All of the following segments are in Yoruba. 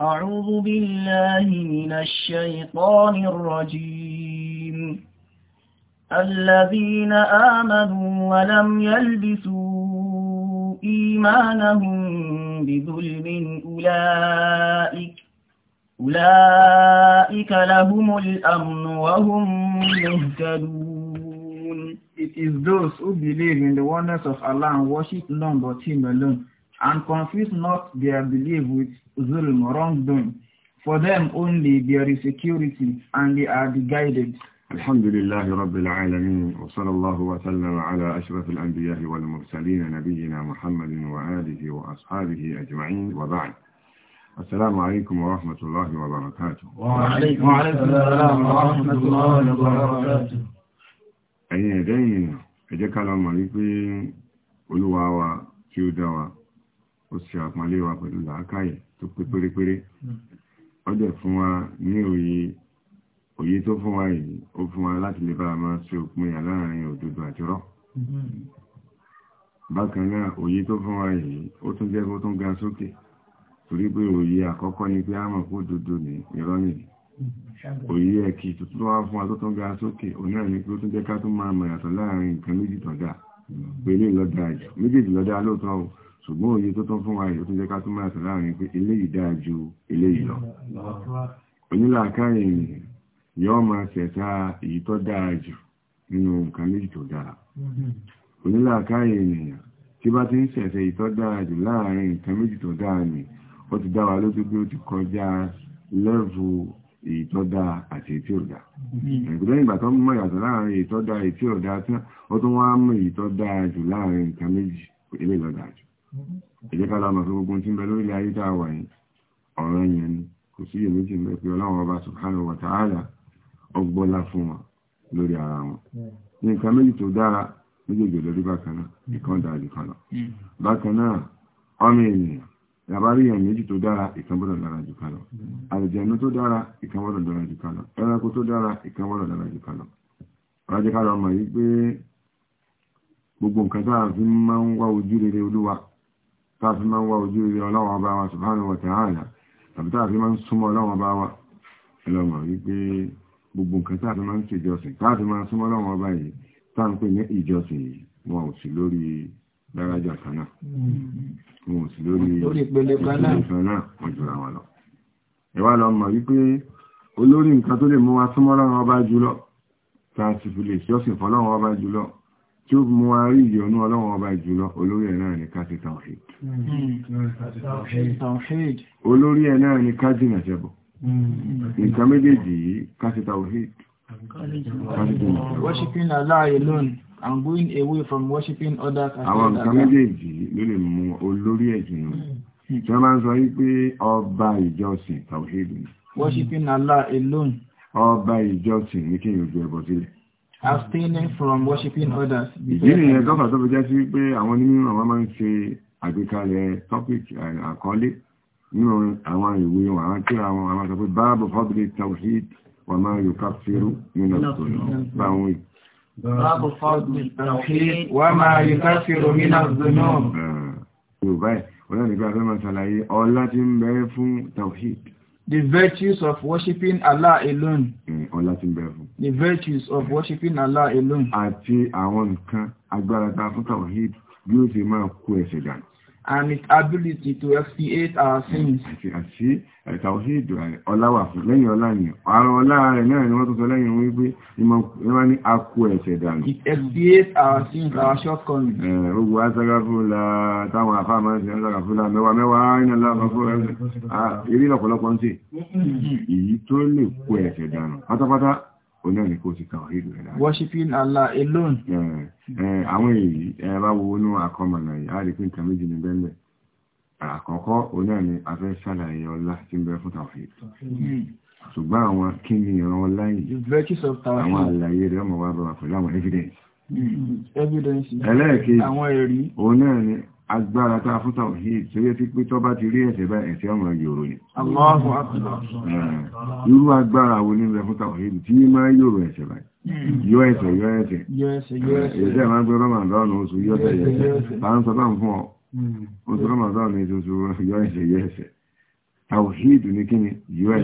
أعوذ بالله من الشيطان الرجيم الذين آمنوا ولم يلبسوا إيمانهم بظلم أولئك أولئك لهم الأمن وهم مهتدون It is those who believe in the oneness of Allah and worship none but Him alone and confuse not their belief with zulm, wrongdoing. For them only there is security and they are the guided. الحمد لله رب العالمين وصلى الله وسلم على أشرف الأنبياء والمرسلين نبينا محمد وآله وأصحابه أجمعين وبعد السلام عليكم ورحمة الله وبركاته وعليكم السلام ورحمة الله وبركاته أين دين أجاك على مريكي olúwa wa tí مليوا dá wa tó pé pérépéré ó dẹ̀ fún wa ní òye òye tó fún wa yìí ó fún wa láti lè bá a máa ṣe òpin yà láàrin òdodo àti irọ́ bákan náà òye tó fún wa yìí ó tún jẹ́ kó tún ga sókè torí pé òye àkọ́kọ́ ni pé a mọ̀ kó dodo ní irọ́ nìyí òye ẹ̀kì tuntun wá fún atọ́tọ́ ga sókè ọ̀nà ní pé ó tún jẹ́ ká tún máa mọ̀ yàtọ̀ láàrin nǹkan méjì tọ́dá pẹ̀lú ìlọ́dá méjèèjì lọ́dá lóòótọ́ ṣùgbọ́n òye tó tán fún wa yìí ó tún jẹ́ ká tún máa sọ láàrin pé eléyìí dáa ju eléyìí lọ onílàákàyè ènìyàn yóò máa ṣẹ̀ta èyí tó dáa jù nínú nǹkan méjì tó dáa onílàákàyè ènìyàn tí bá ti ń ṣẹ̀ṣẹ̀ èyí tó dáa jù láàrin nǹkan méjì tó dáa ni ó ti dá wa lójú pé ó ti kọjá lẹ́vù èyí tó dáa àti èyí tí ò dáa ẹ̀gbẹ́ ìgbà tó mọ̀ yàtọ̀ láàrin èyí tó dáa èyí tí ò dáa tán ó tún wá mú èyí tó dáa jù láàrin nǹkan méjì eléyìí ló dáa jù ìjẹ́kàlá mọ̀ fún ogun tí ń bẹ lórí ayé tá a wà yìí ọ̀rọ̀ yẹn ni kò sí èmi tí ń pé ọba subhanahu wa ta'ala fún wọn lórí ara wọn ní nǹkan méjì tó dára méjèèjì lórí bákan náà ìkan dára jù lọ bákan náà ọmọ ènìyàn yàbárí èèyàn méjì tó dára ìkan gbọ́dọ̀ dára jù kan tó dára ìkan dára jù ẹranko tó dára ìkan dára jù tààfi máa ń wá ojú rí ọlọ́wọ́ ọba wa subhanahu wa ta'ala tàbí tààfi máa ń súnmọ́ ọlọ́wọ́ ọba wa ẹlọ́mọ̀ wípé gbogbo nǹkan tààfi máa ń ṣe ìjọsìn tààfi máa ń súnmọ́ ọlọ́wọ́ ọba yìí tààpé ní ìjọsìn yìí wọn ò sí lórí dáràjà kan náà wọn ò sí lórí ìpele kan náà wọn jùra wọn lọ ẹ wá fọlọ́wọ́ ọba jùlọ tí ó mú wa ìyọnú ọlọ́run ọba jùlọ olórí ẹ̀ ni ká ti olórí ẹ̀ ni ká jìnà nǹkan méjèèjì yìí ká ti worshiping Allah alone and going away from worshiping others àwọn nǹkan méjèèjì ló lè mú olórí ẹ̀ tí wọ́n máa ń sọ wípé ọba ìjọsìn tawhid ni worshiping Allah alone ọba ìjọsìn ní kí n yóò ju ẹbọ sílẹ̀ abstaining from worshiping others. ìdí nìyẹn tọ́fà tó fi jẹ́ sí pé àwọn onímọ̀ wọn máa ń ṣe àgbékalẹ̀ topic eh, àkọlé nínú àwọn ìwé wọn àwọn tí àwọn àwọn sọ pé báàbù fọ́bìlì tawhid wà máa yóò ká fẹ́rú nínú ọ̀tọ̀nà bá wọn yìí. báàbù fọ́bìlì tawhid wà máa yóò ká fẹ́rú nínú ọ̀tọ̀nà. yorùbá ẹ̀ wọ́n náà nígbà fẹ́ máa ṣàlàyé ọlá tí the virtues of worshiping Allah alone. Eh, ọlá tí ń bẹ fún the virtues of worshiping Allah alone. Àti àwọn nǹkan agbára ta fún Tawhid bí ó ṣe máa kó ẹ̀ṣẹ̀ dànù. And its ability to expiate our sins. Àti àti Tawhid ọláwà fún lẹ́yìn ọlá ni. Àrùn ọlá rẹ̀ náà ni wọ́n tó sọ lẹ́yìn wọn wípé ìmọ̀ ní a kó ẹ̀ṣẹ̀ dànù. It expiates our sins, our shortcomings. Ogun Asagafúnla táwọn afá máa ń ṣe Asagafúnla mẹ́wàá mẹ́wàá iná lábàfọ́ ẹ̀rí lọ́pọ̀lọpọ̀ ń ṣe. Mm-hmm. Èyí tó lè kó ẹ̀ṣẹ̀ dànù pátápátá onáà ní kó ti tàn ìlú rẹ̀ worshiping Allah alone. àwọn èyí ẹ bá wo inú àkọmọ̀nà yìí á rí pé nǹkan méjì ní bẹ́ẹ̀ àkọ́kọ́ onáà ni a fẹ́ ṣàlàyé ọlá tí ń bẹ fún tawhid ṣùgbọ́n àwọn kí ni ìran ọlá yìí àwọn àlàyé rẹ̀ ọmọ wa bọ̀ pẹ̀lú àwọn evidence. Hmm, evidence àwọn ẹ̀rí. onáà ni agbára tá fún tàwí sórí tí pé tọ́ bá ti rí ẹ̀sẹ̀ bá ẹ̀sẹ̀ ọmọ yòrò ni. Eh, irú agbára wo nílẹ̀ fún tàwí tí máa yòrò ẹ̀sẹ̀ báyìí hmm. yọ ẹ̀sẹ̀ yọ ẹ̀sẹ̀ ẹ̀sẹ̀ máa gbé rọ́màdánù oṣù yọ ẹ̀sẹ̀ hmm. bá ń sọ bá ń fún ọ hmm. oṣù rọ́màdánù oṣù yọ ẹ̀sẹ̀ yọ ẹ̀sẹ̀ tàwíìdù ní kí ni yọ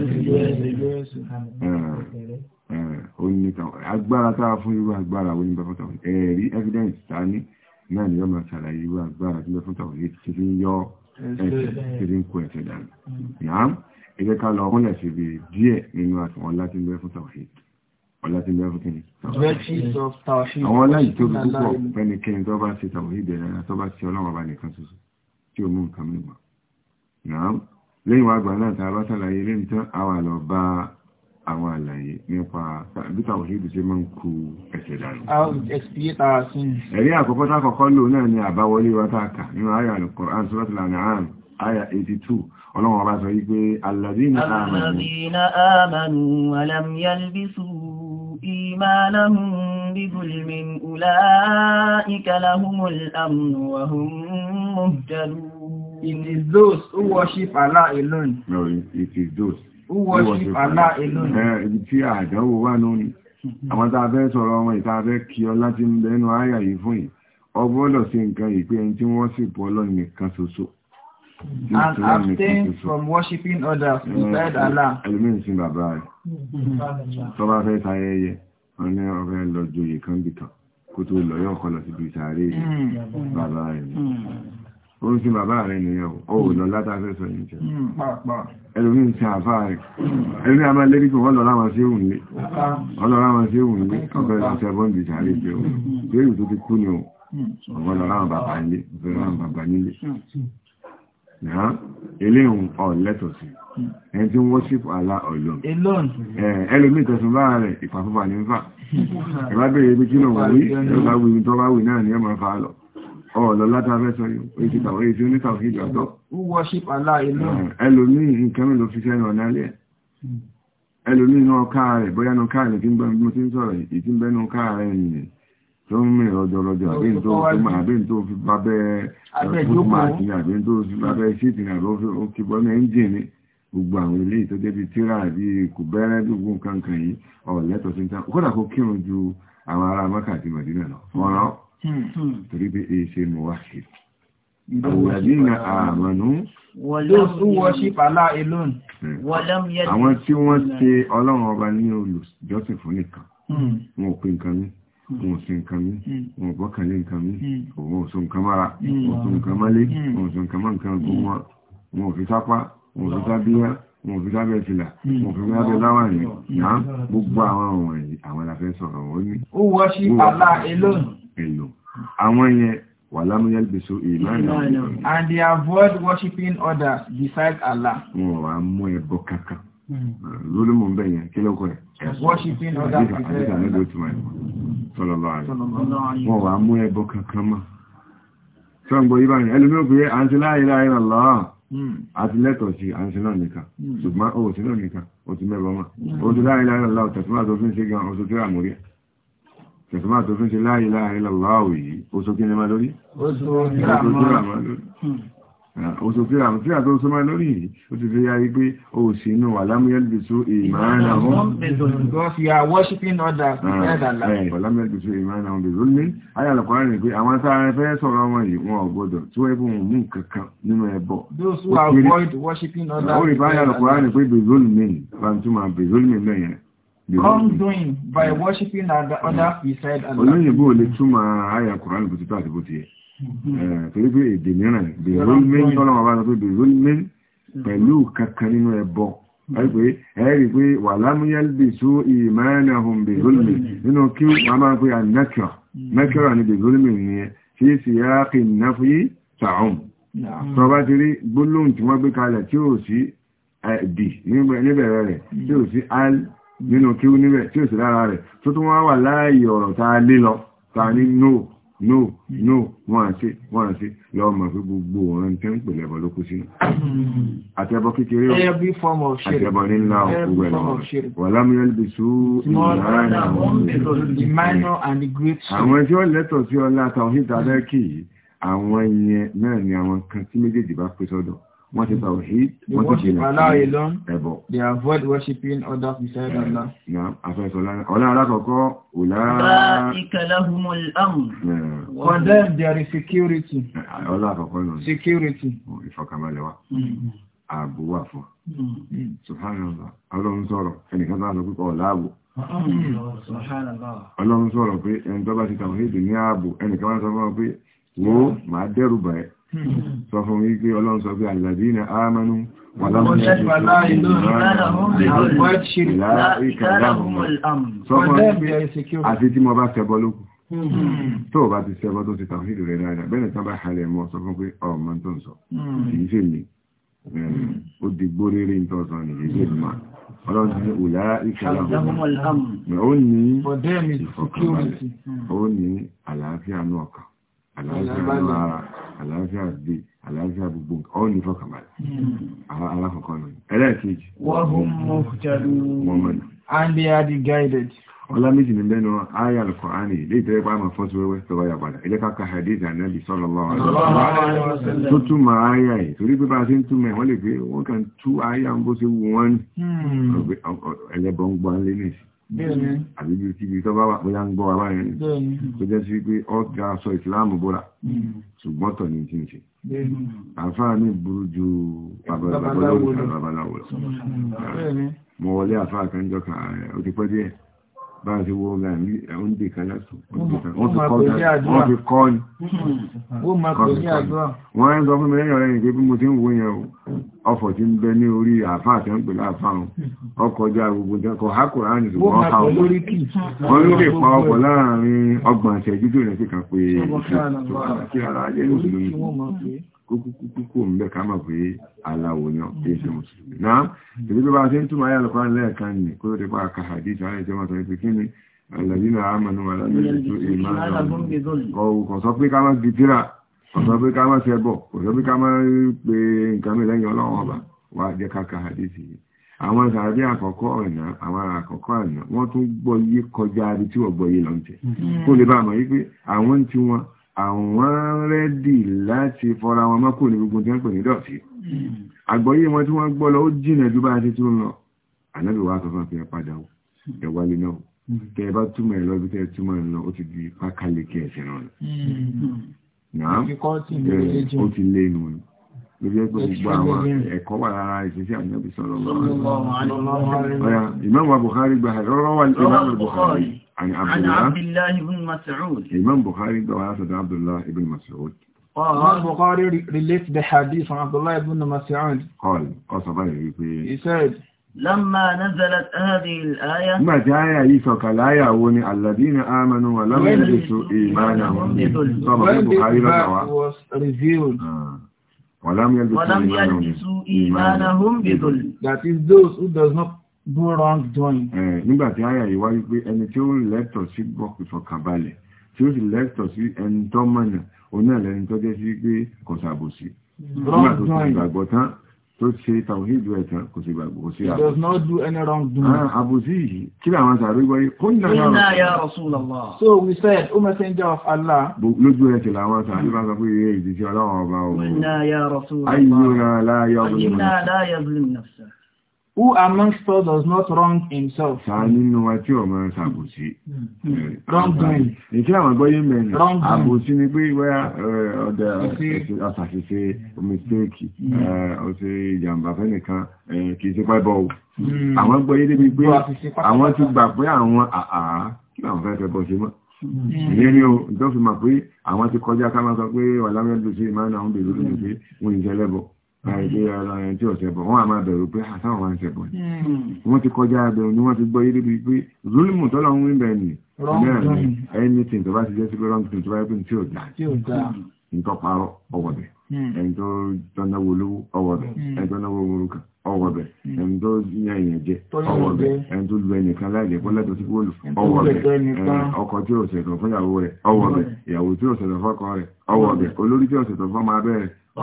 ẹ̀sẹ̀ náà ni ó máa ṣàlàyé irú agbára tí lọ́fún tàwọn yìí ti fi ń yọ ẹ̀sẹ̀ tí fi ń kó ẹ̀sẹ̀ dànù yàá ẹ jẹ́ ká lọ kúnlẹ̀ sí ibi díẹ̀ nínú àtàwọn ọlá tí ń bẹ fún tàwọn yìí ọlá tí ń bẹ fún kí ni àwọn ọlá yìí tóbi púpọ̀ pẹ́nikẹ́ni tó bá ṣe tàwọn yìí àwọn àlàyé nípa bíta òhìdì tí mọ́ ń kú ẹ̀sẹ̀ dànù. ẹ̀rí àkọ́kọ́ tákọ̀kọ́ lò náà ni àbáwọlé wátáàkà nínú àyà al-Qur'an suratul An'am àyà 82 ọlọ́run ọba sọ wípé alladhina amanu wa lam yalbisu imanahum bi zulmin ulaika lahumul it is those ibi tí àdánwò wà lónìí àwọn tá sí nǹkan ìpé ẹni tí wọ́n sì pọ̀ lọ nìkan ṣoṣo and abstain from worshiping others beside Allah. ẹlòmíràn sí bàbá rẹ̀ tó bá fẹ́ sayẹyẹ wọn ní ọ̀fẹ́ lọ joyè kan bìkan kó tó lọ yọ̀ọ̀kọ́ lọ síbi ìsàárè hmm. bàbá rẹ̀ hmm orí sí bàbá rẹ̀ nìyàn ó lọ látàfẹ́ sọ ìjẹ́ ẹlòmí ìsìn àfá rẹ̀ ẹlòmí àmà lérí kò wọ́n lọ́láwọn sí òun lé ọlọ́láwọn sí òun lé ọ̀fẹ́ ìṣẹ́ bọ́ǹdì sàárè pé ó pérù tó ti kú ni ó ọ̀wọ́n hmm. lọ́láwọn bàbá nílé ọ̀fẹ́ lọ́láwọn bàbá nílé hmm. náà eléhùn ọ̀lẹ́tọ̀ sí hmm. ẹni tí ń wọ́ṣípù alá ọ̀lọ́n ẹlòmí ìtẹ̀sùn bá rẹ̀ ìpàfúfà ní ń fà ìbá bèèrè ibi kí lọ wọ́n wí ẹ̀rọ bá ẹ ọ̀lọ́ látàfẹ́ sọ yóò èsì tàwọn èsì onítàwọn ìjọ àtọ́ worship Allah alone ẹlòmí nǹkan mẹ́lò fi sẹ́nu ọ̀nà alẹ́ hmm. ẹlòmí inú ọkà rẹ̀ bóyá nù káà rẹ̀ tí ń bẹ́ mo ti ń sọ̀rọ̀ ìtí ń bẹ́nu káà rẹ̀ nìyẹn tó ń mìíràn ọjọ́ ọlọ́jọ́ àbín tó fi bá bẹ́ẹ̀ fúdùmáàtì ní àbín tó fi bá bẹ́ẹ̀ síìtì ní àbí ó kí bọ́ ní ẹ́ńjìn ní gbogbo àwọn ilé tó débi tíra àbí kò bẹ́rẹ́ gbogbo nǹkan kan yìí ọ̀lẹ́tọ̀ sí ń ta kódà kó kírun ju àwọn ará mọ́kà àti mọ̀dínà lọ. Hmm. torí pé èṣe nù wá sí àwòrán àmànú àwọn tí wọ́n hmm. ṣe ọlọ́run ọba ní olùjọ́sìn fún nìkan hmm. wọn ò pè nǹkan ní wọn ò sí nǹkan mí wọn ò gbọ́kànlé nǹkan mí wọn ò so nǹkan mára wọn ò so nǹkan mọ́lé wọn ò so nǹkan mọ́ nǹkan gún wọn wọn ò fi sápá wọn ò fi sábíyá wọn ò fi sábẹ́ fìlà wọn ò fi sábẹ́ láwàní náà gbogbo àwọn ọ̀rọ̀ àwọn la sọ̀rọ̀ wọn ní. ó wọ́n sí àlá elóhùn èlò àwọn yẹn wà lámúyẹ́ gbèsò ìlànà and they avoid worshiping others besides Allah. wọn wà mú ẹbọ kankan hmm. lórí mú bẹ́ẹ̀ yẹn kí ló kọ́ ẹ̀. worshiping others besides Allah. sọlọ́lọ́ wà mú ẹbọ kankan mọ́. sọ́ǹgbọ̀ báyìí àti hmm. lẹ́tọ̀ sí náà nìkan hmm. ṣùgbọ́n náà nìkan ó ti mọ́ ó ti ṣe gan tẹ̀sùmá tó tún ṣe la ilaha illallah yìí oṣù kí ni máa lórí oṣù kí àwọn tí àtọ́ oṣù máa lórí yìí ó ti fi ya rí pé o sì inú wà lámúyẹ́lùbìsú ìmáàrà wọn ayàlọ̀kọ̀ọ́rẹ́ pé àwọn sáàrẹ fẹ́ sọ̀rọ̀ wọn yìí wọn ọ̀gbọ́dọ̀ tí wọ́n fún mú kankan nínú ẹbọ ó rí bá ayàlọ̀kọ̀ọ́rẹ́ wrongdoing by worshiping other beside Allah. olóyìnbó lè túmọ̀ àyà kùránì bó ti tó àti bó ti yẹ mm-hmm. eh, torí pé èdè mìíràn the rollman tọ́lọ́ wọn bá sọ pé the rollman mm-hmm. pẹ̀lú kankan nínú ẹbọ wípé mm-hmm. ẹ̀rí pé wà lámúyẹ́lbì sú ìmáyánahùn the rollman nínú kí wọ́n máa pé anakira nakira ni the rollman ni ẹ fi sí yáàkì náfúyí tààrùn tó bá ti rí gbólóhùn tí wọ́n gbé kalẹ̀ tí ó sí ẹ̀dì eh, níbẹ̀rẹ̀ rẹ̀ tí ó sí al nínú kí ó níbẹ̀ tí ó sì lára rẹ̀ tó tún wá wà láàyè ọ̀rọ̀ tá a lé lọ ta ní no no no wọ́n àti wọ́n àti lọ mọ̀ pé gbogbo ọ̀rọ̀ tí ń pè lẹ́bọ̀ ló kú sínú àtẹ́bọ̀ kékeré àtẹ́bọ̀ nílá òkúgbẹ̀ lọ́wọ́ wà lámúyẹ́ lè sú àwọn tí ó lẹ́tọ̀ sí ọlá tàwọn ìdádẹ́kì àwọn ìyẹn náà ni àwọn kan tí méjèèjì bá pèsọ́dọ̀ wọ́n ti tawhid wọ́n ti jìnà ẹbọ. they avoid worshiping others beside Allah. ọ̀lá alákọ̀ọ́kọ́ ọ̀lá ìkàláhùmọ̀lá ọ̀hún. them there is security. ọ̀lá àkọ́kọ́ náà. security. ìfọ̀kànbalẹ̀ wa mm. ààbò wà fún. Mm. Mm. Subhanallah. Ọlọ́run sọ̀rọ̀, ẹnìkan tó àṣọ púpọ̀ láàbò. Ọlọ́run sọ̀rọ̀ pé ẹni tó bá ti tàwọn èdè ní ààbò, ẹnìkan wá sọ fún ọ pé, wo, màá dẹ́rù bàẹ́ sọ fún wípé ọlọ́run sọ pé alladhina amanu ولم يجدوا أولئك لهم الأمن àti tí mo bá ṣẹbọ lókù hmm. tó o bá ti ṣẹbọ tó ti tàwọn ìdúrẹ́ dáadáa bẹ́ẹ̀ tán bá halẹ̀ mọ́ sọ fún pé ọmọ tó ń sọ hmm. kìí ṣe mi hmm. ó di gbóréré ń tọ́sọ ní ìṣe mi máa ní òlá ìkàlà ó ní ìfọ̀kànbalẹ̀ ó ní àlàáfíà náà kan àlàáfíà ara àlàáfíà dé àlàáfíà gbogbo ọ́ ní fọkànbalẹ̀ hmm. alákọ̀ọ́kọ́ náà ẹlẹ́ẹ̀kejì wọ́n mọ̀ mọ̀nà and they are the guided ọlá méjì ní lẹ́nu ayà alkùnránì ilé ìtẹ́rẹ́ pa ma fọ́ sí wẹ́wẹ́ tọba yàpadà ilé káka hadith ànábì sallallahu alaihi wasallam tó túnmà ayà ẹ̀ torí pé bá a ṣe ń túnmà wọ́n lè pé àbí bí kíbi tó bá wà pé à ń gbọ́ wa yẹn tó jẹ́ sí pé ọ̀gá sọ ìsìláàmù bóra hmm. ṣùgbọ́n tọ̀ ní tí ń ṣe àfáà ní burú ju babaláwo lọ mo wọlé àfáà kan jọ kan ó ti pẹ́ díẹ̀ bá ṣe wọ́n rẹ̀ ní oúnjẹ kan wọ́n fi kọ́ ní wọ́n ń sọ bí mo ti ń wo ọfọ̀ ti ń bẹ ní orí àfáà tí ń pè láàfáàrùn ọkọjá gbogbo jẹ́kọ̀ hákùránì ṣùgbọ́n ọkà kúkúkúkú ń bẹ̀ ká mọ̀ pé aláwo ni kí ṣe mùsùlùmí náà ìdí pé bá ṣe ń túmọ̀ ayé àlùkọ́ lẹ́ẹ̀kan ni kó tó ti pa àkàhàdí ìtàn àìjọ mọ̀ sọ pé kí ni àlàbínà àmànú alábẹ́sẹ̀tò ìmọ̀ kò sọ pé ká má gbìtìrà kò sọ pé ká má ṣẹbọ kò sọ pé ká má pe nǹkan mi lẹ́yìn ọlọ́run ọba wà jẹ́ ká àkàhàdí sí i àwọn sàbí àkọ́kọ́ ọ̀nà àwọn àkọ́kọ́ ọ̀nà wọ́n tún gbọ́ yé kọjá ibi tí wọ́n gbọ́ yé lọ́ntẹ̀ mm-hmm. kó lè bá àmọ́ yí pé àwọn tí wọ́n àwọn rẹ́dì láti fọ́ra wọn mọ́kò ní gbogbo tí wọ́n pè ní dọ̀tí hmm. àgbọ́yé wọn tí wọ́n gbọ́ lọ ó jìnà jù bá ti tí ó lọ ànábìwá sọ fún àfihàn padà ẹ̀wálé náà hmm. tẹ́ bá túmọ̀ ẹ̀ lọ́bí tẹ́ túmọ̀ ẹ̀ lọ ó ti di pákáleke ẹ̀sẹ̀ náà náà ó ti lé inú ni ló jẹ́ gbogbo àwọn ẹ̀kọ́ wà lára ìṣesí ànábì sọ̀rọ̀ lọ́wọ́ ìmáàmù Bukhari gbà rọ́rọ́ wà ní Bukhari عن عبد, عن الله عبد الله بن مسعود الإمام بخاري دواسة عبد الله بن مسعود قال البخاري relates بحديث عن عبد الله بن مسعود قال قصد في he لما نزلت هذه الآية ما جاء يسوك الآية يعوني الذين آمنوا ولم يلبسوا إيمانهم طبعا البخاري was revealed آه. ولم يلبسوا إيمانهم بذل that is those who does not do wrong doing. nígbà tí àyà yìí wáyé pé ẹni tí ó lẹ́tọ̀ sí gbọ́ ìfọ̀kànbalẹ̀ tí ó sì lẹ́tọ̀ sí ẹni tó mọ̀nà òun náà lẹ́ni tó jẹ́ sí pé kò ṣàbòsí. nígbà tó ti gbàgbọ́ tán tó ṣe tàwíìdù ẹ̀tàn kò sí gbàgbọ́ sí àbòsí. he does not do any wrong doing. Ah, àbòsí yìí kí làwọn sàárè gbọ́ yìí kó ní náà yà Rasulullah. so we said o messenger of Allah. lójú ẹsẹ̀ làwọn sàárè bá sọ pé ìyẹ́ ìdí sí ọlọ́run ọba òun. kó ní náà yà Rasulullah. ayé Who amongst us does not wrong himself? Ta nínú wa tí ọmọ ẹ̀ ṣàbòsí. Hmm. Eh, wrong doing. Ìṣẹ́ àwọn gbọ́yé mẹ́rin. Wrong doing. Àbòsí ni pé wáyà eh, ọ̀dà àṣàṣìṣe hmm. mistéèkì, ọ̀ṣẹ̀ hmm. eh, ìjàmbá fẹ́nìkan kì í ṣe pẹ́bọ̀ o. Àwọn gbọ́yé débi pé àwọn ti gbà pé àwọn àà kí àwọn fẹ́ fẹ́ bọ́ ṣe mọ́ ìyẹn ni o tó fi mọ̀ pé àwọn ti kọjá ká máa sọ pé wà lábẹ́ Nàìjíríà lọ ẹni tí ọ̀sẹ̀ bọ̀, wọ́n a máa bẹ̀rù pé àtàwọn ah, wọn ṣẹ̀ bọ̀. Hmm. Wọ́n ti kọjá abẹ ni wọ́n ti gbọ́ yìí débi pé Zulmu tọ́lọ̀ ń wí bẹ́ẹ̀ ni, anything tó bá ti jẹ́ sí pé wrong thing tó bá yẹ pé tí ò dá. Nǹkan parọ́ ọwọ́ bẹ̀. Hmm. Ẹni tó tọ́náwó olówó ọwọ́ bẹ̀. Hmm. Ẹni tó náwó orúkà ọwọ́ bẹ̀. Ẹni tó yan èèyàn jẹ ọwọ́ bẹ̀. Ẹni tó lu ẹnìkan láìjẹ́ pé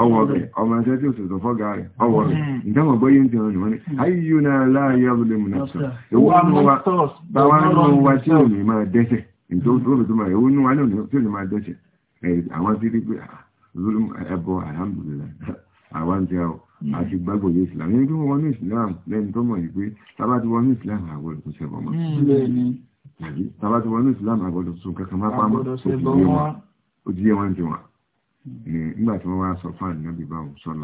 ọwọ́ rẹ̀ ọmọ ẹ̀ṣẹ́ tí ó sì tọ́fọ́gá rẹ̀ ọwọ́ rẹ̀ ìdámọ̀ hmm. bọ́yé tí wọ́n ni wọ́n ni ayíyú náà láàáyá bú lè mú náà sọ ìwọ́n nínú wa tí ò ní máa dẹ́ṣẹ̀ ìtòkòtò tó máa ìwọ́n nínú wa tí ò ní máa dẹ́ṣẹ̀ àwọn alhamdulillah àwọn tí ah, hmm. a àti islam ní pé wọ́n islam lẹ́ni tó mọ̀ yìí pé tábà islam àwọn olùkú sẹ́bọ̀ mọ́ tàbí hmm, tábà islam àwọn olùkú sùn kankan má pamọ́ òjì yé wọn nígbà tí wọ́n wá sọ fún ànábì báwọn sọ́nà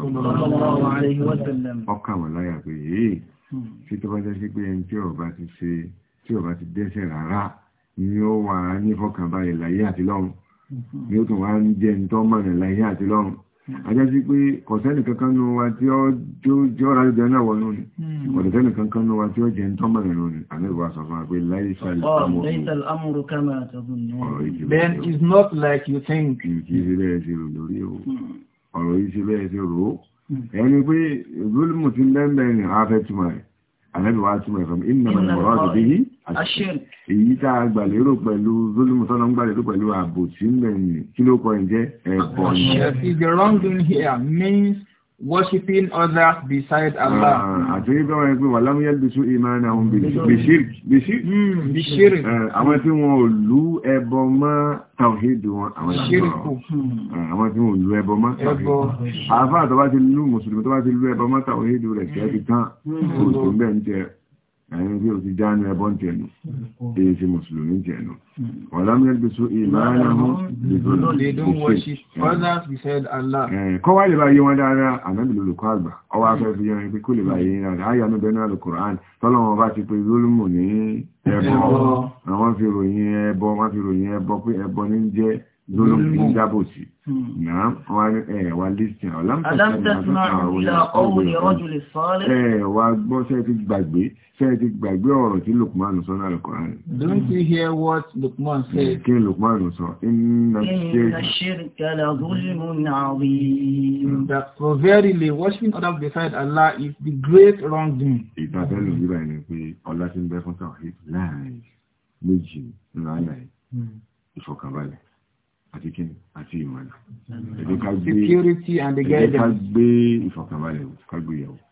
ọkà wọn láyà pé èé tí hmm. tó bá jẹ́ sí pé ẹni tí ọba ti ṣe tí ọba ti dẹ́sẹ̀ rárá ni ó wà ní fọkànbalẹ̀ láyé àti lọ́run hmm. ni ó tún wá ń jẹ́ ń tọ́ láyé àti lọ́run àjẹ́sí pé kọ̀sẹ́nì kankan nú wa tí ó jọ́ra jẹ́ náà wọ́n ní hmm. kọ̀sẹ́nì kankan nú wa tí ó jẹ́ ń tọ́mọ̀ rẹ̀ lónìí àníwá sọ it's not like you think. Hmm. ọ̀rọ̀ yìí sí bẹ́ẹ̀ hmm. pé ìlú mùsùlùmí bẹ́ẹ̀ bẹ́ẹ̀ ni àlẹ́bí wa túnmọ̀ ìfẹ̀mù ìnàmà ìmọ̀ràn bí i àṣẹ èyí tá a gbà lérò pẹ̀lú zolimu gbà lérò pẹ̀lú ààbò tí kí ló kọ́ ẹ̀ jẹ́ ẹ̀bọ̀ ni. The wrong doing here means worshipping others beside Allah. Ah, ah, àti ní bẹ́wọ̀n ẹgbẹ́ wà lámúyẹ́ lùsù ìmáná ohun bìṣírì. Àwọn tí wọ́n ò lú ẹbọ mọ́ tàwíìdù wọn àwọn ìṣírìkù. Hmm, àwọn tí wọ́n ò lú ẹbọ mọ́ tàwíìdù. Àfáà tó bá ti lú mùsùlùmí tó bá ti lú ẹbọ mọ́ tàwíìdù rẹ̀ kẹ́ẹ̀kì tán. Kò hmm. tó bẹ́ẹ̀ ń jẹ ẹ̀yìn bí o ti já ní ẹbọ́n tẹ̀lú èyí sí mùsùlùmí tẹ̀lú wọ́n lámẹ́lẹ́gbẹ̀ só ìmáàlẹ́hún kọ́wà lè bá yí wọn dára ànábìlì olùkọ́ àgbà ọwọ́ afẹ́ fi yẹn pé kó lè bá yí rárá ayà ní bẹ́ẹ̀ náà lùkùrán tọ́lọ́wọ́n bá ti pé lólùmù ní ẹbọ wọ́n ní jẹ́ lórí ìjábòsí náà ẹ̀wà lísìn ọ̀lámtàṣẹ́wà gbọ́ ṣe ti gbàgbé ṣe ti gbàgbé ọ̀rọ̀ tí lukman sọ náà lukman don't you hear what lukman said kí lukman sọ iná ṣe for verily worshiping others beside Allah is the great wrongdoing ìtàtẹ́lù yíra ẹni pé ọlá ti ń bẹ fún tàwọn méjì ńlá hmm. ìfọ̀kànbalẹ̀ àti kí àti ìmọ̀nà. security and the guidance.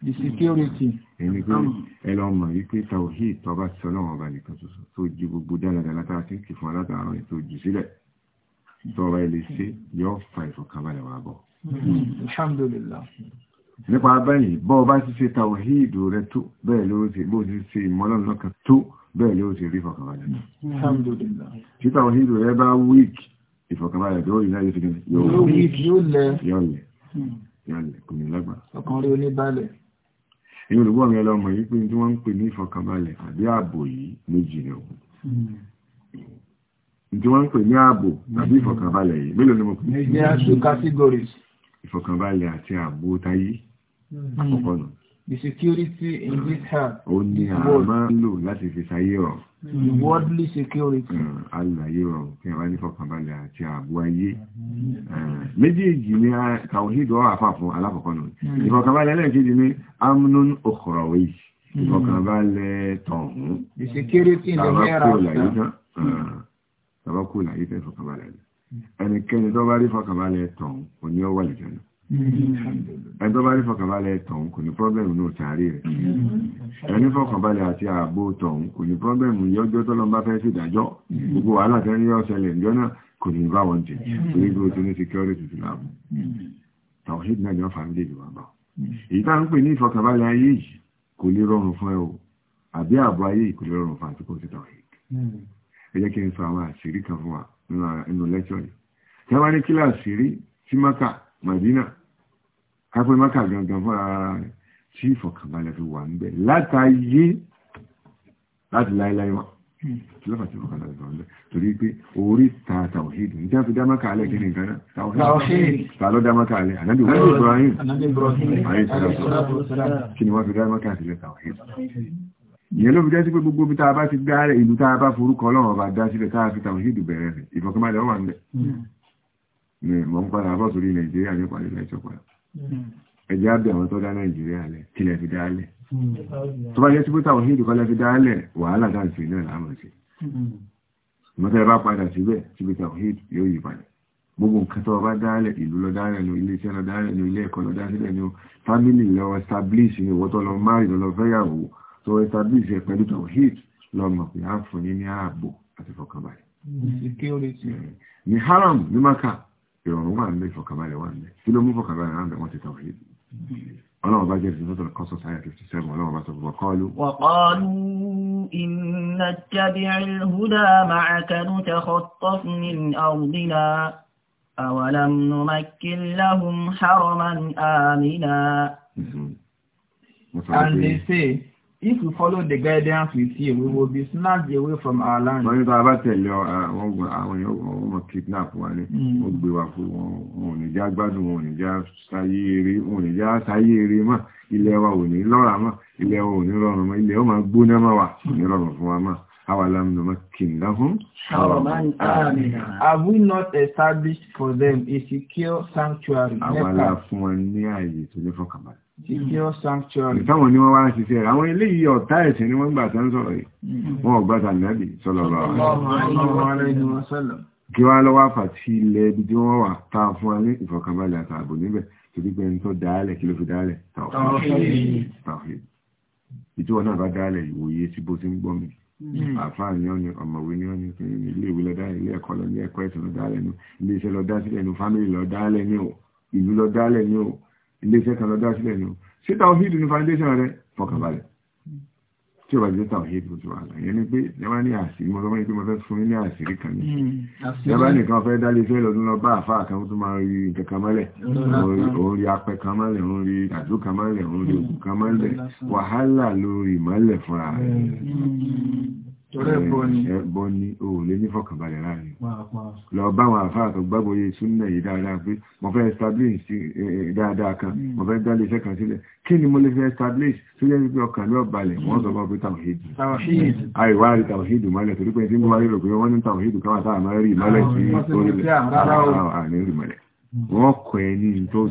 the security. ẹni pé ẹ lọ mọ̀ wípé tawhid tọba sọ lọ́wọ́n ọba nìkan ṣoṣo tó ju gbogbo dáradára látara tí kì fún alátàárọ̀ ètò jù sílẹ̀ tọba ilé ṣe yóò fa ìfọ̀kànbalẹ̀ wà bọ̀. alhamdulillah. nípa báyìí bọ́ ọba ti ṣe tawhid rẹ tó bẹ́ẹ̀ ló ṣe bó ṣe ṣe ìmọ̀lọ́nà kan tó bẹ́ẹ̀ ló ṣe rí ìfọ̀kànbalẹ̀ náà. alhamdulillah. títà rẹ bá wíìkì ìfọ̀kànbalẹ̀ tó yìí láyé fíkẹ́ yóò lẹ̀ hmm. kò ní lágbà. ọkàn rí oníbalẹ̀. èyí olùgbọ́ mi ọlọ́mọ yìí pé tí wọ́n ń pè ní ìfọ̀kànbalẹ̀ àbí ààbò yìí méjì ni òun hmm. tí wọ́n ń pè ní ààbò tàbí ìfọ̀kànbalẹ̀ yìí mélòó ni mo pè ní àti ààbò táyé hmm. àkọ́kọ́ The security in this heart. Ó ní a máa ń lò láti fi sáyé rọ̀. The worldly security. Hmm, alàyé rọ̀ kí a bá ní fọkànbalẹ̀ àti ààbò ayé. Hmm, méjèèjì ni Tawhid wà fà fún alákọ̀ọ́kọ́ nù. Hmm. Ìfọkànbalẹ̀ ẹlẹ́ẹ̀kejì ni Amnun Okhrawi. Ìfọkànbalẹ̀ tọ̀hún. The security in the hereafter. Tàbákù làyé tẹ́ ìfọkànbalẹ̀. Ẹnikẹ́ni tó bá rí fọkànbalẹ̀ tọ̀hún, òní ó wà lìjọ́nà ẹ̀tọ́ bá rí fọkànbalẹ̀ tọ̀hún kò ní pọ́blẹ̀mù náà tààrí rẹ̀ ẹni fọkànbalẹ̀ àti ààbò tọ̀hún kò ní pọ́blẹ̀mù yọjọ́ tọ́lọ bá fẹ́ sí ìdájọ́ gbogbo wàhálà tẹ́ ní ọ̀sẹ̀lẹ̀ ìjọ náà kò ní bá wọn jẹ torí bí o ti ní security ti láàbù tawhid náà ni wọ́n fàmílì ìlú wa bá èyí tá ń pè ní ìfọkànbalẹ̀ ayé yìí kò lè rọrùn fún ẹ o àbí ààbò ayé yìí kò lè rọrùn fún àti kò sí tawhid ẹ jẹ́ kí n sọ àwọn àṣírí kápẹ́ mọ́kà gangan fún ara rẹ̀ tí ìfọ̀kànbalẹ̀ fi wà ń bẹ̀ látàyé láti láíláí wà tí hmm. lọ́fà tí ìfọ̀kànbalẹ̀ fi wà ń bẹ̀ torí pé orí ta tàwọ̀hìd ní tí a fi dá mọ́kà alẹ́ kí ni nǹkan náà tàwọ̀hìd ta ló dá mọ́kà alẹ́ ànábì wọ́n Ibrahim ayé sọ́dọ̀ kí ni wọ́n fi dá mọ́kà sílẹ̀ tàwọ̀hìd ìyẹn ló fi jẹ́ sí pé gbogbo bí tá a bá ti dá rẹ̀ ìlú tá a bá forúkọ ọlọ́run ọba dá sílẹ̀ tá a fi tàwọ̀hìd bẹ̀rẹ̀ rẹ̀ ìfọ̀kànbalẹ̀ wà ń bẹ̀ hmm. mọ̀ ń padà bọ́ sórí Nàìjíríà ní ìpàdé láìsọ̀ padà ẹ̀jẹ̀ àbẹ̀ àwọn tó dá nàìjíríà lẹ̀ tilẹ̀ fi dálẹ̀ hmm. tó bá yẹ sí pẹ́ta òhìn ìdíkọ́lẹ̀ fi dálẹ̀ wàhálà dáǹsì náà láàmù sí mọ́tẹ́ bá padà síbẹ̀ sí pẹ́ta òhìn yóò yí padà gbogbo nǹkan tó bá dálẹ̀ ìlú lọ dálẹ̀ ní ilé iṣẹ́ lọ dálẹ̀ ní ilé ẹ̀kọ́ lọ dálẹ̀ ní fámìlì lọ establish ní ìwọ́tọ́ lọ márì lọ fẹ́yàwó tó establish ẹ̀ pẹ̀lú tawhid lọ mọ̀ pé á fún ní ní ààbò àti fọkànbalẹ̀. Hmm. Hmm. ní haram ní maka يوم ما عندي فكمان يوم عندي كل مو فكمان عندي ما توحيد أنا ما بجلس في فترة القصص هاي كيف تسمع أنا ما بعرف وقالوا وقالوا إن نتبع الهدى معك نتخطف من أرضنا أولم نمكن لهم حرما آمنا النساء If we follow the guidance we see, we will be snatched away from our land. Wọ́n ní bá bá tẹ̀lé àwọn ọmọ kidnap wa ní, ó hmm. gbé wa fún wọn, wọn ò ní já gbádùn, wọn ò ní já sáyé eré, wọn ò ní wa ò ní lọ́ra mọ́, ilẹ̀ wa ò ní rọrùn mọ́, ilẹ̀ ó máa gbóná mọ́ wa, ò ní rọrùn wa mọ́. أولم نمكن لهم حرما آمنا Have we not established for them a secure sanctuary? Àwa la fún wọn ní ààyè tó ní fọkànbalẹ̀. Jesus sanctuary. Táwọn ni wọ́n wá ń ṣiṣẹ́ rẹ̀. Àwọn ilé yìí ọ̀tá ẹ̀sìn ni wọ́n gbà tán sọ̀rọ̀ yìí. Mm-hmm. Wọ́n ọ̀gbà tàbí sọ́lọ̀lọ́. Kí wá lọ́wọ́ àfàtí ilẹ̀ ibi tí wọ́n wà ta fún wa ní ìfọ̀kànbalẹ̀ àtààbò níbẹ̀ tó bí pé ń tọ́ dáálẹ̀ kí ló fi dáálẹ̀ tàwọ̀fẹ́. Ìjọ́ náà bá dáálẹ̀ ìwòye sí bó ti ń gbọ́ mi. Mm-hmm. Àfáà ni ọ́ ni ọ̀mọ̀wé ni ọ́ ni ilé ìwé lọ dáálẹ̀, ilé ẹ̀kọ́ lọ ní ẹ̀kọ́ ẹ̀sìn lọ dáálẹ̀ ní, ilé iṣẹ́ lọ dá sílẹ̀ ní, fámìlì lọ ìlú lọ dáálẹ̀ ní o, iléeṣẹ́ kan lọ́dá sílẹ̀ ni ṣé tawhid ní foundation rẹ fọkànbalẹ̀ tí o bá jẹ́ tawhid tó wà láyé ní pé yàrá ní àṣírí mo lọ́wọ́ ní pé mo fẹ́ fún ní àṣírí kan ní hmm, yàrá nìkan fẹ́ dá iléeṣẹ́ lọ́dún lọ bá àfáà kan tó máa rí nǹkan kan mọ́lẹ̀ òun hmm. rí apẹ kan mọ́lẹ̀ òun rí àdó kan mọ́lẹ̀ òun rí òkú kan mọ́lẹ̀ hmm. wàhálà lórí mọ́lẹ̀ fúnra rẹ̀ bọ́ ní òun lè ní fọkànbalẹ̀ láàrin lọ bá wọn àfáà tó gbàgbọ́ yé súnmọ̀ yìí dáadáa pé mo fẹ́ establish eh, eh, dáadáa kan hmm. mo fẹ́ dálé iṣẹ́ kan sílẹ̀ kí ni mo lè fẹ́ establish tó jẹ́ pé ọkàn ló balẹ̀ wọ́n sọ fún pé tàwọ̀hídù àìwá rí tàwọ̀hídù mọ́lẹ̀ torí pé tí mo wáyé rò pé wọ́n ní tàwọ̀hídù káwà táà máa rí mọ́lẹ̀ sí orílẹ̀ àárín rí tó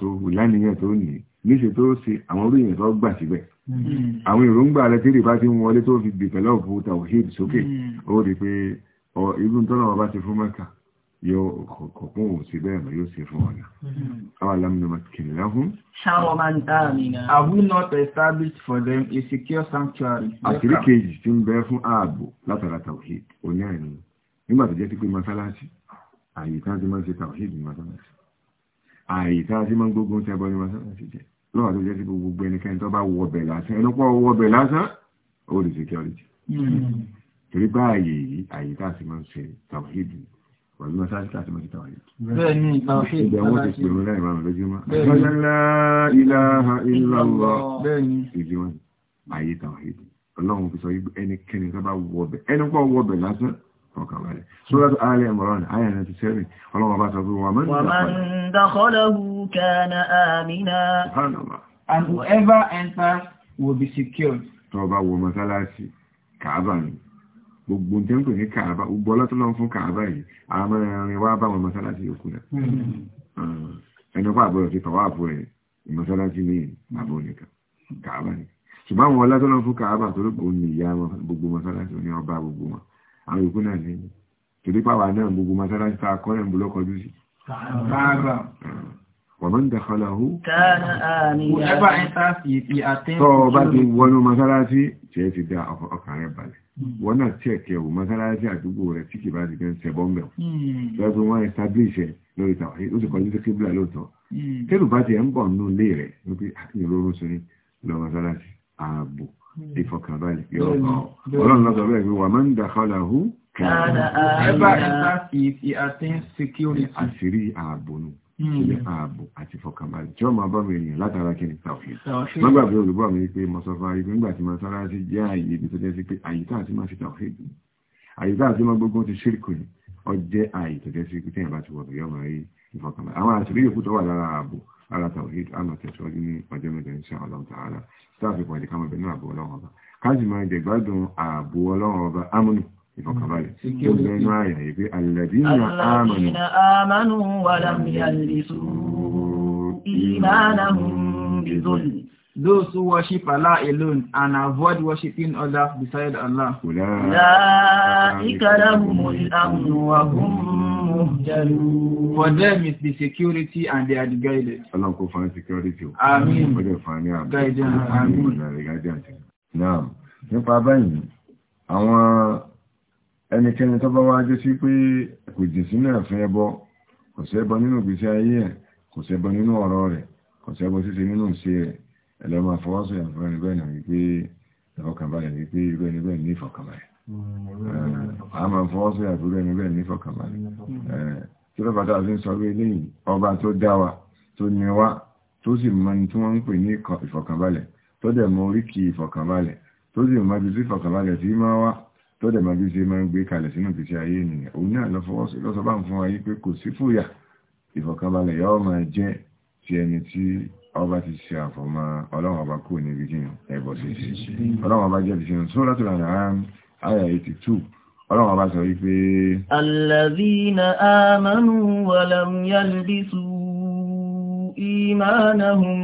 ṣe láníyàn tó ní níṣe tó ṣe àwọn orí èèyàn tó gbà síbẹ̀ Hmm. àwọn èròǹgbà rẹ̀ tí rìbá ti ń wọlé tó fi dìpẹ̀lẹ̀ òfò tawhid sókè hmm. ó rí pé irú tọ́nà ọba ti fún mẹ́ka yóò kọ̀kún òun sí bẹ́ẹ̀ mọ̀ yóò sì fún ọ̀nà àwọn alámìnà kìlá fún. Have we not established for them a secure sanctuary? àṣírí kejì tí ń bẹ fún ààbò látara tawhid oní àìní nígbà tó jẹ́ sí pé mọ́sálásí àyè tá a ti máa ń ṣe tawhid ní mọ́sálásí àyè tá a ti máa ń gbógun tẹ́bọ́ ní mọ́sálásí jẹ́ lọ́wọ́ tó jẹ́ sí gbogbo ẹnikẹ́ni tó bá wọ bẹ̀ lásán ẹnu pọ̀ wọ bẹ̀ lásán ó rí security hmm. torí bá ààyè yìí ààyè tá a sì máa ń ṣe tàwáhídì wàlú náà sáà sí tá a sì máa ń ṣe tàwáhídì. bẹ́ẹ̀ni tàwáhídì ìgbà wọn ti pèrò láì máa lójúmọ́. bẹ́ẹ̀ni lá ilaha ìdí wọn ààyè tàwáhídì ọlọ́run fi sọ ẹnikẹ́ni tó bá wọ bẹ̀ ẹnu wọ bẹ̀ lásán ọkàbalẹ̀. Sọ́rọ̀tù Ali Imran, ayà 97, ọlọ́wọ́ bá sọ pé wà mọ́ dákọ́lẹ̀hù kẹ́nà àmìnà. And whoever enters will be secured. Tọba wo mọ́sálásí, kàábà ni. Gbogbo tí ń pè ní kàábà, gbogbo ọlọ́tọ́lọ́ fún kàábà yìí, àmọ́ ẹ̀rin wá bá wọn mọ́sálásí yòókù náà. Hmm. Ẹni pa àbúrò ti tọ̀wá àbú ẹ̀, mọ́sálásí ní ní ọba gbogbo wọn àwọn ìkú náà ní torí pàwà náà gbogbo masáráṣí ta kọ́rẹ̀ ń bulọ́kọ̀ lú sí sáàrà wọ̀mọ́n dẹ̀kọ́lá hú tọ́ bá ti wọnú masáráṣí tẹ́ ti dá ọkàn rẹ̀ balẹ̀ wọ́n náà tí ẹ̀kẹ́ wò masáráṣí àdúgbò rẹ̀ tí kì bá ti gẹ́ sẹ́bọ́m̀bẹ̀ lọ́gbọ́n hmm. wọ́n establish lórí tàwọn ó sì kọjú sí kébìlà lóòótọ́ hmm. tẹ́lù bá ti ẹ̀ ń bọ̀ nínú ilé rẹ̀ ló bí ìrorun sí lọ masáráṣí ààbò Hmm. ìfọ̀kànbalẹ̀ yọ̀rọ̀ ọlọ́run lọ́sọ̀ bẹ́ẹ̀ pé wà máa ń dàkọ́lá hù àṣírí ààbò nù ilé hmm. ààbò àti fọ̀kànbalẹ̀ tí ó máa bá mi ènìyàn látara kí ni tàfíì mọ́gbàgbé olùbọ́ mi pé mọ́sọ́fà ibi nígbà tí mọ́sálásí jẹ́ àyè ibi tó jẹ́ sí pé àyíká àti máa fi tàfíì àyíká ìfọkànlá àwọn àṣírí yòókù tó wà lára ààbò ara tawhid àmà tẹ̀síwájú ní ọjọ́ mẹ́jọ insha Allah ta'ala sáàfì pàdé kámọ̀ bẹ̀rẹ̀ náà àbò ọlọ́run ọba káàsì máa jẹ gbádùn ààbò ọlọ́run ọba amúnù ìfọkànbalẹ̀ tó lẹ́nu àyà yìí pé alladhina Those who worship Allah alone and avoid worshiping others beside Allah. Ulaa'ika lahumul amnu wa hum For them is the security and they are the guided. Ọlọ́run kó fún security o. Àmín. Ó jẹ́ fún ní àmì. Guidance. Àmín. Guidance. Náà, nípa báyìí, àwọn ẹnikẹ́ni tó bá wájú sí pé kò jìn sínú ẹ̀fẹ́ ẹbọ, kò sẹ́bọ nínú ìgbésí ayé ẹ̀, kò sẹ́bọ nínú ọ̀rọ̀ rẹ̀, kò sẹ́bọ síse nínú ìṣe rẹ̀, ẹlẹ́mọ̀ àfọwọ́sọ̀ ìyàfẹ́ ẹni bẹ́ẹ̀ náà wípé ìfọkànbalẹ̀ wípé irú ẹni bẹ́ẹ̀ ní ìfọkànbalẹ̀. a máa fọwọ́ sí àbúrò ẹni bẹ́ẹ̀ ní fọkànbalẹ̀ mm-hmm. eh, kí ló bàtà fi sọ wílé yìí ọba tó dá tó ní wa tó sì mọ ní tí wọ́n ń pè ní ìfọkànbalẹ̀ tó dẹ̀ mọ oríkì ìfọkànbalẹ̀ tó sì mọ máa wá tó dẹ̀ máa ń gbé kalẹ̀ sínú ìgbésí ayé ènìyàn òun náà lọ fọwọ́ sí ti ẹni tí ọba ti ṣe àfọ̀mọ́ ọlọ́run ọba kúrò níbi ẹ̀bọ̀ mm-hmm. sí àyà 82 ọlọ́run ọba sọ wípé alladhina amanu wa lam yalbisu imanahum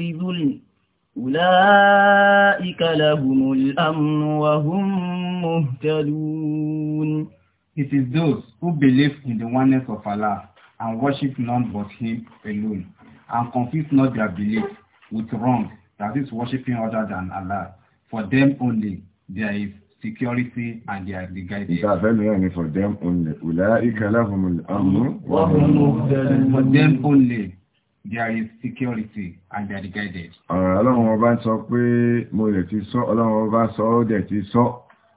bidhulm ulaika lahumul amnu wa hum muhtadun It is those who believe in the oneness of Allah and worship none but Him alone, and confuse not their belief with wrong, that is worshiping other than Allah. For them only there is security and they are the guidance. Ìtàfẹ́nu yẹn ni for them only. Ulaika lahumul amnu. Wa hum muhtadun. For them only there is security and they are the guided. Ọ̀rọ̀ ọlọ́run ọba sọ pé mo lè ti sọ, ọlọ́run ọba sọ ó dẹ̀ ti sọ,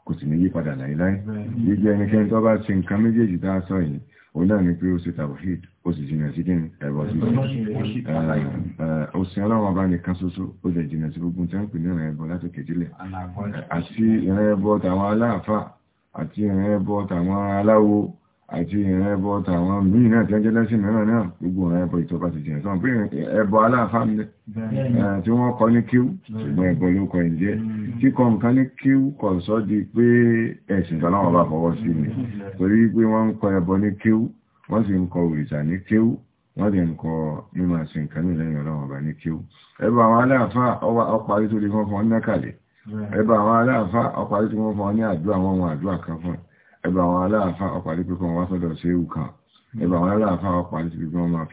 kò sì ní yí padà láíláí. Yíjẹ́ ẹnikẹ́ni tó bá ṣe nǹkan méjèèjì tá a sọ yìí, òun náà ni pé ó ṣe tàwíìdù ó sì jìnà sí kíni ẹ̀bọ̀ sí ara ìwọ̀n òsìn ọlọ́wọ́ bá nìkan ṣoṣo ó lè jìnà sí gbogbo tí wọ́n pè ní ìrìn ẹbọ látòkè jílẹ̀ àti ìrìn ẹbọ tàwọn aláàfà àti ìrìn ẹbọ tàwọn aláwo àti ìrìn ẹbọ tàwọn míì náà tí wọ́n jẹ́ lẹ́sìn mìíràn náà gbogbo ìrìn ẹbọ ìtọ́ba ti jìnà sọ́n pé ẹbọ aláàfà ń bẹ eh, tí wọ́n kọ́ ní kíw ṣùgbọ́n ẹbọ ló kọ ìjẹ́ hmm. kíkọ nǹkan ní kíw kọ̀ sọ́ di pé ẹ̀sìn tọ́lọ́wọ́ bá fọwọ́ sí ni hmm. torí pé wọ́n ń kọ ẹbọ ní kíw wọ́n sì ń kọ òrìṣà ní kéwú wọ́n sì ń kọ mímọ̀ sí nǹkan ní lẹ́yìn ọlọ́run ọba ní kéwú ẹbà àwọn aláàfà ọparí tó lè fún fún ọ̀nàkàlẹ̀ ẹbà àwọn aláàfà ọparí tó fún fún ọ ní àdúrà wọn wọn àdúrà kan fún ẹbà àwọn aláàfà ọparí pé kan sọ́dọ̀ sí ewu kan ẹbà àwọn aláàfà ọparí tó fi máa fi hmm. ni wọ́n máa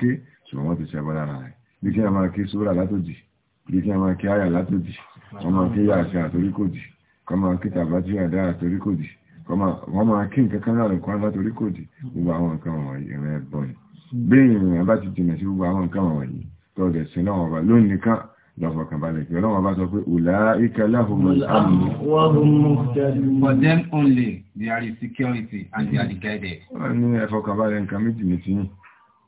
ké ṣùgbọ́n wọ́n ti ṣẹbọ́ lára rẹ̀ bí kí a máa ké sóra látòdì bí kí a máa ké ayà kọmọ kíta bá jí àdára torí kò dì wọ́n máa kí nǹkan kan láàrín kan látorí kò dì gbogbo àwọn nǹkan wọ̀nyí ìrìn ẹ̀bọ̀n bí ìrìn bá ti jìnà sí gbogbo àwọn nǹkan wọ̀nyí tọ́jẹ̀ sí náà wọ́n bá lónìí kan lọ́fọ̀kànbalẹ̀ pé ọlọ́wọ́ bá sọ pé ulaika lahumul amn for them only there is security and they are the guided. wọ́n ní ẹ̀fọ̀kànbalẹ̀ nǹkan méjì ní ti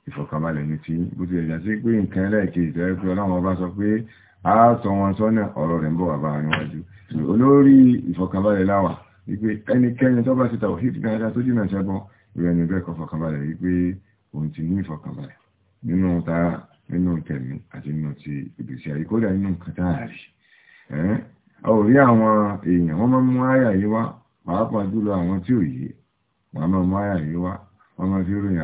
ìfọ̀kànbalẹ̀ ní ti bó ti ẹ̀jà sí pé nǹkan ẹlẹ́ẹ̀kejì tẹ́lẹ̀ àátọ wọn sọ́nà ọ̀rọ̀ rẹ̀ ń bọ̀ bàbá níwájú olórí ìfọ̀kànbalẹ̀ láwà wípé ẹnikẹ́ni tó bá ti tàwọ̀ hìtì dáadáa tó jìnà ṣẹ́bọ́ ìrẹ́ ni bẹ́ẹ̀ kọ́ fọ̀kànbalẹ̀ wípé òun ti ní ìfọ̀kànbalẹ̀ nínú tara nínú tẹ̀mí àti nínú ti ìgbésí ayé kódà nínú nǹkan táàrí orí àwọn èèyàn wọ́n máa mú àyà yìí wá pàápàá jùlọ àwọn tí ò yé wọ́n máa mú àyà yìí wá wọ́n máa fi ròyìn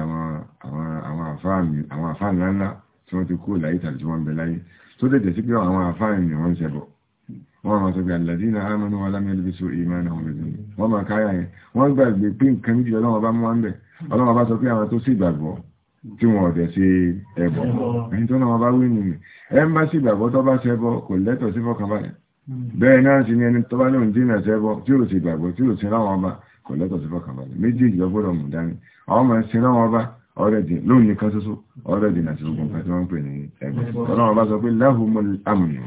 àwọn àfáà ńláńlá tí wọ́n ti kú láyé tàbí tí wọ́n ń bẹ láyé tó lè tẹ̀sí pé àwọn àfáàrin ni wọ́n ń ṣẹbọ wọ́n máa sọ pé àlàdínà àmànú wa lámì ẹlẹ́bí sọ ìmọ̀ náà wọ́n lè wọ́n máa káyà yẹn wọ́n gbàgbé pé nǹkan méjì ọlọ́wọ́ bá mú wá ń bẹ̀ ọlọ́wọ́ bá sọ pé àwọn tó sì gbàgbọ́ tí wọ́n ọ̀dẹ̀ sí ẹbọ ẹni tó náà bá wí nìyẹn ẹ ń bá sì gbàgbọ́ tó bá ṣẹbọ ọlọ́run bá sọ pé lahumul amnu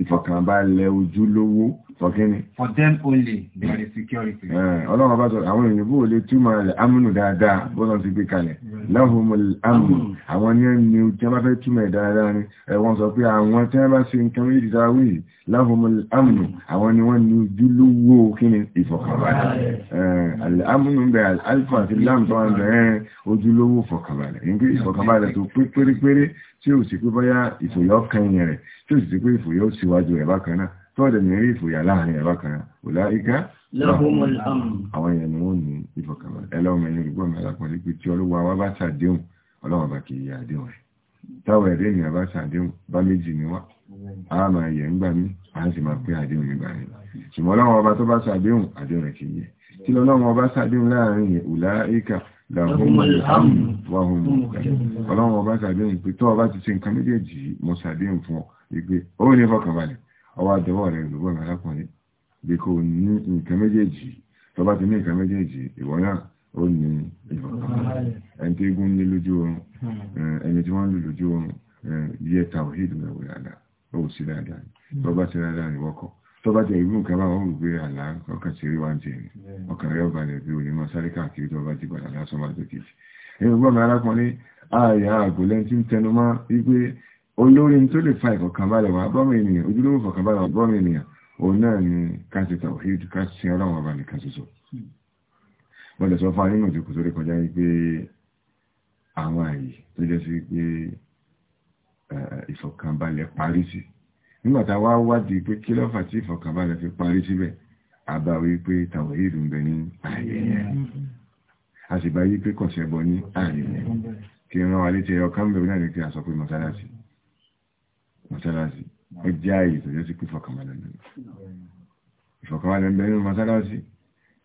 ìfọ̀kànbalẹ̀ ojúlówó fọ̀kíní. for them only they are the security. ọlọ́run bá sọ àwọn èèyàn bó lè túmọ̀ rẹ̀ amúnù dáadáa bó lọ sí gbé kalẹ̀ lahumul amru àwọn ní ẹni tí wọ́n bá fẹ́ túmọ̀ ìdáradára ni ẹ̀wọ́n sọ pé àwọn tí wọ́n bá ṣe nǹkan méjì dáwé lahumul amru àwọn ni wọ́n ní ojúlówó kíni ìfọ̀kànbalẹ̀ al-amru ń bẹ alifa àti lam tó ń bẹ ojúlówó ìfọ̀kànbalẹ̀ nígbà ìfọ̀kànbalẹ̀ tó pé pérépéré tí ò sì pé bóyá ìfòyọ́ kan yẹn rẹ̀ tí ò sì pé ìfòyọ́ síwájú ẹ̀ bákan náà tó ọ̀dẹ̀ ní rí ìfòyà láàrin ẹ̀ bákan náà lahumul amn àwọn èèyàn ni wọ́n ní ìfọ̀kànbalẹ̀ ẹlọ́mọ ẹni olùgbọ́n mi alákùnrin pé tí ọlọ́wọ́ wa bá ṣàdéhùn ọlọ́wọ́ bá kì àdéhùn rẹ̀ táwọn ẹ̀rẹ́ ènìyàn bá ṣàdéhùn bá méjì ni wá a máa yẹ ńgbà mí a sì máa pé àdéhùn nígbà yẹn ṣùgbọ́n ọlọ́wọ́ ọba tó bá ṣàdéhùn àdéhùn rẹ̀ kì yẹ tí lọ́wọ́ ọba ṣàdéhùn yẹn ọ bí kò ní nǹkan méjèèjì tó bá ti ní nǹkan méjèèjì ìwọ náà ó ní ìfọ̀kànbalẹ̀ ẹni tí gún ní lójú oorun eh, ẹni tí wọ́n ń lójú oorun eh, yẹ dáadáa ó sì dáadáa tó bá ti dáadáa ní wọ́kọ̀ tó bá ti nǹkan bá gbé àlá ọkàn sí rí wá ń jẹ ọkàn rẹ̀ balẹ̀ bí o lè máa sáré káàkiri tó bá ti gbàdá lásán bá ẹni gbọ́n mi arákùnrin tí ń tẹnu mọ́ wípé olórin tó lè fa ìfọ̀kànbalẹ̀ òun náà ni káṣí tawhid káṣí ọlọ́run ọba nìkan ṣoṣo wọ́n hmm. lè sọ fún nínú ìdíkù tó rí kọjá wípé àwọn àyè tó jẹ́ sí pé ìfọ̀kànbalẹ̀ parí sí nígbà tá wá wádìí pé kí ló fà tí ìfọ̀kànbalẹ̀ fi parí síbẹ̀ àbá wípé tawhid ń bẹ ní ààyè yẹn hmm. a sì bá wípé kọ̀ṣẹ́bọ ní ààyè yẹn hmm. kí wọ́n wà létí ẹyọ kan náà ní kí a sọ pé mọ́sálásí mọ́sálásí ó jẹ́ ààyè tó jẹ́ sí pé fọkànbalẹ̀ nínú ìfọkànbalẹ̀ nínú mọ́sálásí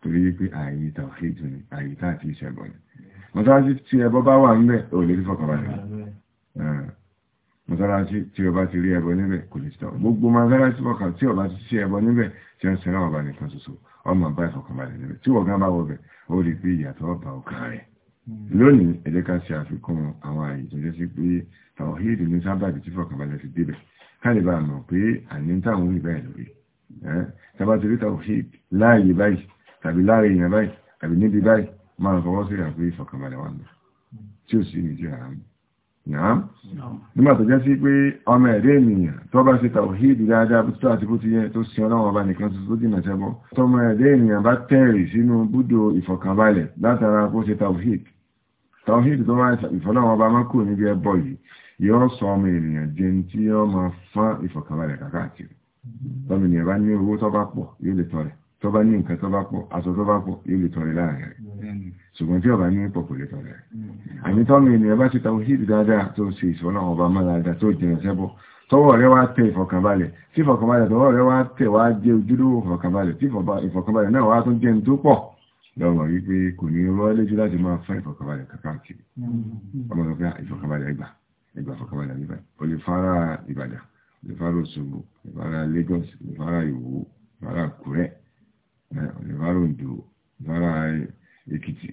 torí wípé ààyè tàwíìdì ni ààyè táàtì ìṣẹ́gun ni mọ́sálásí tí ẹbọ bá wà ńbẹ̀ ò lè rí fọkànbalẹ̀ mọ́sálásí tí ọba ti rí ẹbọ níbẹ̀ kò lè sọ gbogbo mọ́sálásí fọkàn tí ọba ti sí ẹbọ níbẹ̀ tí wọ́n sẹ́nà ọba nìkan ṣoṣo ọmọ bá ìfọkànbalẹ̀ níbẹ̀ tí wọ́n gán bá wọ bẹ̀ ó rí pé ìyàtọ̀ ọba ọkàn rẹ̀ lónìí ẹ ká ṣe àfikún àwọn ààyè tó jẹ́ sí pé tàwíìdì ní sábàbí tí fọkànbalẹ̀ fi débẹ̀ kálíbà mọ̀ pé àní táwọn orí bẹ́ẹ̀ lórí tàbá torí tawhid láàyè báyìí tàbí láàrin èèyàn báyìí tàbí níbi báyìí máa fọwọ́ sí ìyàn pé ìfọ̀kànbalẹ̀ wà mí tí ó sì ní jẹ́ àmì yàám nígbà tó jẹ́ sí pé ọmọ ẹ̀dẹ́ ènìyàn tó bá ṣe tawhid dáadáa bó tó àti bó ti yẹ tó sin ọlọ́run ọba nìkan tó tó dìnà tẹ́bọ́ tọmọ ẹ̀dẹ́ ènìyàn bá tẹ̀rì sínú búdò ìfọ̀kànbalẹ̀ látara kó ṣe tawhid tawhid tó wá ìfọ̀lọ́run ọba mọ́kù níbi ẹbọ yìí yóò sọ ọmọ ènìyàn jẹ tí yóò máa fán ìfọ̀kànbalẹ̀ kàkàkiri tọ́mì ní ẹ̀bá ní owó tó bá pọ̀ yóò lè tọrẹ tó bá ní nǹkan tó bá pọ̀ aṣọ tó bá pọ̀ yóò lè tọrẹ láàrin rẹ̀ ṣùgbọ́n tí ọba ní pọ̀ kò lè tọrẹ rẹ̀ àmì tọ́mì ní ẹ̀bá ti tàwọn hídì dáadáa tó ṣe ìṣọ́nà ọba mọ́láda tó jẹrẹ sẹ́bọ̀ tọwọ́ rẹ wá tẹ ìfọ̀kànbalẹ̀ tí ìfọ̀kànbalẹ̀ tọwọ́ rẹ wá tẹ wá jẹ́ ojúlówó ìfọ̀kànbalẹ̀ tí ìfọ̀kànbalẹ̀ náà wá tún jẹ́ ní tó pọ̀ lọ́wọ́ wípé kò ní rọ́ láti máa fẹ́ ìfọ̀kànbalẹ̀ kàkàkiri ọmọ ìfọ̀kànbalẹ̀ gbà nígbà fọkànbalẹ̀ níbẹ̀ o lè fara Ìbàdàn o lè fara Òṣogbo o lè fara Lagos o lè fara Ìwó o lè fara Àkúrẹ́ o lè fara Oǹdó o lè fara Èkìtì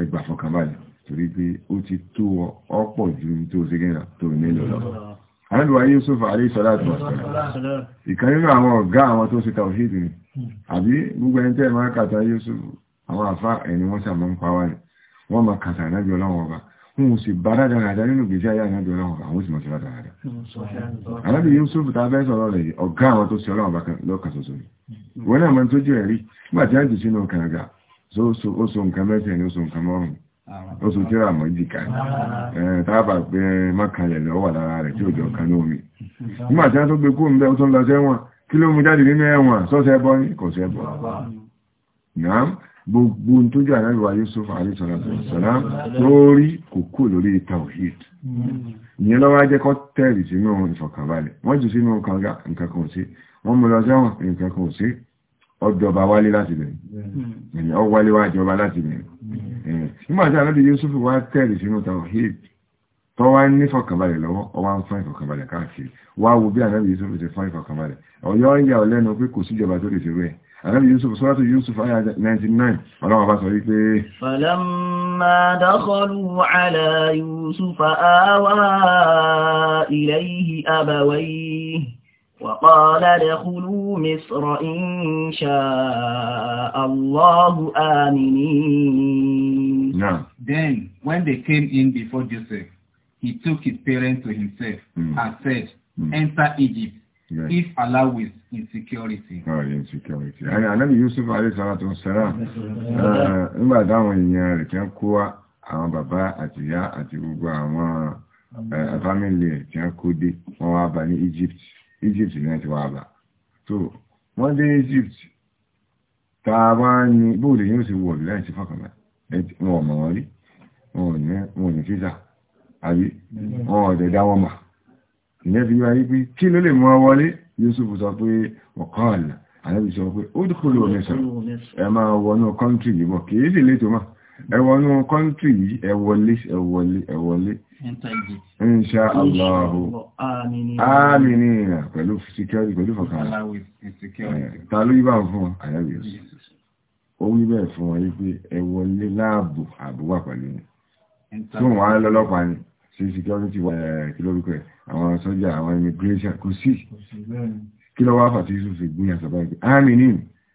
ẹgbà fọkànbalẹ̀ torí pé ó ti tó ọ̀pọ̀ ju tó ṣe gẹ́gẹ́ tó nílò lọ àrẹ́lùwà Yusuf aléṣọ́láàtọ̀ ìkan nínú àwọn ọ̀gá àwọn tó ṣe tàwíìdì ni àbí gbogbo ẹni tẹ́ máa kàtà Yusuf àwọn àfá ẹni wọ́n sàmọ́ ń pa wá ní wọ́n máa kàtà náà bí ọlọ́wọ́ ọba wọn sì bá dáadáa nínú gbèsè ayé ànábì ọlọ́run àwọn sì mọ̀ sí dáadáa ànábì Yusuf tàbí sọ̀rọ̀ rẹ̀ ọ̀gá àwọn tó sí ọlọ́run lọ́kà sọ́sọ́ ni wọ́n náà mọ́ tó jẹ́ ẹ̀rí nígbà tí a jù sínú kànga so nǹkan mẹ́sẹ̀ ni ó nǹkan mọ́rùn tí ó a gbogbo tójú àrẹ́lúwà Yusuf alẹ́sọ̀lá lórí kò kú lórí tawhid ìyẹn lọ́wọ́ ajẹ́kọ́ tẹ́rì sínú ìfọ̀kànbalẹ̀ wọ́n jù sínú kànga nǹkan kan sí wọ́n mú lọ sẹ́wọ̀n nǹkan kan sí ọjọba wálé láti bẹ̀rẹ̀ ọ wálé wá jọba láti bẹ̀rẹ̀ Yusuf wá tẹ́rì sínú tawhid tó wá ní fọ̀kànbalẹ̀ lọ́wọ́ ọ wá ń fún ìfọ̀kànbalẹ̀ káàkiri wá wo bí àrẹ́lú Yusuf ti fún ìfọ̀kànbalẹ̀ ọ̀yọ́ ń yà ọ lẹ́nu pé kò síjọba tó lè Ànábì Yusuf sọ́tù Yusuf ayà 99 ọlọ́wọ́ bá sọ wípé Fàlọ́mà dákọlù àlà Yusuf àwà ilayhi àbàwáyí wàkọ́lá dẹ̀kùlù mìsọ̀rọ̀ inṣà Allahu amini. Now, then, when they came in before Joseph, he took his parents to himself mm. and said, mm. enter Egypt. Yes. If Allah with insecurity. Oh, insecurity. Àní ànábì Yusuf Aléṣàlátù Sẹ́rà, eh, nígbà táwọn èèyàn rẹ̀ kí ń kó àwọn bàbá àti ìyá àti gbogbo àwọn eh, fámílì rẹ̀ kí ń kó dé, wọ́n wá bá ní Egypt. Egypt ní ẹ̀ ti wá bá. So, wọ́n dé Egypt, ta wá ní bóòlù yóò sì wọ̀ láì sí fọ́kànlá. Wọ́n mọ̀ wọ́n rí, wọ́n ò ní fíjà, àbí wọ́n ọ̀dẹ̀ dáwọ́ mà ìyẹn fi wáyé pé kí ló lè mọ́ wọlé Yusuf sọ pé ọ̀kọ́ọ̀lá alábi sọ pé ó dúkòlò mẹ́sà ẹ máa wọnú kọ́ntì yìí bọ̀ kìí sì létò máa ẹ wọnú kọ́ntì yìí ẹ wọlé ẹ wọlé ẹ wọlé insha Allahu àmìnira pẹ̀lú síkẹ́rì pẹ̀lú fọkànlá ta ló yíbà fún sí security wà kí lórúkọ ẹ̀ àwọn sọ́jà àwọn immigration kò sí kí lọ́wọ́ àfàtí yusuf fi gbé yàn sábà ìgbé àmì ní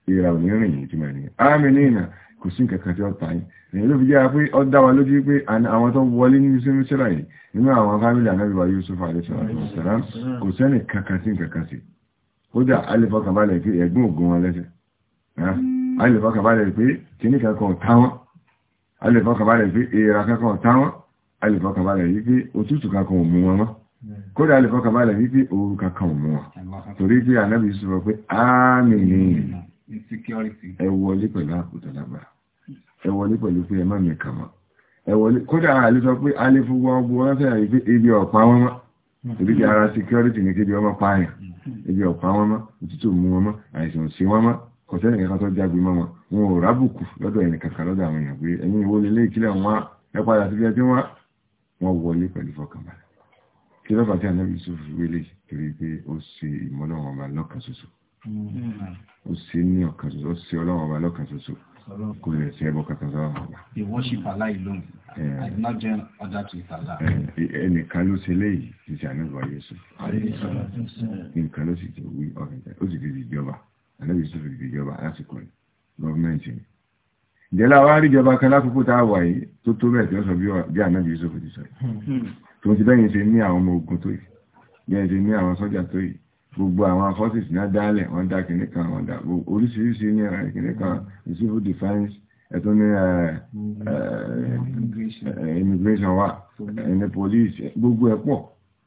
ìrà òní rìn yìí tí mà ní àmì ní ìnà kò sí nǹkan kan tí ó ta yín èyí ló fi jẹ́ pé ó dá wa lójú pé àwọn tó wọlé ní yusuf mísírà yìí nínú àwọn fámìlì anábìwá yusuf alẹ́sọ̀rọ̀ kò sẹ́nì kankan sí nǹkan kan sí kódà alẹ́fọ́kànbalẹ̀ pé ẹ̀gbọ́n ògùn wọn lẹ́sẹ̀ alẹ́fọ́kànbalẹ̀ pé kìnnìkan kan táwọn alẹ́fọ́kànbalẹ̀ pé èèrà kankan táwọn alìfọkànbalẹ̀ wípé òtútù kankan ò mú wọn mọ́ hmm. kódà alìfọkànbalẹ̀ wípé òru kankan ò mú wọn torí pé ànábì sọ pé àmì hmm. ní ẹ wọlé pẹ̀lú àkùtà lágbára ẹ wọlé pẹ̀lú pé ẹ má mi kà mọ́ ẹ wọlé kódà hmm. security ní kébi ọmọ pààyàn ebi ọ̀pá wọn mọ́ òtútù mú wọn mọ́ àìsàn sí wọn mọ́ kọ̀tẹ́lẹ̀ nìkan tó jágbe mọ́ wọn wọn ò rábùkù lọ́dọ̀ ẹnì kankan lọ́dọ̀ àwọn èèyàn pé ẹ̀yìn ìwọlé ìkílẹ̀ wọn ẹ padà sí ibi ẹjọ́ wọn wọ́n wọlé pẹ̀lú fọkànbalẹ̀ kí lọ́pàá tí ànábì Yusuf wílé torí pé ó ṣe ìmọ̀lọ́wọ̀n ọba lọ́kàn ṣoṣo ó ṣe ní ọ̀kan ṣoṣo ó ṣe ọlọ́wọ̀n ọba lọ́kàn ṣoṣo kò lè ṣe ẹbọ kankan sọ́wọ́n ọba. the worship Allah alone I do not join other to Allah. ẹnìkan ló ṣe léyìí ti ṣe ànábì wa Yusuf nǹkan ló sì ti wí ọ̀rẹ́ ó sì ti dìjọba ànábì Yusuf dìjọba lásìkò gọ́ọ̀mẹ̀ntì ni ìdẹ́lá wá rí ìjọba kan lákòókò tá a wà yìí tó tó bẹ́ẹ̀ tí wọ́n sọ bí ànábì Yusuf ti sọ yìí tó ti bẹ́yìn ṣe ní àwọn ọmọ ogun tó yìí bẹ́ẹ̀ ṣe ní àwọn sọ́jà tó yìí gbogbo àwọn forces náà dálẹ̀ wọ́n dá kìnní kan wọ́n dá oríṣiríṣi ní eh, kìnní kan civil defence ẹ̀tọ́ ní eh, immigration eh, wa ẹni police gbogbo ẹ̀ pọ̀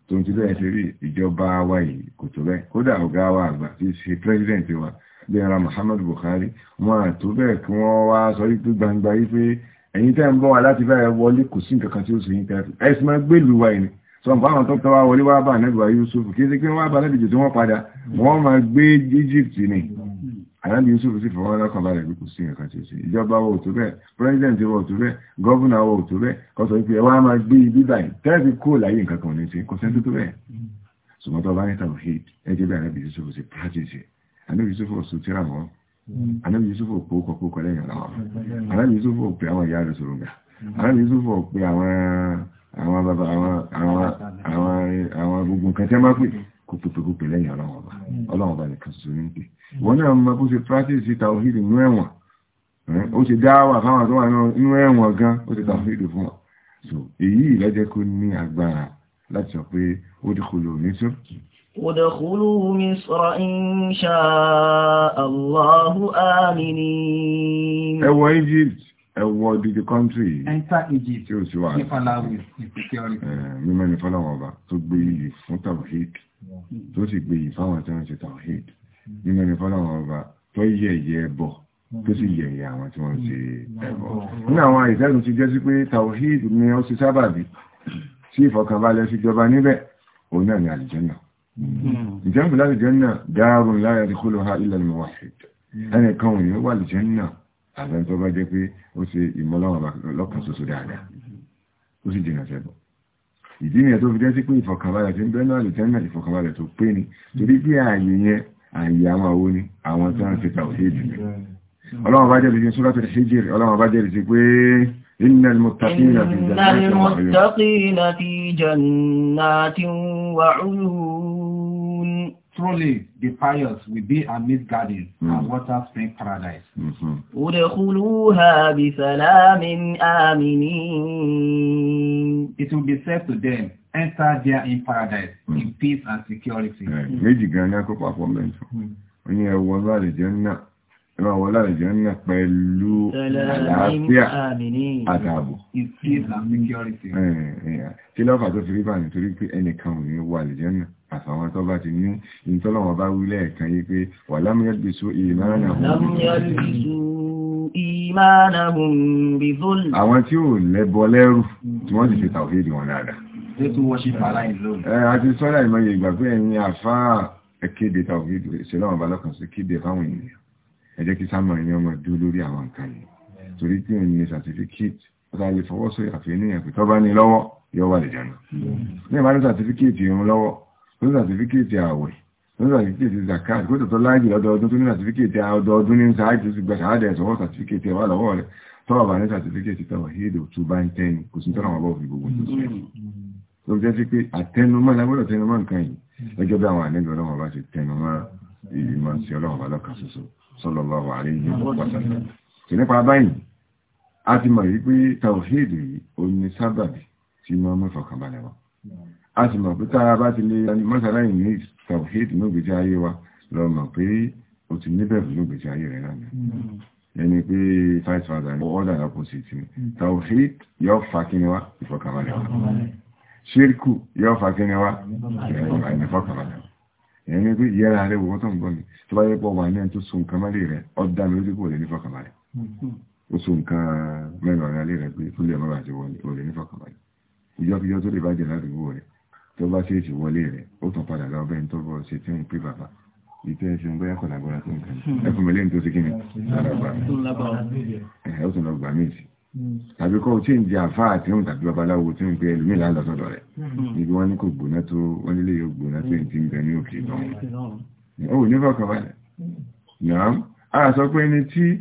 tó ti bẹ́ẹ̀ ṣe rí ìjọba wa yìí kò tó bẹ́ẹ̀ kódà ọ̀gá wa àgbà tí ṣe president wa bí ara Muhammad Bukhari wọn àtó bẹ́ẹ̀ kí wọ́n wá sọ wípé gbangba wípé ẹ̀yin tẹ́ ń bọ̀ wá láti bẹ́ẹ̀ wọlé kò sí nǹkan kan tí ó sì yín tẹ́ ẹ̀sìn máa gbèlú wa ẹni sọ fún àwọn tó tọ́ wá wọlé wá bá ànábì wa Yusuf kí ṣe pé wọ́n wá bá ànábì jù tí wọ́n padà wọ́n máa gbé Egypt ni ànábì Yusuf sì fọwọ́ lọ́kàn balẹ̀ pé kò sí nǹkan kan tí ó sì ìjọba wo òtó bẹ́ẹ̀ president wo òtó bẹ́ẹ̀ governor wo òtó bẹ́ẹ̀ kọ́ sọ pé ẹ wá máa gbé ibi báyìí tẹ́ẹ̀sì kó láyé nǹkan kan ní ṣe kò sẹ́ńtú tó bẹ́ẹ̀ sọmọtọ́ bá ní tàwọn ẹjẹ́ bẹ́ẹ̀ ànábì Yusuf sì practice ànábì Yusuf ọ̀sùn tíra wọn hmm. ànábì Yusuf òpókọ̀ pókọ̀ lẹ́yìn ara wọn hmm. ànábì Yusuf òpè àwọn ìyá rẹ̀ sọ̀rọ̀ gbà hmm. ànábì Yusuf òpè àwọn àwọn gbogbo nǹkan tẹ́ máa pè kò pèpè kò pè lẹ́yìn ọlọ́wọ́n nìkan ṣoṣo ní pè wọn náà máa bó ṣe practice tàwọ́hídì nínú ẹ̀wọ̀n ó ṣe dáwà fáwọn tó wà nínú ẹ̀wọ̀n gan ó ṣe tàwọ́hídì fún wọn èyí ìlọ́jẹ́ kó ní agbára láti sọ pé ó dìkò lò ní وادخلوا مصر إن شاء الله آمنين ẹwọ Egypt ẹwọ didi country enter Egypt tí ó sì wà ní Falawi mímọ́ ní fọ́lọ́wọ́ ọba tó gbé hmm. yìí fún tawhid tó sì gbé yìí fáwọn tí wọ́n ti tawhid mímọ́ ní fọ́lọ́wọ́ ọba tó yẹ yẹ bọ̀ tó sì yẹ̀yẹ̀ àwọn tí wọ́n ti hmm. ẹ̀bọ̀ hmm. ní àwọn ìtẹ́gùn ti jẹ́ sí pé tawhid ni ó sì sábàbí tí ìfọ̀kànbalẹ̀ fi jọba níbẹ̀ òun náà ni àlìjẹ́ náà ìjẹ́mù láti jẹ́nà dáàrùn láyé ìkúlò ha ilẹ̀ al-muwahhid hmm. ẹni kan òní wà lè jẹ́nà àbẹ́ tó bá jẹ́ pé ó ṣe ìmọ̀lọ́wọ̀ lọ́kàn ṣoṣo dáadáa hmm. ó sì jìnà sẹ́bọ̀ ìdí nìyẹn tó fi jẹ́ sí pé ìfọ̀kànbalẹ̀ tí ń bẹ́ẹ̀ náà lè jẹ́nà ìfọ̀kànbalẹ̀ tó pé ni torí bí ààyè yẹn ààyè àwọn àwọn ni àwọn tó ń ṣe ta òṣèlú ni hmm. ọlọ́run bá jẹ́rìí sí suratul hijr ọlọ́run bá jẹ́rìí sí pé إن المتقين في جنات وعيون Truly, the pious will be amidst gardens mm. and water spring paradise. ادخلوها mm-hmm. بسلام It will be said to them, enter there in paradise mm. mm. in peace and security. Méjì gan ni ko performance. papọ̀ mẹ́jọ. Ó ní ẹ wọ Aljanna, ẹ máa wọ Aljanna pẹ̀lú àlàáfíà In peace and security. Kí lọ́fà tó fi rí bá nítorí pé ẹnìkan ò ní wọ Aljanna àtàwọn tó bá ti ní ìtọ́lọ̀wọ̀ bá wí lẹ́ẹ̀kan yí pé wà lámúyẹ́lbìsú ìmánàhùn àwọn tí ó lẹ́bọ lẹ́rù tí wọ́n sì fi tàwíìdì wọn dáadáa àti sọ́lá ìmọ̀ye ìgbà pé ẹ̀yin àfáà ẹkéde tàwíìdì ìṣẹ́lọ́wọ̀n bá lọ́kàn sí kéde fáwọn ènìyàn ló sàtífíkètì àwẹ̀ ló sàtífíkètì zakat kó tọ̀tọ̀ láàájì lọ́dọọdún tó ní sàtífíkètì ọdọọdún ní sáájú sí gbẹ̀sà àádẹ́ ìṣọwọ́ sàtífíkètì wà lọ́wọ́ rẹ̀ tọ́wọ́ bá ní sàtífíkètì tọ́wọ́ hídò tó bá ń tẹ́ni kò sí tọ́rọ̀ ọ̀bọ̀ fi gbogbo tó jẹ́ sí pé àtẹnumọ́ lágbọ́dọ̀ tẹnumọ́ nǹkan yìí gẹ́gẹ́ bí àwọn àlejò ọlọ́wọ́ bá ti tẹnumọ́ ìmọ̀ sí ọlọ́wọ́ bá lọ́kàn ṣoṣo sallallahu alayhi wa sallam tí nípa báyìí a ti mọ̀ yìí pé tàwọ̀hídì yìí ó ní sábàbí tí mọ́ mú fọkànbalẹ̀ wọn a sì mọ̀ pé tára bá ti lè mọ́sára yìí ní tawhid ní ògbèjì ayé wa lọ mọ̀ pé o ti níbẹ̀ fún ògbèjì ayé rẹ̀ náà hmm. ẹni pé fight father ní order opposite ni hmm. tawhid yóò fa kíni wá ìfọkànbalẹ̀ wa ṣírkù yóò fa kíni wá ìfọkànbalẹ̀ wa ẹni pé yẹra rẹ̀ wọ́n tó ń gbọ́ mi tó bá yẹ pọ̀ wà ní ẹni tó so nǹkan mẹ́lẹ̀ rẹ̀ ọ̀dà mi lójú kò lè ní fọkànbalẹ̀ hmm. ó so nǹkan mẹ́rin ọ̀rẹ́ tó bá sí èsì wọlé rẹ̀ ó tàn padà lọ bẹ́ẹ̀ tó bọ́ ṣe tí ń pè bàbá ìtẹ́ ẹ̀ṣẹ̀ ń bóyá kọ̀ lágbára tó nǹkan ẹkùn mẹ́lẹ́ tó ṣe kíni ó tún lọ gbà mí sí tàbí kọ́ tí ń jẹ àfáà tí ó tàbí babaláwo tí ń ibi wọn ní kò gbóná tó wọn nílé yóò gbóná tó ti ń bẹ ní òkè náà ó ní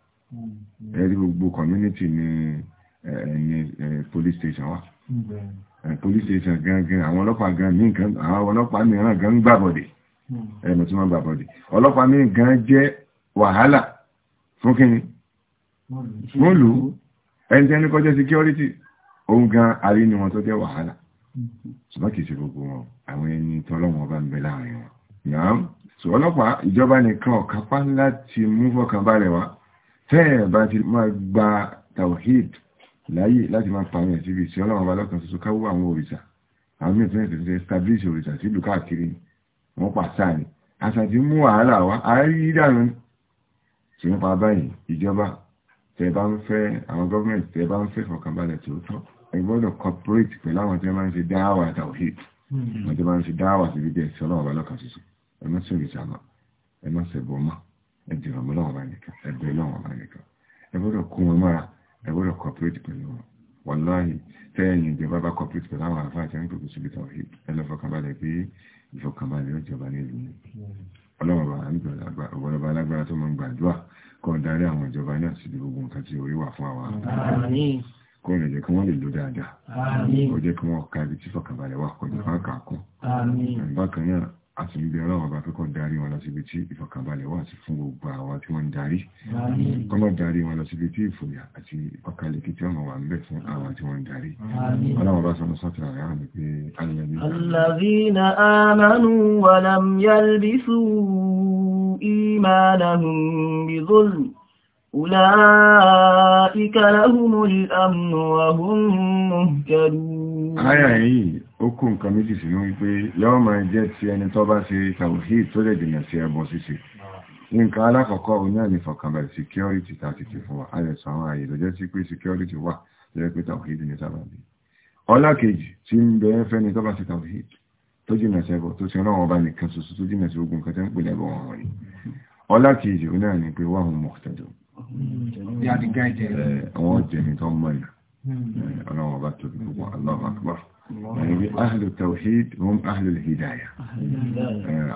Mm-hmm. ẹ̀rí gbogbo community ni police station wà mm-hmm. police station gangan àwọn ọlọ́pàá gan ní nǹkan àwọn ọlọ́pàá mìíràn gan ń gbàbọ̀dẹ̀ mm-hmm. ẹ̀mọ̀ tí wọ́n gbàbọ̀dẹ̀ ọlọ́pàá mìíràn gan jẹ́ wàhálà fún kíni wọ́n lù ú ẹni tẹ́ni kọjá security òun gan arí ni wọn tó jẹ́ wàhálà ṣùgbọ́n kìí ṣe gbogbo wọn àwọn ẹni tọ́lọ́wọ́n bá ń bẹ láàrin wọn. ọlọ́pàá ìjọba nìkan ọ̀kápá láti mú fọkànbalẹ̀ wá tẹ́ẹ̀ bá ti máa gba tawhid láyé láti máa pàmì ẹ̀sí ibi ìṣẹ́ ọlọ́run ọba lọ́kàn ṣoṣo káwọ́ àwọn òrìṣà àwọn mí ìfẹ́ ìfẹ́ establish òrìṣà sílù káàkiri wọ́n pàṣà ni àṣà ti mú wàhálà wá àárí ìdànù tí ń pa báyìí ìjọba tẹ́ bá ń fẹ́ àwọn gọ́ọ̀mẹ̀ntì tẹ́ bá ń fẹ́ fọkànbalẹ̀ tòótọ́ ẹ gbọ́dọ̀ corporate pẹ̀lú àwọn tí wọ́n máa ń ṣe dáwà tawhid hmm. wọ́n ti máa ń ṣe dáwà síbi dẹ̀ ìṣẹ́ ọlọ́run ọba lọ́kàn ṣoṣo ẹ má sọ̀rọ̀ ìṣàmà ẹ má sẹ̀bọ̀ mọ́ ẹ̀jẹ̀ ọ̀mọ́lọ́wọ́ bá nìkan ẹ̀bẹ̀ ọlọ́wọ́ bá nìkan ẹ gbọ́dọ̀ kún wọn mọ́ra ẹ gbọ́dọ̀ cooperate pẹ̀lú wọn wàláhì tẹ́yìn ìjọba bá cooperate pẹ̀lú àwọn àfáà tí wọ́n pèpè síbi tawhid ẹlọ́fọkànbalẹ̀ pé ìfọkànbalẹ̀ ọjọba nílùú ni ọlọ́wọ́ba ọ̀gbọ̀lọ́ba alágbára tó máa ń gbàdúrà kọ́ darí àwọn ìjọba náà sí gbogbo nǹkan tí orí wà fún àwa kọ́ ìrìnlẹ̀ kí wọ́n lè lò dáadáa ó jẹ́ kí wọ́n ká ibi tí fọkànbalẹ̀ wà kọjá fáńkà kún bákan náà àti ibi ọlọ́wọ́ bá fẹ́ kọ́ darí wọn lọ síbi tí ìfọ̀kànbalẹ̀ wà sí fún gbogbo àwọn tí wọ́n ń darí kọ́mọ́ darí wọn lọ síbi tí ìfòyà àti ọkàlẹ̀kì tí ọmọ wà ń bẹ̀ fún àwọn tí wọ́n ń darí ọlọ́wọ́ bá sọ́nà sọ́tà rẹ̀ hàn pé alladhina ó kú nǹkan méjì sínú wípé yọ́ máa jẹ́ ti ẹni tó bá ṣe tàwíhìd tó lè dènà sí ẹbọ ṣíṣe nǹkan alákọ̀ọ́kọ́ oní àní fọkànbalẹ̀ security tàti ti fún wa ayẹ̀sọ àwọn ààyè lọ́jọ́ sí pé security wà lọ́jọ́ pé tàwíhìd ní sábàbí ọlákejì tí ń bẹ fẹ́ni tó bá ṣe tàwíhìd tó jìnà sí ẹbọ tó ti ọlọ́wọ́ bá nìkan ṣoṣo tó jìnà sí ogun nǹkan tó wọn wọ̀nyí ẹni bí ahlu tawhid hum ahlu hidaya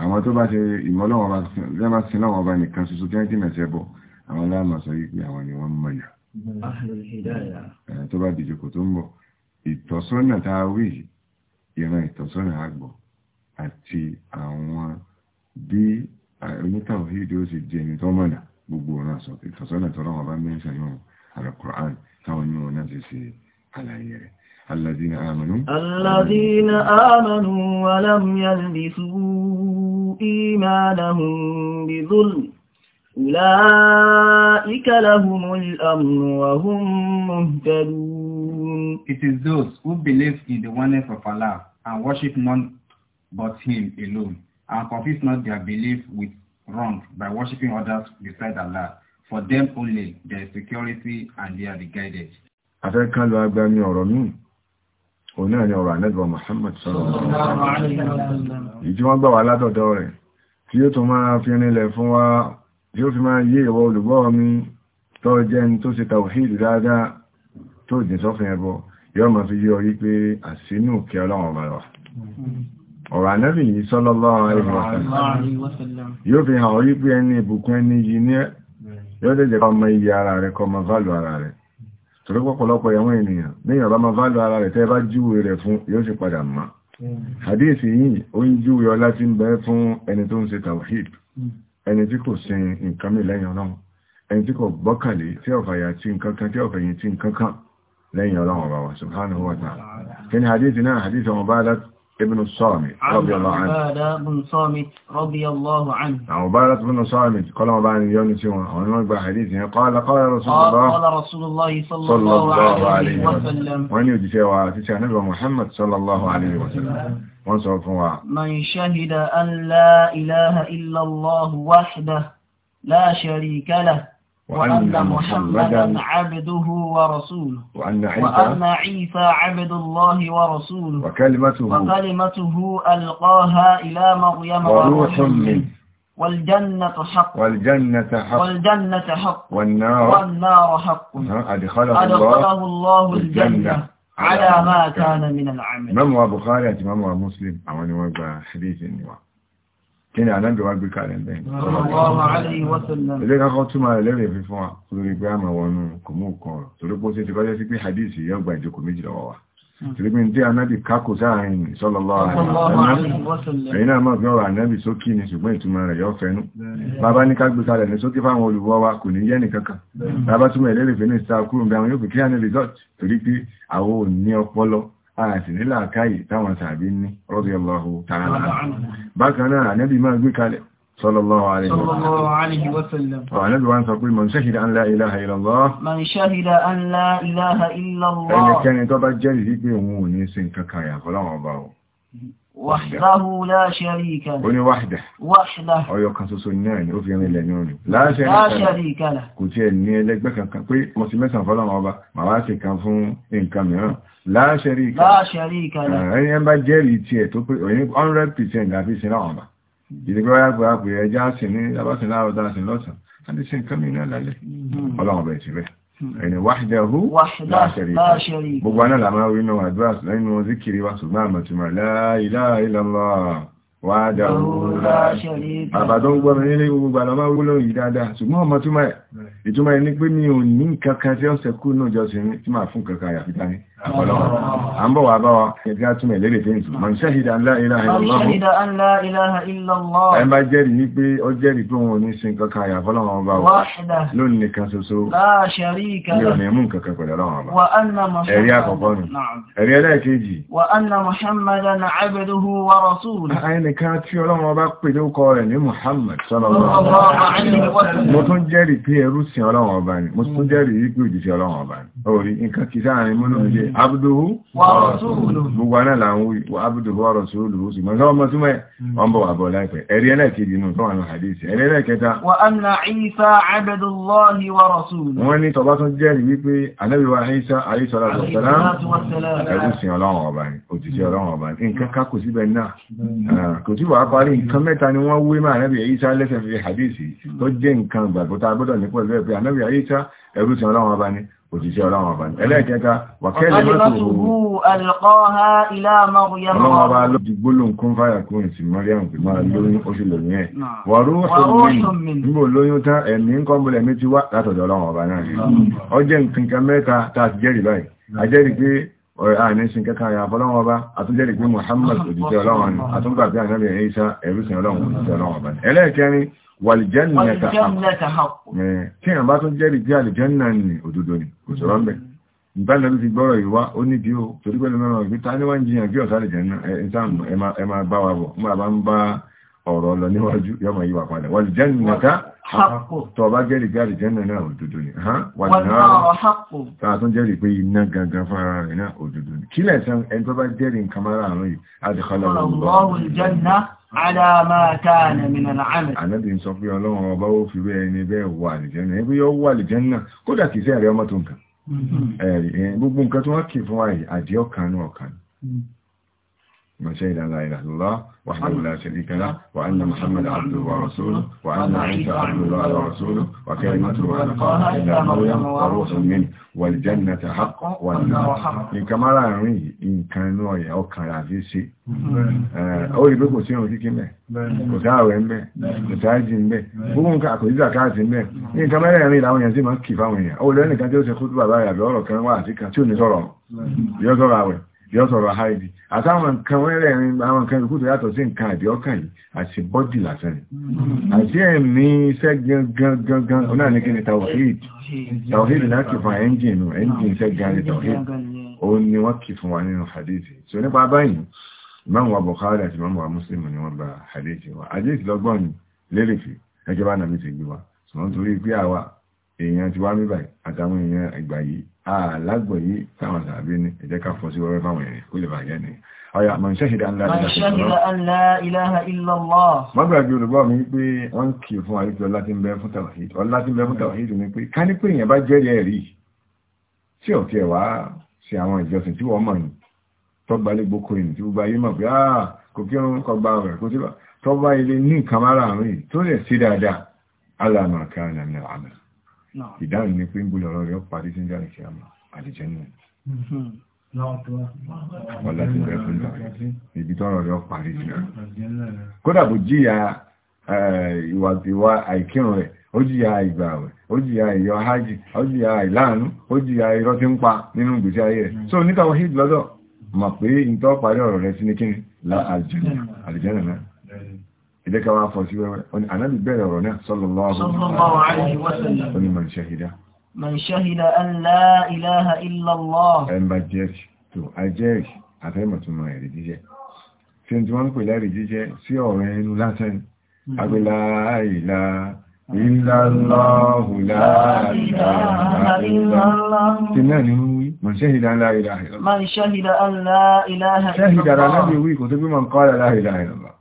àwọn tó bá ṣe ìmọ́lọ́wọ́ bá nìkan ṣoṣo tí wọ́n jìnà sẹ́bọ̀ àwọn láàmà sọ yìí pé àwọn ni wọ́n mọ̀nà tó bá dìjòkò tó ń bọ̀ ìtọ́sọ́nà tá a wí ìran ìtọ́sọ́nà àgbọ̀ àti àwọn bí onítàwíìdì ó sì jẹ́ ẹni tó mọ̀nà gbogbo ọ̀ràn sọ ìtọ́sọ́nà bá mẹ́rin sẹ́yìn àlùkùránì táwọn onímọ̀ náà ti ṣe àlàyé rẹ̀ الذين آمنوا الذين آمنوا ولم يلبسوا إيمانهم بظلم أولئك لهم الأمن وهم مهتدون It is those who believe in the oneness of Allah and worship none but Him alone and confess not their belief with wrong by worshiping others beside Allah. For them only there is security and they are the guided. Afẹ́ ká agbami ọ̀rọ̀ míì òun náà ni ọ̀rọ̀ ànẹ́gbà Muhammad sọ́rọ̀ ìjí wọ́n gbà wà látọ̀dọ̀ rẹ̀ tí ó tún máa wa yóò fi máa yé ìwọ olùgbọ́ mi tó jẹ́ tó ṣe tawhid dáadáa tó jìn sọ́fin ẹbọ yóò máa sallallahu alaihi wasallam yóò fi hàn rí pé ẹni ìbùkún ẹni yìí ní yóò torí pọ̀pọ̀lọpọ̀ ẹ̀wọ̀n ènìyàn ní ìyànbá ma válù ara rẹ̀ tẹ́ bá júwe rẹ̀ fún yóò sì padà mọ́ àdíyèsí yìí ó ń júwe ọlá tí ń bẹ fún ẹni tó ń ṣe tawhid ẹni tí kò sin nǹkan mi lẹ́yìn ọlọ́run ẹni tí kò gbọ́kànlé tí ọ̀fàyà tí nǹkan tí ọ̀fẹ̀yìn tí nǹkan lẹ́yìn ọlọ́run ọba wa subhanahu wa ta'ala kí ni àdíyèsí náà àdíyèsí ọmọ bá ابن الصامت رضي الله عنه عبادة بن صامت رضي الله عنه عبادة بن صامت قال عبادة يوني سيون ونمك بحديثه قال قال رسول الله قال رسول الله صلى الله عليه وسلم وان يجي سيوا تسع نبي محمد صلى الله عليه وسلم وان سوفوا من شهد أن لا إله إلا الله وحده لا شريك له وأن محمدا عبده ورسوله وأن عيسى, وأن عيسى عبد الله ورسوله وكلمته, وكلمته ألقاها إلى مريم وروح منه والجنة حق والجنة حق والجنة حق والنار والنار حق أدخله, أدخله الله الجنة على ما كان من العمل هو بخاري هو مسلم أو وقع حديث النواق kí ni ànábì wá gbé kalẹ̀ bẹ́ẹ̀ ilé kakọ́ túnmà lẹ́rẹ̀ fi fún wa lórí pé àmà wọnú kò mú kan ọ̀rọ̀ torí pé ó sì ti kọ́jẹ́ sí pé hadith yóò gba ìjókòó méjì lọ́wọ́ wa hmm. torí pé tí ànábì kákò sáàrin sallallahu alaihi wasallam ẹ̀yìn náà mọ̀ pé ọ̀rọ̀ ànábì sókí ni ṣùgbọ́n ìtumọ̀ rẹ̀ yóò fẹnu hmm. bàbá ní ká gbé kalẹ̀ ní sókí fáwọn olùwọ́ wa kò ní yẹ́ nìkankan hmm. bàbá túnmọ̀ ìlérè fẹ́ àti nílà káyì táwọn tàbí ní radiyallahu ta'ala bákan náà ànábì máa gbé kalẹ̀ sallallahu alaihi wasallam ànábì wá ń sọ pé man shahida an la ilaha illallah man shahida an la ilaha illallah ẹnikẹ́ni tó bá jẹ́rìí wípé òun ò ní sin kankan yàtọ̀ láwọn ọba وحده لا شريك وني وحده وحده او يكن سنن او في لا شريك له كوتي ني لغبا كان كان بي مو سي مسان فلان láṣẹríkà ẹ̀yẹn bá jẹ́rìí tí ẹ̀ tó pé òyìn 100% àfi sí náà ọ̀bà ìdígbé wáyá pé àpò ẹjá sí ní lábásí láàrọ̀ dáṣì lọ́sàn láti sí nǹkan mìíràn lálẹ́ mm-hmm. ọlọ́run bẹ̀ẹ̀ sí bẹ́ẹ̀ ẹni wáṣídáhú láṣẹríkà gbogbo aná làmáwí nínú àdúrà nínú zikiri wa ṣùgbọ́n àmọ̀tìmọ̀ la ilaha illallah wádáwó láṣẹríkà bàbá tó ń gbọ́ mi nílé gbogbo àlọ́mọ́ wúlò yìí dáadáa ṣùgbọ́n ọmọ túmọ̀ ẹ̀ ìtumọ̀ ẹ̀ ní pé mi ò ní kankan tí ó ṣẹkù náà jọ an bọ̀ wà bá wa kẹfí àtúmọ̀ ìlérí fi ń sùn man shahida an la ilaha illallah ẹ bá jẹ́rì ní pé ó jẹ́rì pé wọn ò ní sin kankan àyà fọ́lọ́wọ́n bá wà lónìí nìkan ṣoṣo ní ọ̀nà ìmú kankan pẹ̀lú ọlọ́wọ́n bá ẹ̀rí àkọ́kọ́ nù ẹ̀rí ẹlẹ́ẹ̀kejì wa anna muhammadan abduhu wa rasuluhu ah, ẹnìkan tí ọlọ́wọ́n bá pè lókọ rẹ̀ ní muhammad sallallahu alaihi orí nǹkan ti sáàrin múnú ilé abúdóhú gbogbo aná làwọn abúdóhú ọ̀rọ̀ sóòlù ó sì mọ́ sọ́wọ́ mọ́ túnmọ̀ wọ́n bọ̀ àbọ̀ láìpẹ́ ẹ̀rí ẹlẹ́kejì inú tó wà ní hadisi ẹ̀rí ẹlẹ́kẹta wọ́n ní tọba tún jẹ́rìí wípé Ànábì wa Ìsá alayhi salatu wassalam ẹ̀rú sin ọlọ́run ọba ni òtìṣẹ́ ọlọ́run ọba ni nǹkan ká kò síbẹ̀ náà mm. ah, kò tí wàá parí nǹkan mẹ́ta ni wọ́n wé máa Ànábì Ìsá lẹ́sẹ̀ fi ẹ̀rú sin ọlọ́run ọba ni òjíṣẹ́ ọlọ́run ọba ní ẹlẹ́ẹ̀kẹta wàkẹ́lẹ̀ mọ́tòrò alqaha ila Maryam ọlọ́run ọba ló di gbólóhùn kún fáyà kún ìsì Maryam fi máa lóyún ó sì lòyún ẹ̀ wọ̀rú nígbò lóyún tán ẹ̀mí ń kọ́ múlẹ̀ mi ti wá látọ̀dọ̀ ọlọ́run ọba náà ó jẹ́ nǹkan wàlìjẹ́nìyàn tí ìrìn bá tún jẹ́rìí tí àlìjẹ́nìyàn ni òdodo ni kò sọ̀rọ̀ mẹ́ ìbáná ló ti gbọ́rọ̀ ìwá ó ní bí ó torí pẹ́lú mẹ́rọ ìgbé ta ní wá ń jiyàn bí ọ̀sá àlìjẹ́nìyàn ẹ máa bá wa bọ̀ mọ́ àbá ń bá ọ̀rọ̀ lọ níwájú yọmọ yíwà padà wàlìjẹ́nìyàn ká tọ́ bá jẹ́rìí tí àlìjẹ́nìyàn náà òdodo ni tààtún jẹ́rìí pé iná gangan fara rẹ̀ náà òdodo ni kílẹ̀ sàn ẹni tó bá jẹ́rìí nǹkan mara àrùn yìí adìkọlọ́wọ́ Ànábì ń sọ pé ọlọ́run ọba ó fi bẹ́ẹ̀ ni bẹ́ẹ̀ wà àlìjẹ́nà. Ẹgbé yóò wà àlìjẹ́nà kódà kìí sẹ́ẹ̀rẹ́ ọmọ tó nǹkan. Mm-hmm. Gbogbo nǹkan tó wá kìí fún àìyí àdíọ́kanú ọ̀kanú. Mm-hmm. وشهد أن لا إله إلا الله وحده لا شريك له وأن محمد عبده ورسوله وأن عيسى عبد الله ورسوله وكلمته ألقاها إلى مريم وروح منه والجنة حق والنار كما لا يرين إن كانوا يأكل عزيزي ó rí pé kò sí ìrùn kíkí mẹ́ kò sáàwẹ̀ mẹ́ kò sáàjì mẹ́ gbogbo nǹkan àkòjí àkáàtì mẹ́ ní nǹkan mẹ́rẹ̀ rìn láwọn èèyàn sí máa ń kì fáwọn èèyàn ó lẹ́nìkan tí ó ṣe kú tó bàbá rẹ̀ àbí ọ̀rọ̀ kan wà àti kan tí ò ní sọ̀rọ̀ yọ́ sọ̀rọ̀ àwẹ̀ yóò sọ̀rọ̀ haidi àtàwọn nǹkan wẹ́rẹ̀ẹ̀rin àwọn nǹkan ìkú tó yàtọ̀ sí nǹkan àbí ọkàn yìí àti bọ́dì lásán mm-hmm. àti ẹ̀mí iṣẹ́ gangan náà ní kí ni tawhid tawhid láti fa ẹ́ńjìn nù ẹ́ńjìn iṣẹ́ gan ni tawhid òun ni wọ́n kì fún wa nínú hadith so nípa báyìí imam wa bukhari àti imam wa muslim ni wọ́n gba hadith wa hadith lọ́gbọ́n ni lérè fi ẹjọ́ bá nàbí ti gbé wa sọ̀rọ̀ torí pé àwa èèyàn ti wá mí báyìí àtàwọn èèyàn ìgbà yìí àlágbọ̀ yìí táwọn sàbí ní ẹ̀jẹ́ ká fọ́ sí wọ́rẹ́ fáwọn èèyàn kó lè bàjẹ́ ni ọya mọ̀ ń ṣẹ́ṣẹ́dá ńlá ilaha illallah wọ́n gbàgbé olùgbọ́ mi pé wọ́n kì fún àríkí ọlá tí ń bẹ fún tawhid ọlá tí ń bẹ fún tawhid ni pé ká ní pé èèyàn bá jẹ́rìí ẹ̀rí tí ò tiẹ̀ wá ṣe àwọn ìjọsìn tí wọ́n mọ̀ ìdáhùn ni pé ń bú lọ́rọ̀ rẹ̀ ó parí sí ìjà ìṣẹ́ àmà náà wọ́n láti bẹ̀rẹ̀ fún ibi rẹ̀ ó parí sí kódà eh, ìwà ìwà àìkírun rẹ̀ ó ìgbà rẹ̀ ó ìyọ ó ó tí ń pa nínú ìgbésí ayé rẹ̀ ìdẹ́ka wá fọ́ sí wẹ́wẹ́ ànábì bẹ̀rẹ̀ ọ̀rọ̀ náà sallallahu alaihi wasallam ó ní man shahida man shahida an la ilaha illa Allah ẹnbà jẹ́rì tó ajẹ́rì àfẹ́mọ̀túnmọ̀ ẹ̀rí jíjẹ́ tí ó ti wọ́n pè lẹ́rí jíjẹ́ sí ọ̀rọ̀ ẹnu lásán agbélá ìlà ìlàláhù láàrín من شهد أن لا إله إلا الله من شهد أن لا إله إلا الله شهد على نبي ويكو تبي من قال لا إله إلا الله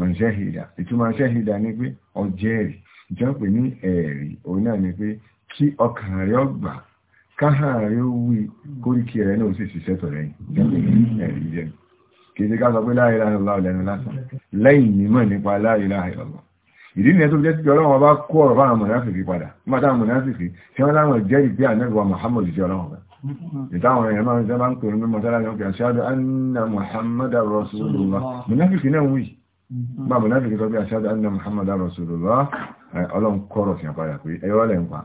mọ̀ṣẹ́hìdà ìtumọ̀ ṣẹ́hìdà ní pé ọjẹ́rì ìjọ́pẹ̀ ní ẹ̀rí òun náà ni pé kí ọkàn rẹ̀ ọgbà káhàn rẹ̀ ó wí kóríkì rẹ̀ náà sì ṣiṣẹ́ tọ̀ lẹ́yìn ìjọ́pẹ̀ ní ẹ̀rí jẹ́ kìí ká sọ pé la ilaha illallah lẹ́nu lásán lẹ́yìn nímọ̀ nípa la ilaha illallah ìdí nìyẹn tó fi jẹ́ sí ọlọ́run ọba kó ọ̀rọ̀ fáwọn mọ̀náfìkì padà mọ́ta mọ̀náfìkì tí wọ́n láwọn jẹ́ ìpé ànẹ́gbà Muhammadu jẹ́ ọlọ́run ọba ìtàwọn èèyàn máa ń jẹ́ bá ń pèrò mímọ̀ tálá ní ọkẹ̀ rasulullah mọ̀náfìkì náà wùyí bá mọ̀láfí kí sọ pé aṣáájú anna muhammadu rasulullah ọlọ́run kọ́rọ̀ ti sí àpáyà pé wa lẹ́ ń pa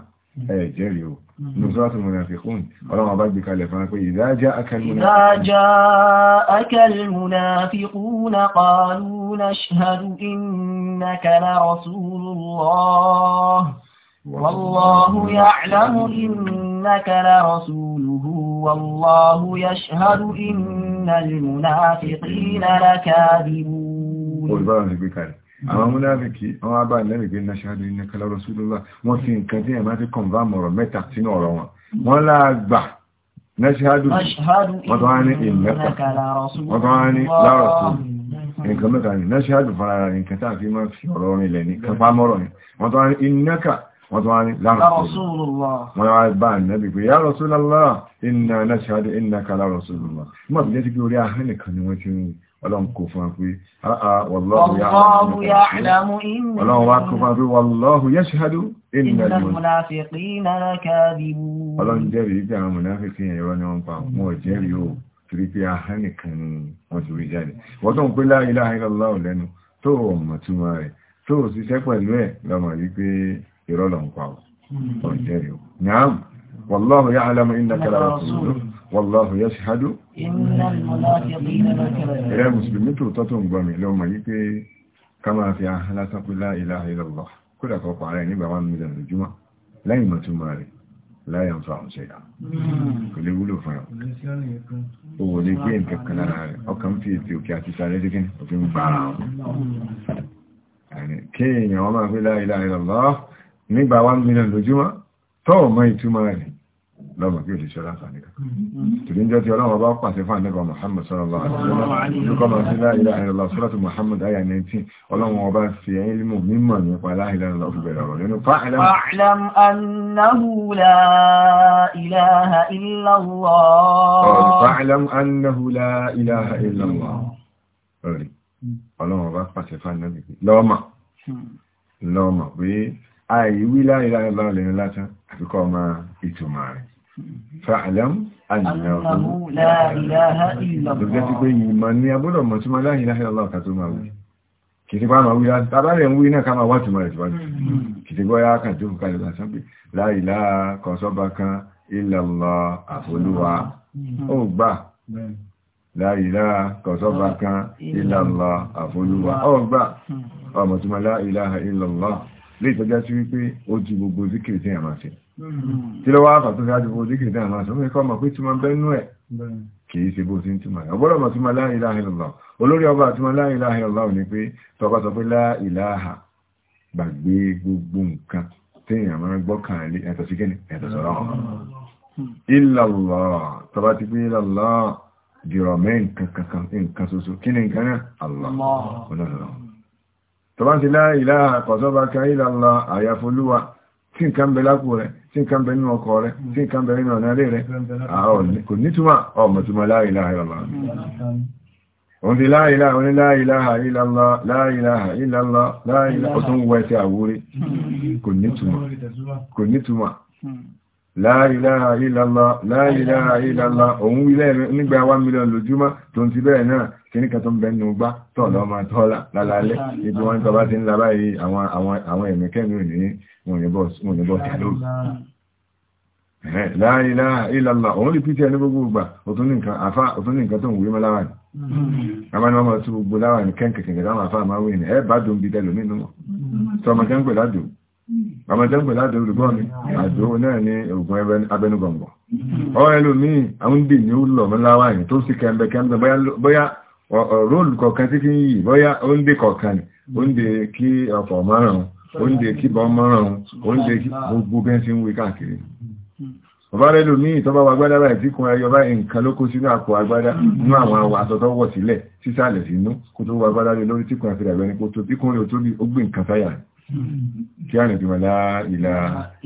ẹ̀ ri o so nùsọ́tù mọ̀láfíkún ọlọ́run bá gbé kalẹ̀ fún pé ìdájá munafiqun qalu nashhadu innaka la rasulullah والله يعلم انك لرسوله والله يشهد ان المنافقين لكاذبون olùbára ní gbé kalẹ̀ àwọn múnáfíkì wọ́n á bá lẹ́rìn pé náṣáájú ní kálọ́rọ̀ súlọ́lá wọ́n fi nǹkan tí ẹ̀má fi kọ̀nvá mọ̀rọ̀ mẹ́ta sínú ọ̀rọ̀ wọn wọ́n láàgbà náṣáájú wọ́n tó wá ní ìmẹ́ta wọ́n tó wá ní lárọ̀ tó nǹkan mẹ́ta ní náṣáájú fara nǹkan tá a fi máa fi ọ̀rọ̀ orin ilẹ̀ ní kápá mọ́rọ̀ ni wọ́n tó wá ní ìnẹ́ka wọ́n tó wá ní lárọ̀ tó wọ́n wá bá ọlọ́run kò fún pé ọlọ́run wá kò fún pé wallahu yashhadu innal munafiqina lakadibun ọlọ́run jẹ́rìí pé àwọn mùnáfíkì ẹ̀rọ ni wọ́n pa wọ́n jẹ́rìí ó torí pé ahán nìkan ni wọ́n ti rí jáde wọ́n tó ń pé la ilaha illallah lẹ́nu tó mọ̀ túmọ̀ rẹ̀ tó ṣiṣẹ́ pẹ̀lú ẹ̀ lọ́mọ yìí pé irọ́ lọ́n pa ọ̀ jẹ́rìí ó wallahu ya'lamu innaka la rasuluhu wallahu ẹ̀rẹ́ mùsùlùmí tó tọ́tọ̀ ń gbọ́mì lọ́mọ yí pé ká máa fi alásánpínlá ilaha illallah kódà kọ́ pààrẹ nígbà wọn mílíọ̀nù lójúmọ́ lẹ́yìn mọ̀túnmọ̀ rẹ̀ láyé ń fa àwọn ṣẹ̀dá kò lè wúlò fún ẹ̀ lọ́mọ̀ kí òṣìṣẹ́ láǹfààní kan. Mm-hmm. Tìrí ń jẹ́ tí ọlọ́run bá pàṣẹ fún àníbà Muhammad sallallahu alaihi wasallam. Lúkọ́ máa sí la ilaha illallah suratu Muhammad àyà 19. Ọlọ́run ọba fi ẹ̀yìn límù mímọ̀ nípa la ilaha illallah fi bẹ̀rẹ̀ ọ̀rọ̀ nínú fa'lam annahu la ilaha illallah. Fa'lam annahu la ilaha illallah. Ọlọ́run ọba pàṣẹ fún àníbà lọ́mọ̀ hmm. lọ́mọ̀ pé àìwí la ilaha illallah lẹ́nu látán àfikọ́ ọmọ ìtumọ̀ rẹ̀ fàálàm àyìnàmú láàrínláà ìlàmọ́ lọ́gbẹ́ ti pé ìmọ̀ ní agbọ́dọ̀ mọ̀ tí ma láàrínláà ìlàmọ́ kàtó máa wí kìtìgbà máa wí tàbárẹ̀ ń wí náà ká máa wá tùmọ̀ rẹ̀ tíwájú hmm. kìtìgbà yá kàn tó kàlẹ̀ lásán pé láàrínláà kan sọ́ba kan ìlàmọ́ àfolúwa ó gbà láàrínláà kan sọ́ba kan ìlàmọ́ àfolúwa ó gbà ọmọ hmm. tí ma láàrínláà ìlàmọ́ lè tọ́já tí ló wá fà tó fi àjòkó díkìrì dáa máa sọ fún ikọ́ ọmọ pé tí wọ́n bẹ́ nú ẹ̀ kìí ṣe bó ti ń túmọ̀ ọgbọ́dọ̀ mọ̀ tí ma la ilaha illallah olórí ọba àti ma la ilaha illallah ní pé tọkọ sọ pé la gbàgbé gbogbo nǹkan téèyàn máa gbọ́kàn lé ẹ̀tọ́ sí kẹ́ni ẹ̀tọ́ sọ̀rọ̀ illallah tọba ti pé illallah dìrọ̀ mẹ́ nǹkan kankan nǹkan ṣoṣo kí ni nǹkan allah ọlọ́rọ̀ tọba ti la ilaha kọ̀sọ́ba kan illallah àyàfolúwa tí tí nǹkan bẹ nínú ọkọ̀ rẹ̀ tí nǹkan bẹ nínú ọ̀nà rẹ̀ kò nítúmọ̀ ọmọ̀túnmọ̀ la ilaha illallah òun ti la ilaha oní la ilaha illallah la ilaha illallah la ilaha ọdún wọ ẹsẹ̀ àwúrí kò nítúmọ̀ la ilaha illallah la ilaha illallah òun ilẹ̀ nígbà 1 mílíọ̀n lójúmọ́ tó ń ti bẹ́ẹ̀ náà kíní kan tó ń bẹnu gbá tọ̀lọ́ máa tọ́lá wọn ní bọ́ tẹ̀lé la ilaha illallah òun lè pítẹ̀ ní gbogbo ìgbà òtún ní nǹkan tó ń wúrí mọ́ láwà ní àwọn ọmọ tí gbogbo láwà ní kẹ́ǹkẹ̀kẹ̀kẹ̀ láwọn àfáà máa wí ní ẹ bá dùn bí tẹ́lò nínú tọmọ mm-hmm. kẹ́ǹkẹ̀ ládùn ọmọ jẹ́ pẹ̀lú mm-hmm. àdó olùgbọ́ mi àdó náà ní ogun abẹnugọ̀ngọ̀ ọ ẹlòmíì àwọn dì ní ó lọ mọ́láwà ní tó sì kẹ́mbẹ̀ kẹ́mbẹ̀ bóyá róòlù kọ̀ọ̀kan tí kí ń yìí bóyá ó oúnjẹ kí bá mọ́ràn oúnjẹ kí gbogbo bẹ́ńsí ń wé káàkiri ọba rẹ̀ lò ní ìtọ́bá wa gbádá báyìí tí kun ayọ bá nǹkan ló kó sínú àpò agbádá nú àwọn àwọ̀ àtọ́tọ́ wọ̀ sílẹ̀ sísàlẹ̀ sínú kó tó wà gbádá lé lórí tí kun àfihàn ẹ̀rọ ní kó tó bí kun rẹ̀ tó bí ó gbé nǹkan sáyà kí á nìtìmọ̀ láìlà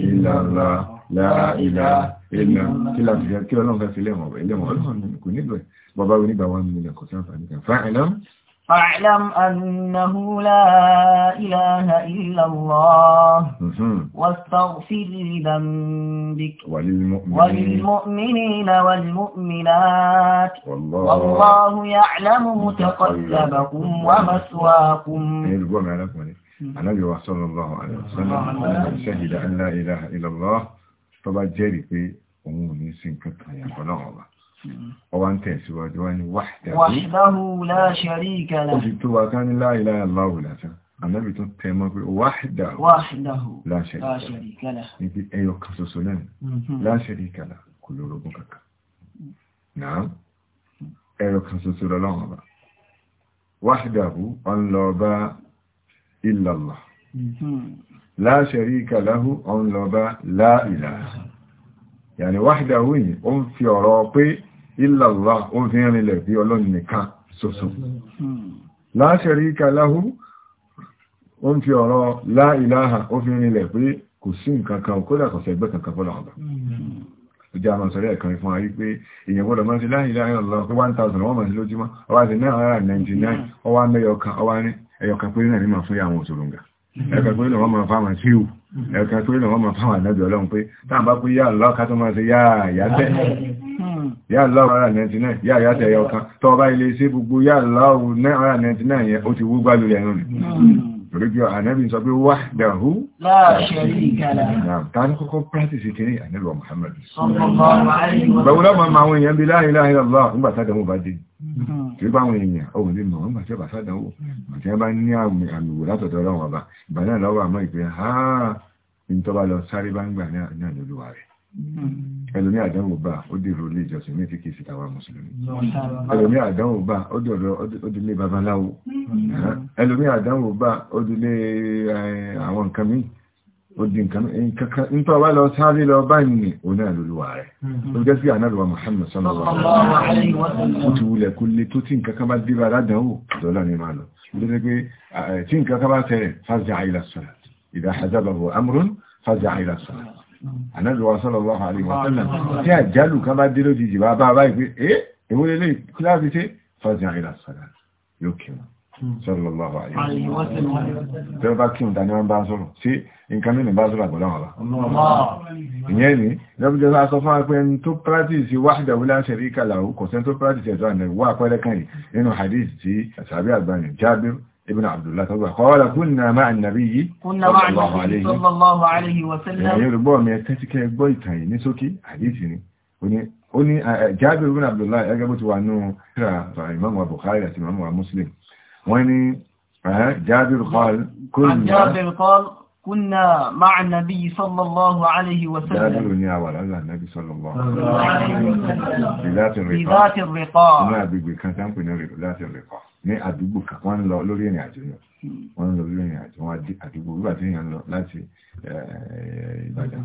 ìlàlá láìlà ìlà kí láti fẹ́ kí ọlọ́run fẹ́ sílẹ̀ mọ̀ ilé mọ̀ ọlọ́run kò nílò ẹ̀ bàbá onígbà wọn nílẹ̀ kò sáǹfà فاعلم أنه لا إله إلا الله واستغفر لذنبك وللمؤمنين, وللمؤمنين والمؤمنات والله, والله يعلم متقلبكم ومثواكم إيه، النبي صلى الله عليه وسلم شهد أن لا إله إلا الله فبجري في أمور سنكتها يا الله ọwá ń tẹ̀síwájú wá ní wahdahu la sharika lahu ó sì tó wà ká ní la ilaha illallahu lásán ànábì tó tẹ mọ́ pé wahdahu la sharika lahu ní ẹyọ kan ṣoṣo náà mhm. la sharika lahu kò lórogún kankan náà ẹyọ kan ṣoṣo lọ́lọ́run ọba wahdahu ọlọ́ọba illallah mhm. la sharika lahu ọlọ́ọba la ilaha yani wahdahu yìí ó ń fi ọ̀rọ̀ pé ìlàlá ó fi ń rinlẹ̀ bí ọlọ́run nìkan ṣoṣo la sharika lahu ó ń fi ọ̀rọ̀ la ilaha ó fi ń rinlẹ̀ pé kò sí nǹkan kan kódà kò sẹ́gbẹ́ kankan fọ́lá ọ̀dọ̀ ìjá àwọn sọ̀rọ̀ ẹ̀kan fún ayé pé èyàn gbọ́dọ̀ máa ti láì láì lọ pé 1000 wọ́n máa ti lójúmọ́ ọwá ti náà ara 99 ọwá mẹ́yọkan ọwá ní ẹyọkan pé náà ní máa fún àwọn òṣòròǹgà ẹ̀kan pé náà wọ́n máa fáwọn tí ó ẹ̀ka pé lọ́wọ́ ma fáwọn ànábì ọlọ́run pé táà bá kú yá lọ́ọ̀ká tó máa ṣe yá àyátẹ́ yá lọ́wọ́ ara 99 yá àyátẹ́ ẹ̀yọ kan tọ́ bá ilé iṣẹ́ gbogbo yá lọ́wọ́ ara 99 yẹn ó ti wó gbálù rẹ̀ rùn torí bí ànábì sọ pé wá dàhú tàbí kọ́kọ́ Muhammad bẹ̀wọ́ lọ́mọ ma àwọn èèyàn bí la ilaha illallah nígbà sádẹ̀wò bá dé tí hmm. bá àwọn èèyàn ọ̀hún lè mọ̀ nígbà tí ó bá sádẹ̀wò àti ẹ bá ní àmì àmì wò látọ̀dọ̀ ọlọ́run ọba ìbàdàn lọ́wọ́ àmọ́ ìpè ha ìtọ́ba lọ sáré bá ń gbà náà ní olúwa rẹ̀ hmm. ẹlòmí àdánwò bá ó dèrò ilé ìjọsìn ní ti kìí sí tàwa mùsùlùmí ẹlòmí àdánwò bá ó dọ̀rọ̀ ọdúnlé babaláwo hmm. ẹlòmí àdánwò bá ó dúnlé àwọn nǹkan míì odi nǹkan nípa wá lọ sáré lọ báyìí ní oní àlúlúwà rẹ̀ hmm. ó jẹ́ sí ànáàlùwà Muhammad sallallahu alaihi wasallam ti wulẹ̀ kó lè tó tí nǹkan ìdá àjábàbò amúrún fàjà àìràsà ànájúwà sallallahu alaihi wa sallam tí àjálù kan bá dé lójijì bá bá báyìí pé eh ìwúlé lè kíláàfi tí fàjà àìràsà yóò kí wọn sallallahu alaihi wa sallam tí ó bá kí ìdáni wọn bá sọ̀rọ̀ sí nǹkan nínú bá sọ̀rọ̀ àgbọ̀dọ̀ wọn bá ìyẹn ni lọ́bùjọ́ sá sọ fún apẹ́ tó practice wahdahu la sharika lahu kò sẹ́ tó practice ẹ̀sọ́ àmì wà pẹ́lẹ́kàn yìí nínú hadith tí àṣàbí àgbàyàn jábir ابن عبد الله صلى قال كنا مع النبي كنا مع النبي صلى الله عليه وسلم يعني ربما ما يتسك بيت هاي نسوكي حديثني وني وني جابر بن عبد الله اجابت وانه امام البخاري امام مسلم وني جابر قال كنا جابر قال كنا مع النبي صلى الله عليه وسلم جابر بن عوال على النبي صلى الله عليه وسلم بذات الرقاع بذات الرقاع ما بيقول كان تنقل ذات الرقاع ní àdúgbò kan wọ́n ń lọ lórí ìrìn àjò yẹn hmm. wọ́n ń lọ lórí ìrìn àjò wọn àdúgbò wíwà tí èèyàn ń lọ láti eh, Ìbàdàn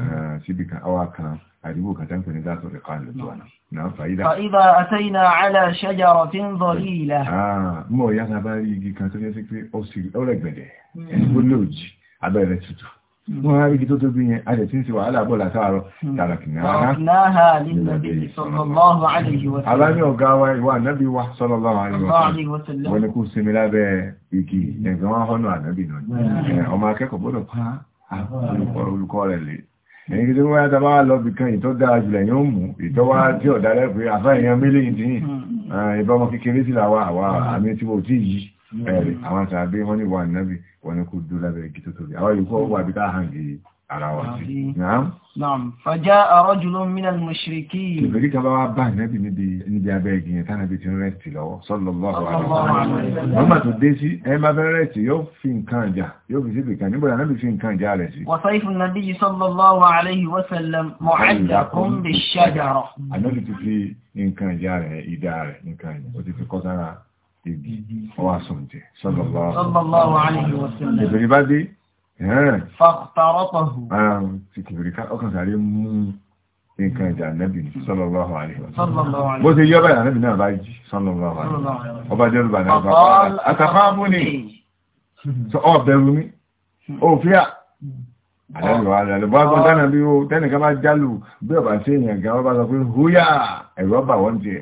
eh, síbi kan awa kan àdúgbò kan tẹ́ǹpẹ̀ ní dáàtọ̀ rẹ̀ kan lójú ọ̀nà náà fàyídà. fàyídà àtẹ́yìnà àlà ṣẹ́jàrọ̀ tí ń bọ̀ wọ́n á rí kí tó tó bí yẹn a lè tí ń ṣe wàhálà bọ́ látàárọ̀ tààràkì náà alámi ọ̀gá wa ìwà ànábì wa sallallahu alaihi wa sallam wọ́n ni kú sinmi lábẹ́ igi ẹ̀gbẹ́ wọn họ́nà ànábì náà hmm. ọmọ akẹ́kọ̀ọ́ gbọ́dọ̀ pa olùkọ́ rẹ̀ lè ẹ̀yìn kí tí wọ́n yáta bá lọ bí kan ìtọ́ dára jùlẹ̀ yóò mú ìtọ́wá tí ọ̀dá lẹ́pẹ́ àfáà èèyàn mílíọ̀n tí hmm. ìbọn kékeré sí làwà àwa àmì tí mo ti yìí ẹ̀rì àwọn tàbí wọ́n ní wà náàbí wọ́n ní kú dú lábẹ́ igi tó tóbi àwọn yìí kọ́ wà bí ká hàn gí ara wà sí náà fàjá rajulun minal mushrikin ìbẹ̀rí kan bá wá bá náàbí níbi abẹ́ igi yẹn tánàbí ti rẹ̀tì lọ́wọ́ sallallahu alaihi wasallam wọ́n mà tó dé sí ẹ má fẹ́ rẹ̀tì yóò fi nǹkan jà yóò fi síbì kan níbo náàbí fi igi ọwà sọ̀njẹ sallallahu alaihi wasallam ìbẹ̀rẹ̀ bá dé ah, ọkàn sàárẹ̀ mú nǹkan ìjà nẹ́bì sallallahu alaihi wasallam bó ṣe yọ́ báyà nẹ́bì náà bá jí sallallahu alaihi wasallam ọba jẹ́rù bà náà bá pàdà àtàfáàbù ni ọbẹ̀rù àdábì wa àdábì bá gbọ́n tánà bí ó tẹ́nìkan bá jálù bí ọ̀bá sí èèyàn gan ọba sọ pé húyà ẹ̀rọ bà ni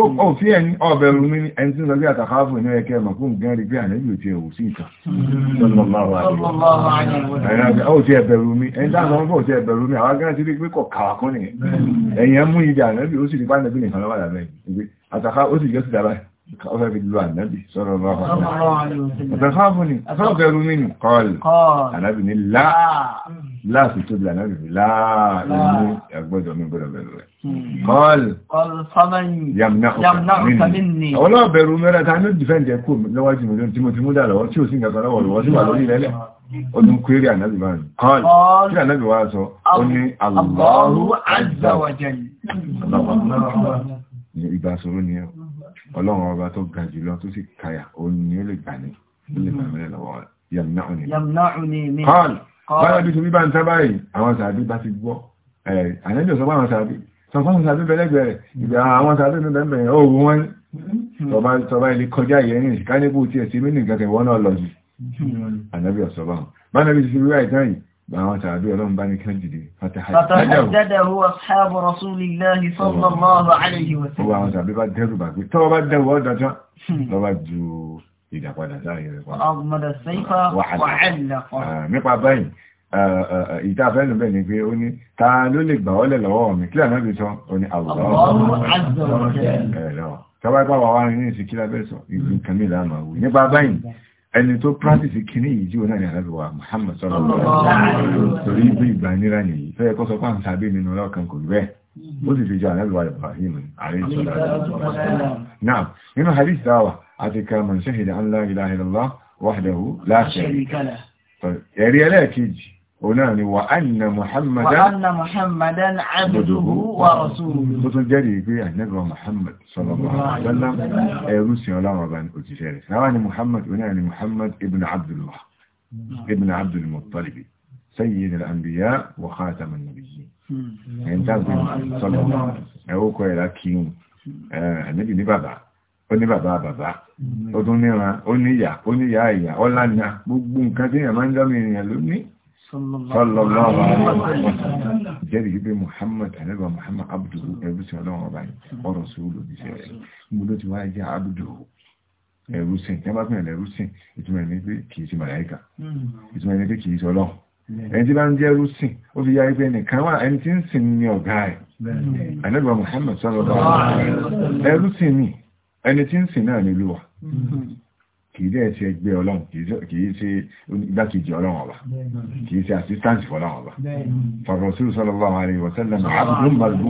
hmm. so ó hmm. fi ẹni ọbẹ̀ rumi ni ẹni tí ń sọ bí àtàkà fún ní ẹkẹ mọ̀ fún gan rí bí àdábì ò ti ẹ̀wò sí ìta hmm. ó ti ẹ̀bẹ̀ rumi ẹni tí a sọ fún ti ẹ̀bẹ̀ rumi àwọn gan ti rí ọfẹ́ fi lọ ànábì sọ́rọ̀ lọ́wọ́ ọ̀tẹ̀káfún ni ọ̀tẹ̀kẹ́rú mi ni kọ́ọ̀lù ànábì ni láà fi tóbi ànábì fi láà inú ẹgbọ́dọ̀ mi gbọ́dọ̀ bẹ̀rù rẹ̀ kọ́ọ̀lù hmm. yamnáfọ̀ mi ọlọ́bẹ̀rù mẹ́rẹ̀ ta ní dìfẹ́ǹdẹ̀ kò lọ́wọ́jú mi tí mo ti mú dà lọ́wọ́ tí ò sí nǹkan kan lọ́wọ́ lọ́wọ́ sí wà lórí lẹ́lẹ̀ ọdún kwéré ànábì máa ní kọ́ọ̀lù tí ànábì wá sọ ó ní Allahu azza wa jalla ìgbà sọ̀rọ̀ ni ẹ̀ ọlọ́run ọba tó ga jùlọ tó sì kàyà òun ni ó lè gbà ní ilé ìgbàmílẹ̀ hmm. lọ́wọ́ rẹ̀ yamna'uni min qal bára bí tóbi bá ń sábà yìí àwọn sàbí bá ti gbọ́ àlejò sọ fáwọn sàbí sọ fáwọn sàbí bẹ̀lẹ́gbẹ̀ rẹ̀ ìgbà àwọn sàbí ní bẹ̀rẹ̀ ó wú wọn tọba ilé kọjá ìyẹn ìkáníkù tí ẹ̀ hmm. sí بأوان تعبير لهم باني كنجدي فتحدده أصحاب رسول الله صلى الله عليه وسلم هو أوان تعبير بعد دهر بعد تو بعد دهر ودجا لوجو إذا قد ظاهر وأضمد السيف وعلق مقع بين ìta fẹ́lú bẹ́ẹ̀ ni pé ó ní ta ló lè gbà ọ́lẹ̀ lọ́wọ́ mi kílẹ̀ náà bí sọ ó ní àwòrán ọ̀rọ̀ tọ́wọ́ ipá wà wá ní ìsìnkílẹ̀ bẹ́ẹ̀ sọ ìlú kẹmílà máa wù nípa báyìí ẹni tó practice kìíní yìí jíwọ náà ni àlẹ́bíwá Muhammad sallallahu alaihi wasallam torí ibi ìgbà nira nìyí tó yẹ kó sọ fáwọn sábẹ́ nínú ọlọ́kan kò rí bẹ́ẹ̀ ó sì fi jọ àlẹ́bíwá Ibrahim alayhi sallam náà nínú hadith dáwà àti kàmọ̀ shahida an la ilaha illallah wahdahu la ọ̀nà ni wà ánà Muhammadan abduhu wa rasuluhu. Ó tún jẹ́rìí pé ànẹ́gbà Muhammad sallallahu alaihi wasallam ẹ̀rú sí ọlọ́wọ̀ bá òjìṣẹ́ rẹ̀. Sáwá ni Muhammad ọ̀nà ni Muhammad ibn Abdullah, ibn Abdul Muttalib, sayyid al-anbiya wa khatam an-nabiyyin. Hmm. Ẹ̀yìn tàbí sallallahu ẹ̀wọ́kọ̀ ẹ̀rá kíhun, ẹ̀nẹ́bì ní bàbá, ó ní bàbá bàbá, ó tún níra, ó níyà, ó níyà ìyà, ọlá ní gbogbo nǹkan tí èèyàn máa ń dámì ènìyàn lónìí sallallahu alaihi wasallam jẹ́rìí pé muhammad alẹ́gbà muhammad abduhu ẹrú sí ọlọ́run ọba yìí ọ̀rọ̀ sí olùdíṣẹ́ rẹ̀ gbogbo ti wá jẹ́ abduhu ẹrú sìn tí a bá pẹ̀lẹ̀ ẹrú sìn ìtumọ̀ ẹni pé kìí sí màláìkà hmm. ìtumọ̀ ẹni pé kìí sí ọlọ́run ẹni tí bá ń jẹ́ ẹrú sìn kìí dẹ̀ ṣe ẹgbẹ́ ọlọ́run kìí ṣe igbákejì ọlọ́run ọba kìí ṣe assistance fọlọ́run ọba fàrọ̀sí sallallahu alaihi wa sallam abdul malbu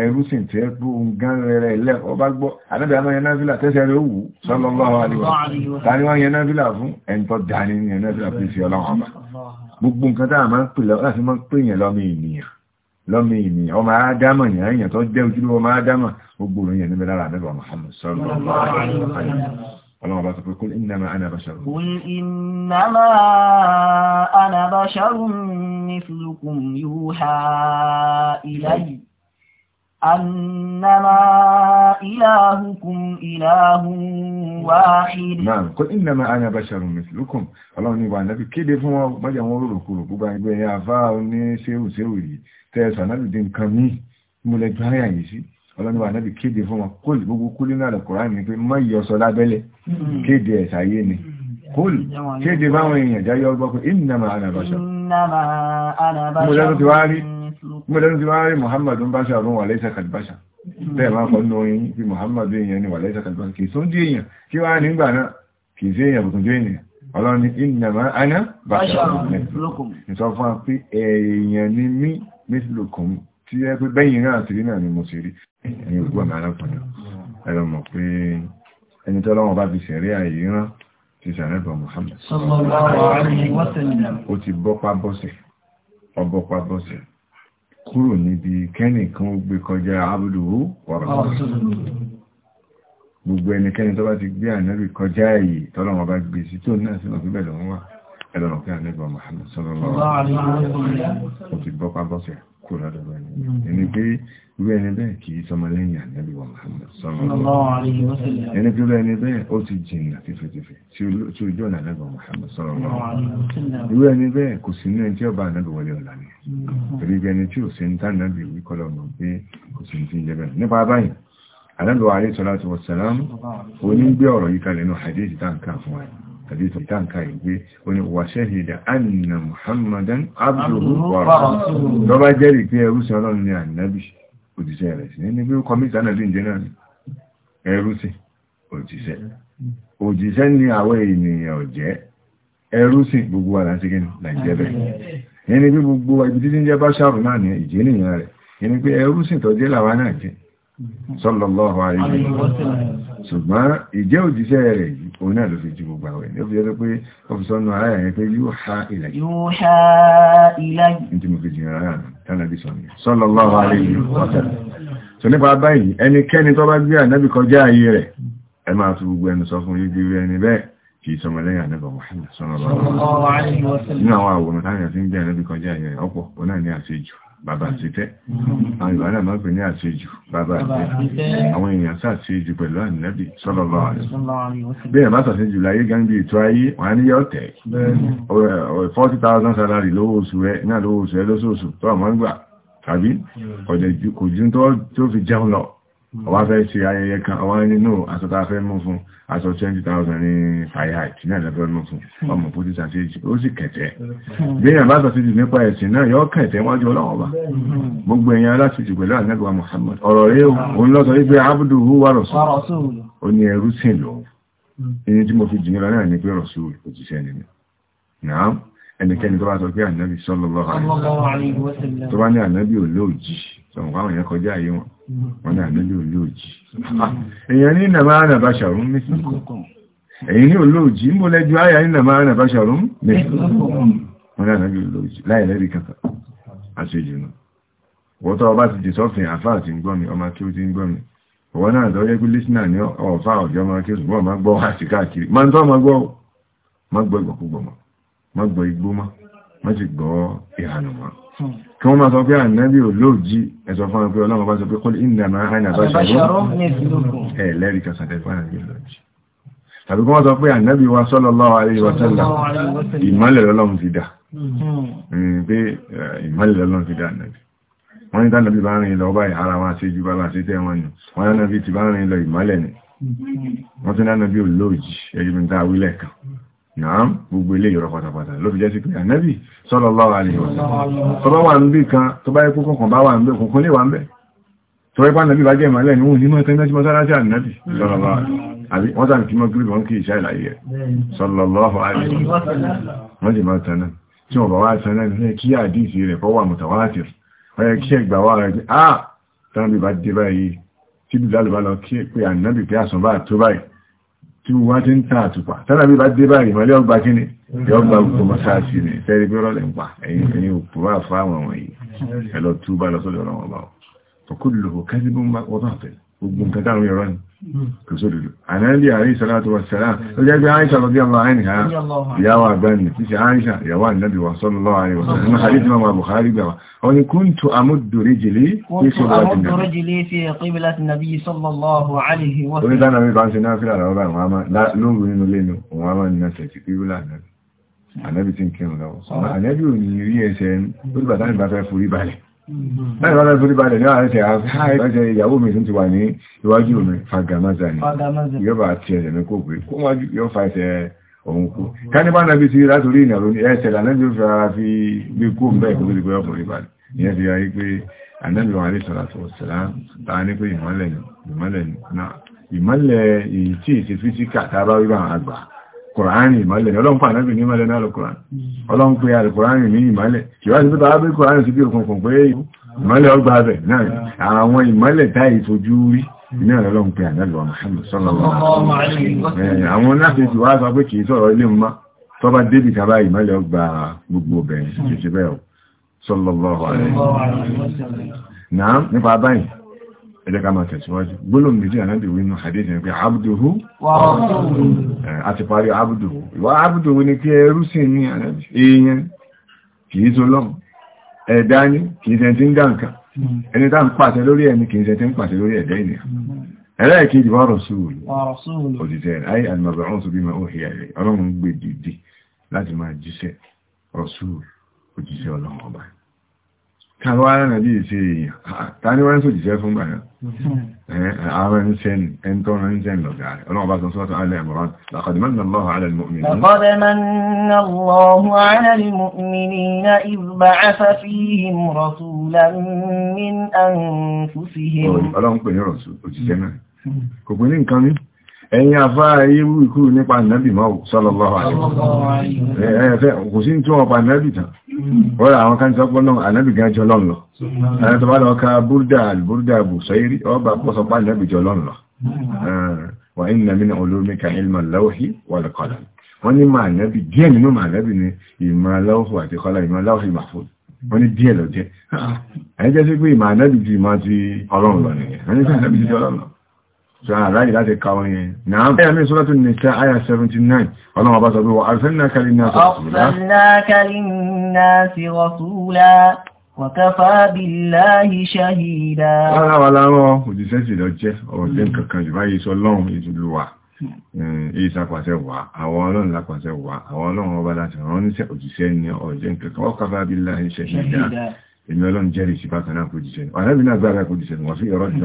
ẹrú sì tẹ́ bú gán rẹ̀rẹ̀ ilẹ̀ ọba gbọ́ anábẹ̀ àmọ́ yẹn náfílà alaihi wa sallam tani wọ́n yẹn náfílà fún ẹ̀ńtọ́ dání yẹn náfílà fi ṣe ọlọ́run ọba gbogbo nǹkan tá a máa ń pè lọ láti máa ń pè yẹn lọ́mọ ènìyàn lọ́mọ ènìyàn ọmọ ádámọ̀ ọlọ́run bá sọ pé kún ìnàmà anábàṣàrùn. kún ìnàmà anábàṣàrùn mithlukum yuha ilayya annama ilahukum ilahun wahid. náà kún ìnàmà anábàṣàrùn mithlukum ọlọ́run ní ìwà náà kéde fún wọn mọ́jà wọn rò kúrò gbogbo ẹgbẹ́ afá oníṣẹ́rù ṣẹ́rù yìí tẹ́ sànálùdín kan ní múlẹ̀ gbáyà yìí sí ọlọ́niwà náàbì kéde fún wọn kóòlù gbogbo kúlù náà lọ́kùnrin ní pé mọ́ ìyọsọ lábẹ́lẹ̀ mm. kéde ẹ̀sàyé ni kóòlù kéde báwọn èèyàn jáyọ ọgbọ́kù ìnàmà ànàbàṣà mọ́lẹ́nu ti wá rí muhammadu ń báṣà ọdún wà lẹ́sẹ̀ kàlbáṣà mm. bẹ́ẹ̀ máa kọ́ nínú oyin bí muhammadu èèyàn ni wà lẹ́sẹ̀ kàlbáṣà kì í sóúnjú èèyàn kí wá nígbà náà kì í sí èèyàn kò tójú èèyàn ọlọ́ni ìnàmà ànàbàṣà ìsọ fún wa pé èèyàn ni mí mísìlùkùn tí ẹ pé bẹ́yìn náà ti náà ni mo ti rí ẹ̀yìn ògbọ́n mi alákùnrin ẹ̀rọ mọ̀ pé ẹni tọ́lọ́wọ́n bá fi ṣẹ̀rí àyè rán ti sàrẹ́bọ̀ Muhammad ó ti bọ́pá bọ́sẹ̀ ọbọ́pá bọ́sẹ̀ kúrò níbi kẹ́nìkan ó gbé kọjá abúlùú wọ́rọ̀ gbogbo ẹnikẹ́ni tó bá ti gbé ànábì kọjá èyí tọ́lọ́wọ́n bá gbé sí tó náà sí wọn fíbẹ̀ lọ́wọ́ ẹlọ́rọ̀ kí ànábì Muhammad sọ́lọ́lọ́wọ́ ó ti bọ́pá bọ́sẹ̀ kò lọ́dọ̀ bá ní hmm. ẹni pé irú ẹni bẹ́ẹ̀ kì í sọmọ lẹ́yìn ànábì wa Muhammad sallallahu alaihi wasallam ẹni pé irú ẹni bẹ́ẹ̀ ó ti jìnnà tìfẹ̀tìfẹ̀ tí ojú ọ̀nà ànábì wa Muhammad sallallahu alaihi wasallam irú ẹni bẹ́ẹ̀ kò sí ní ẹni tí ọba ànábì wọlé ọ̀la ni hmm. torí pé ẹni tí ò sí ń wa alaihi salatu wassalam onígbé ọ̀rọ̀ yìí kalẹ̀ nù hadith حديث كان كاي وشهد أن محمدا عبده ورسوله لما جري في روسي الله ني النبي òjíṣẹ́ rẹ̀ sí ní bí ó kọmítà náà bí ìjẹ́ náà ni ẹrú sí òjíṣẹ́ òjíṣẹ́ ní àwọn ènìyàn ọ̀jẹ́ ẹrú sí gbogbo wa láti gẹ́nu nàìjẹ́ bẹ̀ ẹni bí gbogbo ibi títí ń jẹ́ bá ṣàrù náà ní ìjẹ́ ènìyàn rẹ̀ ẹni pé ẹrú sí tọ́jẹ́ làwa náà jẹ́ sallallahu alaihi wasallam ṣùgbọ́n ìjẹ́ òjíṣẹ́ rẹ̀ òun náà ló fi ju gbogbo àwẹ̀ ló fi yẹ́ pé ọ̀fisọ́nù ara yẹn pé yóò ha ilẹ̀ yóò ha ilẹ̀ ní tí mo fi jìnà ara tánàbí sọ̀nù sallallahu alaihi wa sallam so nípa báyìí ẹnikẹ́ni tó bá gbé ànábì kọjá ayé rẹ̀ ẹ máa fi sọ bàbá àtítẹ́ hmm. hmm. àwọn ìwà náà máa pè ní àṣejù bàbá àtítẹ́ àwọn èèyàn sàṣejù pẹ̀lú ànìyàbì sọ́lọ́lọ́ àrẹ bí ẹ̀bá sàṣejù láyé gan bí ètò ayé wọ́n ní salary lówó oṣù rẹ̀ náà lówó oṣù rẹ̀ lóṣooṣù tó àmọ́ ń gbà tàbí hmm. kò jù tó ọwá fẹ́ ṣe ayẹyẹ kan ọwá nínú aṣọ tá a fẹ́ mú fún aṣọ 20,000 ní fayat ní ẹ̀lẹ́fẹ́ mú fún ọmọ police àti èjì ó sì kẹ̀tẹ́ bí èèyàn bá sọ sí ti nípa ẹ̀sìn náà yọ kẹ̀tẹ́ wájú ọlọ́wọ́ bá gbogbo èèyàn aláṣẹ ti pẹ̀lú àdínẹ́gbà Muhammad ọ̀rọ̀ rẹ̀ òun lọ́sọ wípé abudu hu wa rasul ó ní ẹrú sìn lọ ẹni tí mo fi jìnnà náà ní pé rasul òjíṣẹ́ nínú ẹnikẹ́ni tó bá sọ pé ànábì sallallahu alaihi wasallam tó bá ní ànábì olóòjì sọ̀rọ̀wọ́n yẹn kọjá ayé wọn wọ́n ní ànábì olóòjì èyàn ní nàmà ànàbàṣàrún mẹ́sìnkún èyí ní olóòjì ń bó lẹ́jú ayà ní nàmà ànàbàṣàrún mẹ́sìnkún wọ́n náà tọ́ yẹ́ pé lísínà ní ọ̀fà ọ̀jọ́ máa kí ṣùgbọ́n ma gbọ́ àti káàkiri ma ń tọ́ ma gbọ́ ma gbọ́ ìgbọ̀kúgbọ̀ mọ́ má gbọ́ igbó mọ́ má sì gbọ́ ìhànà mọ́ hmm. kí wọ́n máa sọ pé ànábì ò lóòjí ẹ̀sọ̀ fún ọmọ pé ọlọ́run bá sọ pé kọ́lé ìnàmà àìnàbáṣọ́rọ́ ẹ̀ lẹ́rìí kan sàtẹ́ fún ànábì lóòjí tàbí kí wọ́n sọ pé ànábì wa sallallahu alaihi wa sallam ìmọ́lẹ̀ lọ́lọ́run ti dà hmm. pé ìmọ́lẹ̀ lọ́lọ́run ti dà ànábì wọ́n ní tánàbí bá rìn lọ báyìí ara wọn àti ìjú wílẹ̀ kan náà gbogbo ilé ìrọ̀ pátápátá ló fi jẹ́ sí pé ànábì sallallahu alaihi wasallam tó bá wà ń bí kan tó bá ikú kọ̀kan bá wà ń bẹ́ kọ̀kan lè wà ń bẹ́ tó ipá ànábì bá jẹ́ ìmọ̀lẹ́ ní alaihi wọ́n tàbí kí mọ́ gírí wọn kí ìṣá alaihi wọ́n jẹ́ mọ́ta náà tí wọ́n bá wá sanáà ní kí àdíìsì rẹ̀ kọ́ wà ah tánàbì bá dé báyìí tí bìlálù bá lọ kí pé ànábì pé àsùnbà tí wọ́n ti ń ta àtùpà tánà bá dé báyìí mọ́lẹ́ ọgbà kí ni ọgbà gbogbo mọ́sáàsì ni tẹ́rí pé rọ́lẹ̀ ń pa ẹ̀yìn ẹ̀yìn òpùrọ̀ àfáwọn wọ̀nyí ẹ̀lọ túbà lọ́sọ́dọ̀ bá ọkùnlùkù kẹ́sìbùn gbogbo nǹkan táwọn yọrọ ni hmm. kò sódòdó ànábì àríṣà láti wàṣẹ́lá ó jẹ́ pé àríṣà lọ bí ọmọ àìníhà ìyàwó àgbáni tí ṣe àríṣà ìyàwó ànábì wà sọ́lọ́lọ́ àríwá nínú àríṣà máa wà Bukhari gbà wá ó láì bá lọ́dún balẹ̀ ní àwọn ẹ̀sẹ̀ àfihàn ìyàwó mi tún ti wà ní iwájú mi fagamaza ni yọba àti ẹ̀sẹ̀ mi kò pé kó wọ́n yọ fa ẹsẹ̀ òun kú káníbà náà bí ti látòrí ìnàró ní ẹsẹ̀ lànàbí ó fara fi gbé kó bẹ́ẹ̀ kó lè gbé ọkùnrin balẹ̀ ìyẹn fi ayé pé ànábì wà ní sọ̀rọ̀ sọ̀rọ̀ ta ní pé ìmọ́lẹ̀ ìmọ́lẹ̀ ìmọ́lẹ̀ èyí tí èsì tá a bá wí àwọn àgbà kùránì ìmọ́lẹ̀ ọlọ́run pa ànábì ní ìmọ́lẹ̀ náà lọ́kùránì mm. ọlọ́run pé alùkùránì ní ìmọ́lẹ̀ ìwádìí pípa ábí kùránì sí bí òkùnkùn pé ìmọ́lẹ̀ ọgbà bẹ̀ náà ah. àwọn ìmọ́lẹ̀ táì fojú rí mm. ní ọlọ́run pé sallallahu alaihi wasallam eh, àwọn láti ti wá sọ pé kìí sọ̀rọ̀ ilé mọ́ tó sallallahu alaihi wasallam náà nípa báyìí ẹjẹ́ ká máa tẹ̀síwájú gbólóhùn méjì ànábì wínú hadith ni pé abduhu àti parí abduhu ìwà abduhu ni kí ẹrú sí ní ànábì èèyàn kìí tó lọ́m ẹ̀dá ní kìí ṣe tí ń dá nǹkan ẹni tá ń pàṣẹ lórí ẹni kìí bí ma ó rẹ̀ ọlọ́run gbé dìde láti máa jíṣẹ́ rọ̀súùlù òjìṣẹ́ ọlọ́run ọba tàbí nàbí ìṣe èèyàn ah, tàbí wọ́n ń sòjìṣẹ́ fún gbàyà hmm. eh, eh, àwọn ẹnṣẹ́ni ẹntọ́ ẹnṣẹ́ni lọ́gá rẹ̀ ọlọ́wọ́ bá sọ ọlọ́run pè ní rọ̀sù ẹ̀yin afá ayé wú ikú nípa nàbì máa sallallahu alaihi wasallam kò sí tí wọ́n pa nàbì tán hmm. wọ́n àwọn kan sọ pọ́nà ànábì gan jọ lọ́nà ẹni tó bá lọ ka búrúdà àlùbúrúdà bù sọ́yírí ọba pọ́sọ pa nàbì jọ lọ́nà hmm. wà inna min ulumika ilma lawhi wal qalam wọ́n ní máa nàbì díẹ̀ nínú máa nàbì ni ìmọ̀ lawhu àti qalam ìmọ̀ lawhi mahfuz wọ́n ní díẹ̀ lọ ah ráyì ah, láti ka wọn yẹn náà bẹ́yà mí sọ́lọ́tún ní ṣe àyà 79 ọlọ́run ọba sọ pé wọ́n arsalna kalinnasi rasula wakafa billahi shahida ara wa láwọn òjíṣẹ́ sì lọ sọ lọ́run ìjùlúwà wà àwọn ọlọ́run lápàṣẹ wà àwọn ọlọ́run ọba láti ránníṣẹ́ òjíṣẹ́ ní ọ̀rọ̀jẹ́ kankan wakafa billahi shahida èmi ọlọ́run jẹ́rìí sí bákan náà kò jíṣẹ́ ni ọ̀rẹ́bìnrin àgbára kò jíṣẹ́ ni wọ́n fi ọ̀rọ̀ jù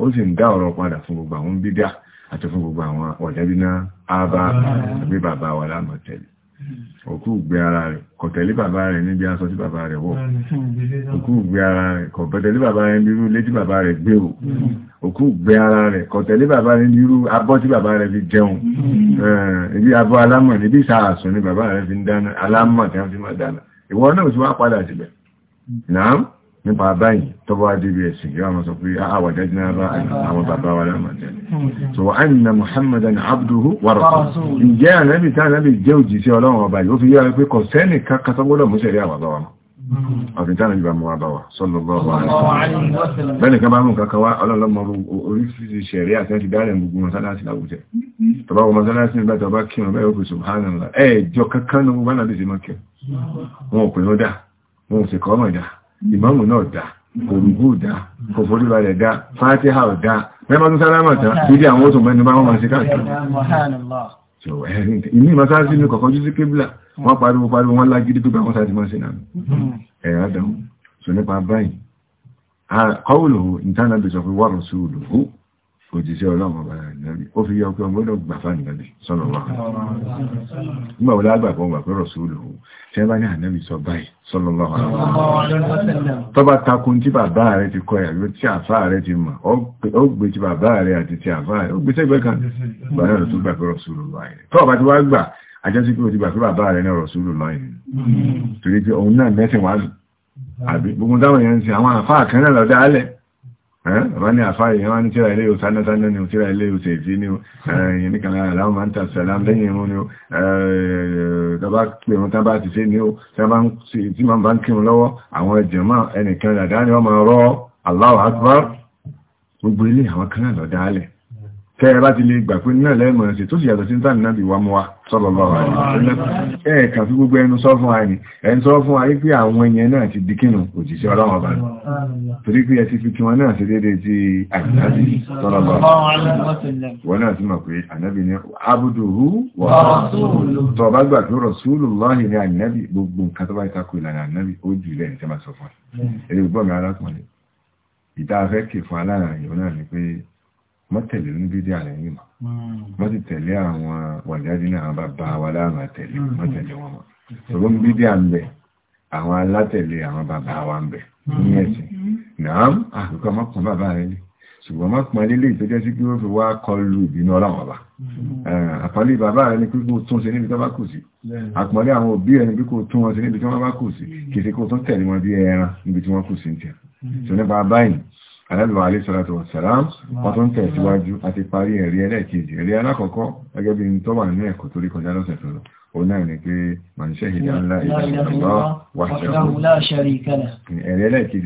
ó sì ń dá ọ̀rọ̀ padà fún gbogbo àwọn bídá àti fún gbogbo àwọn ọ̀jẹ́bí náà ábá àbí bàbá wa lámọ̀ tẹ̀lé òkú gbé ara rẹ̀ kò tẹ̀lé bàbá rẹ̀ níbi aṣọ tí bàbá rẹ̀ wọ̀ òkú gbé ara rẹ̀ kò bàbá rẹ̀ níbi irú ilé tí bàbá rẹ̀ gbé òkú gbé ara rẹ̀ kò bàbá rẹ̀ níbi irú abọ́ tí bàbá rẹ̀ fi jẹun ibi abọ́ alámọ̀ níbi ìsàásùn ni bàbá rẹ̀ fi ń dáná alámọ̀ tí wọ́n fi máa dáná ìwọ náà sì wá padà síbẹ̀ náà nípa báyìí tó bá dìbì ẹ̀sìn yóò mọ̀ sọ pé ah, àwàjá jìnà bá àwọn bàbá wa lámà jẹ́ so wa anna muhammadan abduhu wa rasuluhu ìjẹ́ ànábì tá ànábì jẹ́ òjìṣẹ́ ọlọ́run ọba yóò fi yára pé kò sẹ́nì kankan tó gbọ́dọ̀ múṣẹ̀rí àwàbá wa ọ̀fìn tá ànábì bá mú wa bá wa sallallahu alaihi wasallam bẹ́ẹ̀ nìkan bá mú kankan wá ọlọ́lọ́mọ oríṣiríṣi ṣẹ̀rí àti ẹ̀sìn dálẹ̀ gbogbo mọ́sálásí láwùjẹ́ wọn mọ́sálásí nígbà ní ó dà wọn ò sì kọ́ mọ̀ dáa ìmáàmù náà dá òrùgbò dá kòfòríwà rẹ̀ dá fátíhà dá mẹ́bà tún sálámà tán ìdí àwọn oṣù mẹ́nu bá wọ́n máa ṣe káàkiri ìní masáàsí ní kọ̀kọ́ jú sí kébìlà wọ́n pariwo pariwo wọ́n lágídí pípa wọ́n sáàtì máa ṣe ẹ̀rọ dáhùn so nípa báyìí kọ́wùlù ìtànàbì sọ pé wà rọ̀ sí olùkú òjíṣẹ́ ọlọ́run ọba ìnáwí ó fi yọ pé ọmọ ọlọ́run gbà fà nìyànjú sọ́nà wà nígbà wọlé àgbàgbọ́ wà pẹ́rọ̀ sóòlù ohun tẹ́ bá ní ànábì sọ báyìí sọ́nà wà tọ́bá takun tí bàbá rẹ ti kọ ẹ̀rọ tí àfá rẹ ti mọ̀ ó gbé tí bàbá rẹ àti tí àfá rẹ ó gbé sẹ́gbẹ́ kan gbà náà tó gbà pẹ́rọ̀ sóòlù wà yẹn tọ́ọ̀bá àwọn àfá kan náà lọ dálẹ̀ wọ́n ní àfáà yìí wọ́n ní tíra ilé òsánátánà ni tíra ilé òsèèfí ni ẹ̀yìn nìkan aláwọ̀ máa ń tà sàlám lẹ́yìn irun ni ó tọba pè wọn tán bá ti ṣe ní ó tí ma bá ń kírun lọ́wọ́ àwọn ẹjẹ̀mọ́ ẹnìkan dàdá ni wọ́n máa rọ́ Allahu Akbar gbogbo ilé àwọn kan náà lọ dálẹ̀ tẹ́ẹ̀ bá ti lè gbà pé náà lẹ́mọ̀ ẹ̀sẹ̀ tó sì yàtọ̀ sí tàn náà bí wà mọ́ wa sallallahu alaihi wasallam ẹ̀ẹ̀kà fi gbogbo ẹnu sọ fún àní ẹn sọ fún ayé pé àwọn ẹyẹ náà ti di òjìṣẹ́ ọlọ́run ọba mọ́ tẹ̀lé ní bídí àlẹ́ yìí mọ́ mọ́ hmm. ti tẹ̀lé àwọn wàjáde ní àwọn bàbá wa láàmà tẹ̀lé mọ́ hmm. tẹ̀lé wọn mọ́ hmm. ṣùgbọ́n bídí à ń bẹ àwọn alátẹ̀lé àwọn bàbá wa ń bẹ ní ẹ̀sìn náà àkókò ọmọkùnrin bàbá rẹ ni ṣùgbọ́n má pọn lílé ìtọ́jẹ́ sí kí wọ́n fi wá kọlu ìbínú ọlọ́wọ́n ọba àpọ́nlé bàbá rẹ ni pé kó tún ṣe níbi tó bá kù sí àpọ́nlé àwọn òbí rẹ ni pé kó tún wọn ṣe níbi tó wọn bí kù sí ń alábìwà alẹ́sọ́látọ̀ wọ̀sàlám wọ́n tó ń tẹ̀síwájú àti parí ẹ̀rí ẹlẹ́ẹ̀kejì ẹ̀rí alákọ̀ọ́kọ́ gẹ́gẹ́ bí tó wà ní ẹ̀kọ́ tó rí kọjá lọ́sẹ̀ tó lọ ó náà ní pé man shahida ńlá ìdàgbàgbà ẹ̀rí ẹlẹ́ẹ̀kejì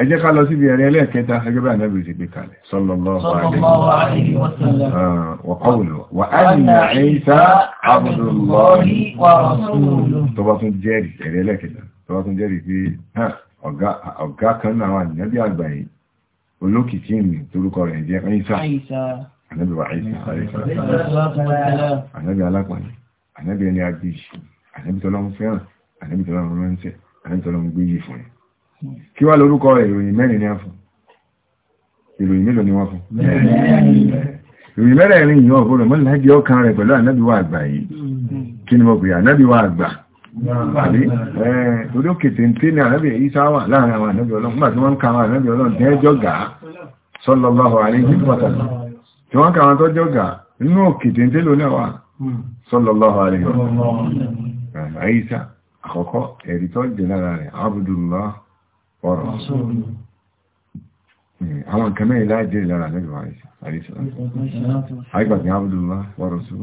ẹ jẹ́ ká lọ síbi ẹ̀rẹ́ ẹlẹ́ẹ̀kẹta ẹgbẹ́ bá nẹ́bì ti gbé kalẹ̀ sallallahu alaihi wa ah, qawlu wa anna Isa abdullahi wa rasuluhu tó bá tún jẹ́rìí ẹ̀rẹ́ ẹlẹ́ẹ̀kẹta tó bá tún jẹ́rìí pé ọ̀gá kan náà wà nẹ́bí àgbà yìí olókìkí mi torúkọ rẹ̀ jẹ́ Isa ànábì wa Isa ànábì alápàáyé ànábì ẹni agbèjì ànábì tọ́lọ́mù fẹ́ràn ànábì tọ́lọ́mù rẹ́ńtẹ̀ ànábì tọ́lọ́mù gbéyìí fún yìí kí wá lórúkọ ìròyìn mẹ́rin ni a fún ìròyìn mélòó ni wọ́n fún ìròyìn mẹ́rẹ̀ẹ̀rin ìyàn ọ̀gbọ́n mọ́ láti ọkàn rẹ̀ pẹ̀lú ànábíwá àgbà yìí kí ni mo pè ànábíwá àgbà àbí torí ó kètè ń tí ní ànábì èyí sáwà láàrin àwọn ànábì ọlọ́run nígbà tí wọ́n ń ka àwọn ànábì ọlọ́run tẹ́jọ́ gà á sallallahu alayhi wa sallam tí wọ́n ka àwọn tọ́jọ́ gà nínú òkètè ń tí lónà wà sallallahu lára rẹ̀ abdullah ọ̀rọ̀ hmm, àwọn nǹkan mẹ́rin láàjẹ́ ìlara lẹ́gbẹ̀ẹ́ àìsà àìsà àìgbàtí àbúdùwá wọ́rọ̀ sún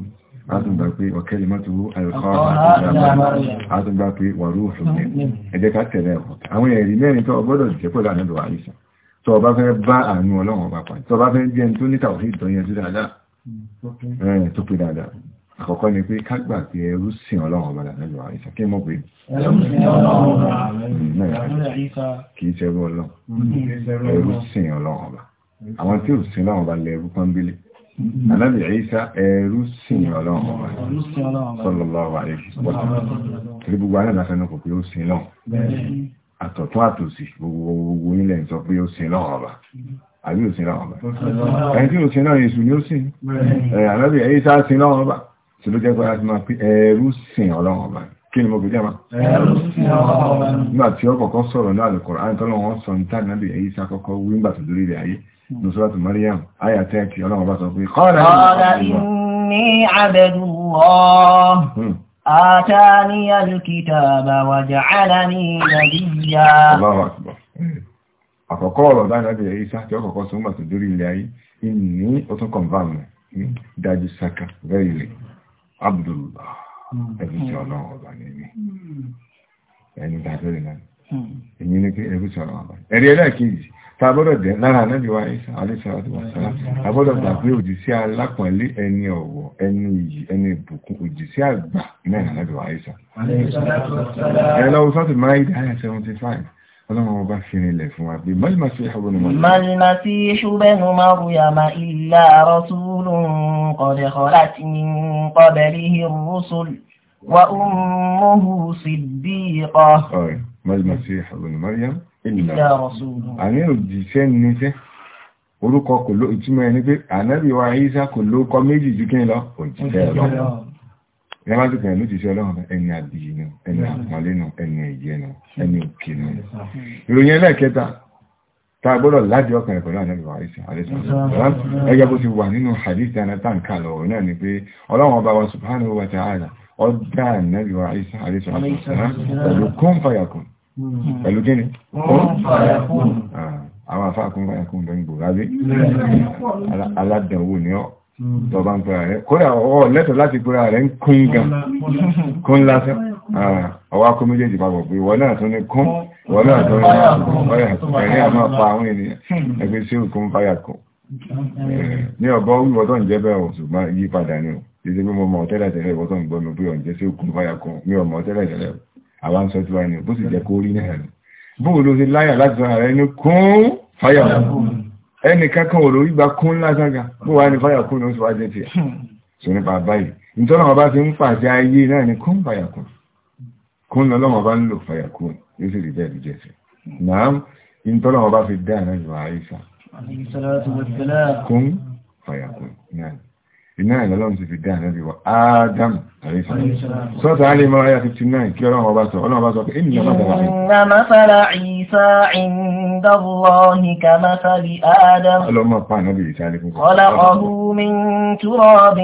látùgbà pé ọ̀kẹ́lì mọ́tò alùkọ́ àtùgbà pé wàrú òṣùgbẹ́ ẹ̀jẹ́ ká tẹ̀lé ẹ̀kọ́ àwọn ẹ̀rí mẹ́rin tó gbọ́dọ̀ jẹ́ pẹ̀lú àlẹ́bẹ̀ẹ́ àìsà tó bá fẹ́ bá àánú ọlọ́run bá pàdé tó bá fẹ́ jẹ́ tó níta òfin tó dáadáa hmm, tó pé dáadáa àkọ́kọ́ ni pé kágbà pé ẹrú sìn ọlọ́run ọba lẹ́lú àìsàn kí mọ̀ pé kìí ṣẹrú ọlọ́run ẹrú sìn ọlọ́run ọba àwọn tí ò sìn ọlọ́run ọba lẹ ẹrú pọ́nbílé anábì àìsà ẹrú sìn ọlọ́run ọba sallallahu alaihi wasallam torí gbogbo alẹ́ láfẹ́ náà kò pé ó sìn lọ́run àtọ̀tún àtòsì gbogbo ilẹ̀ ń sọ pé ó sìn lọ́run ọba àbí ò sìn lọ́run ọba ẹni tí ò sìn lọ́run tí ló jẹ́ pé láti máa pé ẹ̀rú sìn ọlọ́run ọba kí ni mo gbé jẹ́mà ẹ̀rú sìn ọlọ́run ọba nígbà tí ó kọ́kọ́ sọ̀rọ̀ ní àlùkọ̀rọ̀ àyẹ̀tọ́ lọ́wọ́ sọ ní tàbí nábì èyí sá kọ́kọ́ tó lórí ilẹ̀ ayé nùsọ́látù Maryam àyà tẹ́ẹ̀kì ọlọ́run sọ pé qala inni abdullah hmm. Abdullah hmm. ẹ̀rú sí hmm. ọlọ́run ọba hmm. ẹni tàbí náà èyí ní pé ẹ̀rú sí ọlọ́run ọba ẹ̀rí ẹlẹ́ẹ̀kejì tàbọ́dọ̀ lára wa tàbọ́dọ̀ gbà pé òjìṣẹ́ alápọ̀nlé ẹni ọ̀wọ̀ ẹni iyì ẹni ìbùkún òjìṣẹ́ àgbà náà anábì wa Ìsá ẹ̀lọ́wọ́ sọ́tù máa ìdá 75 ọlọ́run ọba fi rinlẹ̀ fún wa pé Mal-Masihu bnu Maryam. Mal-Masihu bnu Maryam illa rasulun qad khalat min qablihi ar-rusul wa ummuhu siddiqah. ọ̀rẹ́ Mal-Masihu bnu Maryam illa rasulun. àní òjìṣẹ́ níṣẹ́ orúkọ kò ló ìtumọ̀ ẹni pé ànábì wa kò ló kọ méjì jù kí n lọ òjìṣẹ́ lọ ìyàbá ti pẹ̀lú ti ṣe ọlọ́run ẹni àbìyì nù ẹni àpọ̀lé nù ẹni ẹ̀yẹ nù ẹni òkè nù ìròyìn ẹlẹ́ẹ̀kẹta ta gbọ́dọ̀ láti ọkàn ẹ̀kọ́ láti ọkàn àìsàn àìsàn ẹgbẹ́ bó ti wà nínú subhanahu wa ta'ala ọdá ànábì wa àìsàn àìsàn àìsàn pẹ̀lú kún fàyàkùn pẹ̀lú gíní hmm. ah, àwọn afáàkún fàyàkùn tọba ń pẹ̀lá rẹ̀ kódà ọwọ́ lẹ́tọ̀ láti pẹ̀lá rẹ̀ ń kún gan kún lásán ọwá kún méjèèjì bá gbogbo ìwọ náà tún ní kún ìwọ náà tún ní ẹ̀rin àmọ́ pa àwọn ènìyàn ẹgbẹ́ sí òkun fáyà kún hmm. ní ọ̀bọ̀ wíwọ́ tó ń jẹ́ bẹ́ẹ̀ ò ṣùgbọ́n yí padà ní o ìdí pé mo mọ̀ tẹ́lẹ̀ tẹ́lẹ̀ ìwọ́ tó ń gbọ́ mi pé ọ̀njẹ́ sí òkun fáyà kún mi ò mọ̀ tẹ́lẹ̀ tẹ́lẹ̀ àwa ń sọ tí wá ní o bó sì jẹ́ kó rí náà bóòlù ti láyà láti sọ ààrẹ ní ẹnì kankan ò lórí gba kún lásága bó wà ní fáyà kún ló ń sọ wájẹ́ tiẹ̀ hmm. sọ nípa báyìí nítorí wọn bá fi ń pàṣẹ ayé náà ni kún fáyà kún kún lọ́lọ́wọ́ bá ń lò fáyà kún yóò sì rí bẹ́ẹ̀ náà nítorí wọn fi dá àná ìwà àìsà kún fáyà iná ìlọ́lọ́run ti fi dá àná ìwà Adam àìsà sọ́tà alẹ́ mọ́ 59 kí عيسى عند الله كمثل آدم خلقه من تراب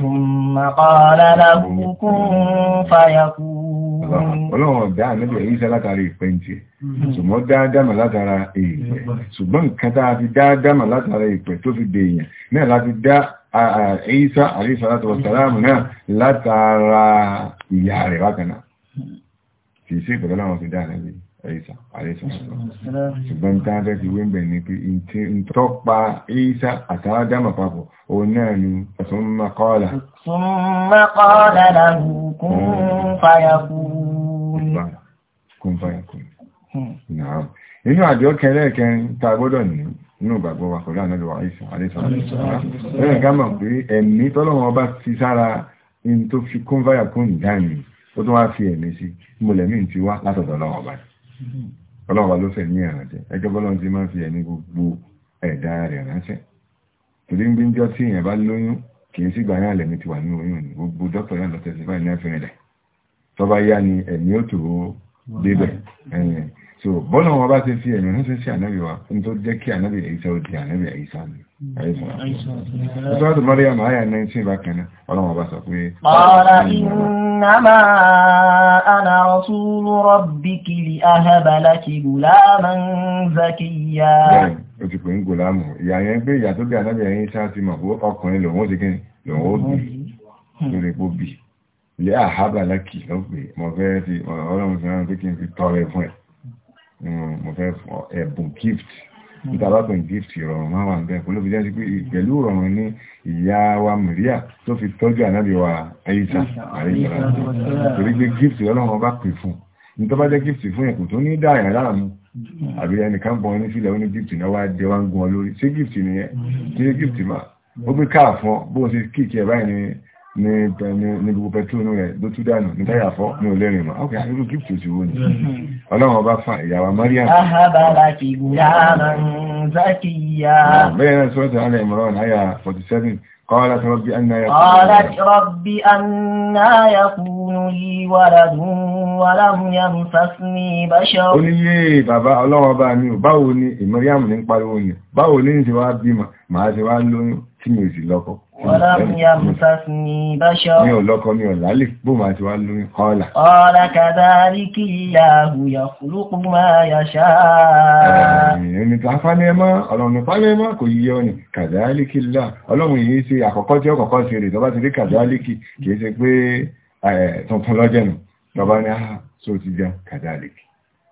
ثم قال له كن فيكون ọlọ́run dá ànábì Ìsá látara ìpẹ́ntì ṣùgbọ́n dá Ádámà látara èèyàn ṣùgbọ́n nǹkan tá a fi dá Ádámà látara ìpẹ́ tó fi dé èèyàn náà láti dá Ìsá alayhi salatu wa salam náà látara ìyá rẹ̀ wákanáà kìí sí ìpẹ̀lọ́lọ́run fi dá Ìsà, àríṣà ṣùgbọ́n tí a fẹ́ fi wé ń bẹ̀ ní pé ìtọ́pa Ìsà àtàwádámà papọ̀, òun náà ni ọ̀tún mọ́kọ́ọ̀lá. Mọ́kọ́ọ̀lá làhù kún fàyàkùn. Kún fàyàkùn. Hmm. Nínú àjọ kẹrẹ́kẹrin tá a gbọ́dọ̀ ní inú ìgbàgbọ́ wa pẹ̀lú ànẹ́lùwà Ìsà, àríṣà. Lẹ́yìn ká mọ̀ pé ẹ̀mí tọ́lọ́wọ́n ọba ti sára in tó fi kún fàyàkùn ìdáyìn, ó tún wá fi ẹ̀mí sí, mo lẹ̀mí ọlọ́run bá ló fẹ̀ ní ìrànṣẹ́ ẹgbẹ́ bọ́lọ́run ti máa fi ẹ̀mí gbogbo ẹ̀dá rẹ̀ ránṣẹ́ torí ń bí jọ́ tí èèyàn bá lóyún kì í sì gbà yàn lẹ́mí ti wà ní oyún ni gbogbo dókítà yàn lọ tẹ̀sífà ní ẹ̀fìn rẹ̀ tó bá yá ni ẹ̀mí ó tòó débẹ̀ ẹ̀yìn so bọ́nà wọn bá ti fi ẹ̀mí ránṣẹ́ sí ànábì wa ní tó jẹ́ kí ànábì Ìsá ó di ànábì Ìsá ni Ọjọ́ Maryam àyà 19 bákan náà, ọlọ́wọ̀n bá sọ pé, Qala innama ana rasulu rabbiki li ahaba laki gulaman zakiyya. Bẹ́ẹ̀ o ti pè ń gùlámù, ìyà yẹn gbé ìyà tó bí ànábì ẹ̀yìn sáà ti mọ̀ ọkùnrin lòun ó ti kíni, lòun ó bì, hmm. lórí epo bì. Li ahaba laki lọ́pẹ̀, mọ̀ fẹ́ Mm, mo fẹ́ ẹ̀bùn gift ìtàbábùn mm. gift ìrọ̀rùn máa wà bẹ́ẹ̀ pẹ̀lú ìjẹ́ sí pé pẹ̀lú ìrọ̀rùn ní ìyá wa Màríà tó fi tọ́jú ànábì wa Àìṣà àríṣà torí pé gift lọ́lọ́run bá pè fún ní tó bá jẹ́ gift fún ẹ̀kùn tó ní dáàyà láàmú mm. àbí ẹnìkan bọ̀ ní sílẹ̀ ó ní gift náà wá jẹ́ wá ń gun ọ lórí ṣé gift nìyẹn ṣé gift máa ó gbé káà fún ọ bóun ṣe kíkì ẹ̀ báyìí ní gbogbo pẹ̀túnú rẹ̀ ló tún dànù ní táyà fọ́ ní olórin mọ̀. ọkọ̀ àrírù gíftì sí wọ́n ni mm-hmm. ọlọ́run ọba fa ìyàwó Mariam. ahabara ti gùnlára ń zakiya. Ah, bẹ́ẹ̀ náà sọ́ọ̀tà alẹ́ ìmọ̀ràn náà yà 47 قالت رب أن يكون قالت رب أن يكون لي ولد ولم يمسسني بشر. ó ní yé bàbá ọlọ́wọ́ bá mi ò báwo ni Mariam ní pariwo ni báwo ni ti wá máa ti wá lóyún tí mi ò sì lọ́kọ. Mi ò lọ́kọ mi ò lálè bó máa ti wá lóyún kọ́ọ̀là. Ọ̀là kadhalika Allahu yakhluqu ma yasha. Ẹni tó afánẹ́mọ́, ọlọ́run afánẹ́mọ́ kò yí ọ ni, kadhalika Allah. Ọlọ́run yìí ṣe àkọ́kọ́ tí ọkọ̀kọ́ ṣe rè tó ti rí kadhalika kìí ṣe pé tuntun lọ́jẹ̀nù. Bàbá ni, ah, so ti jẹ́ kadhalika.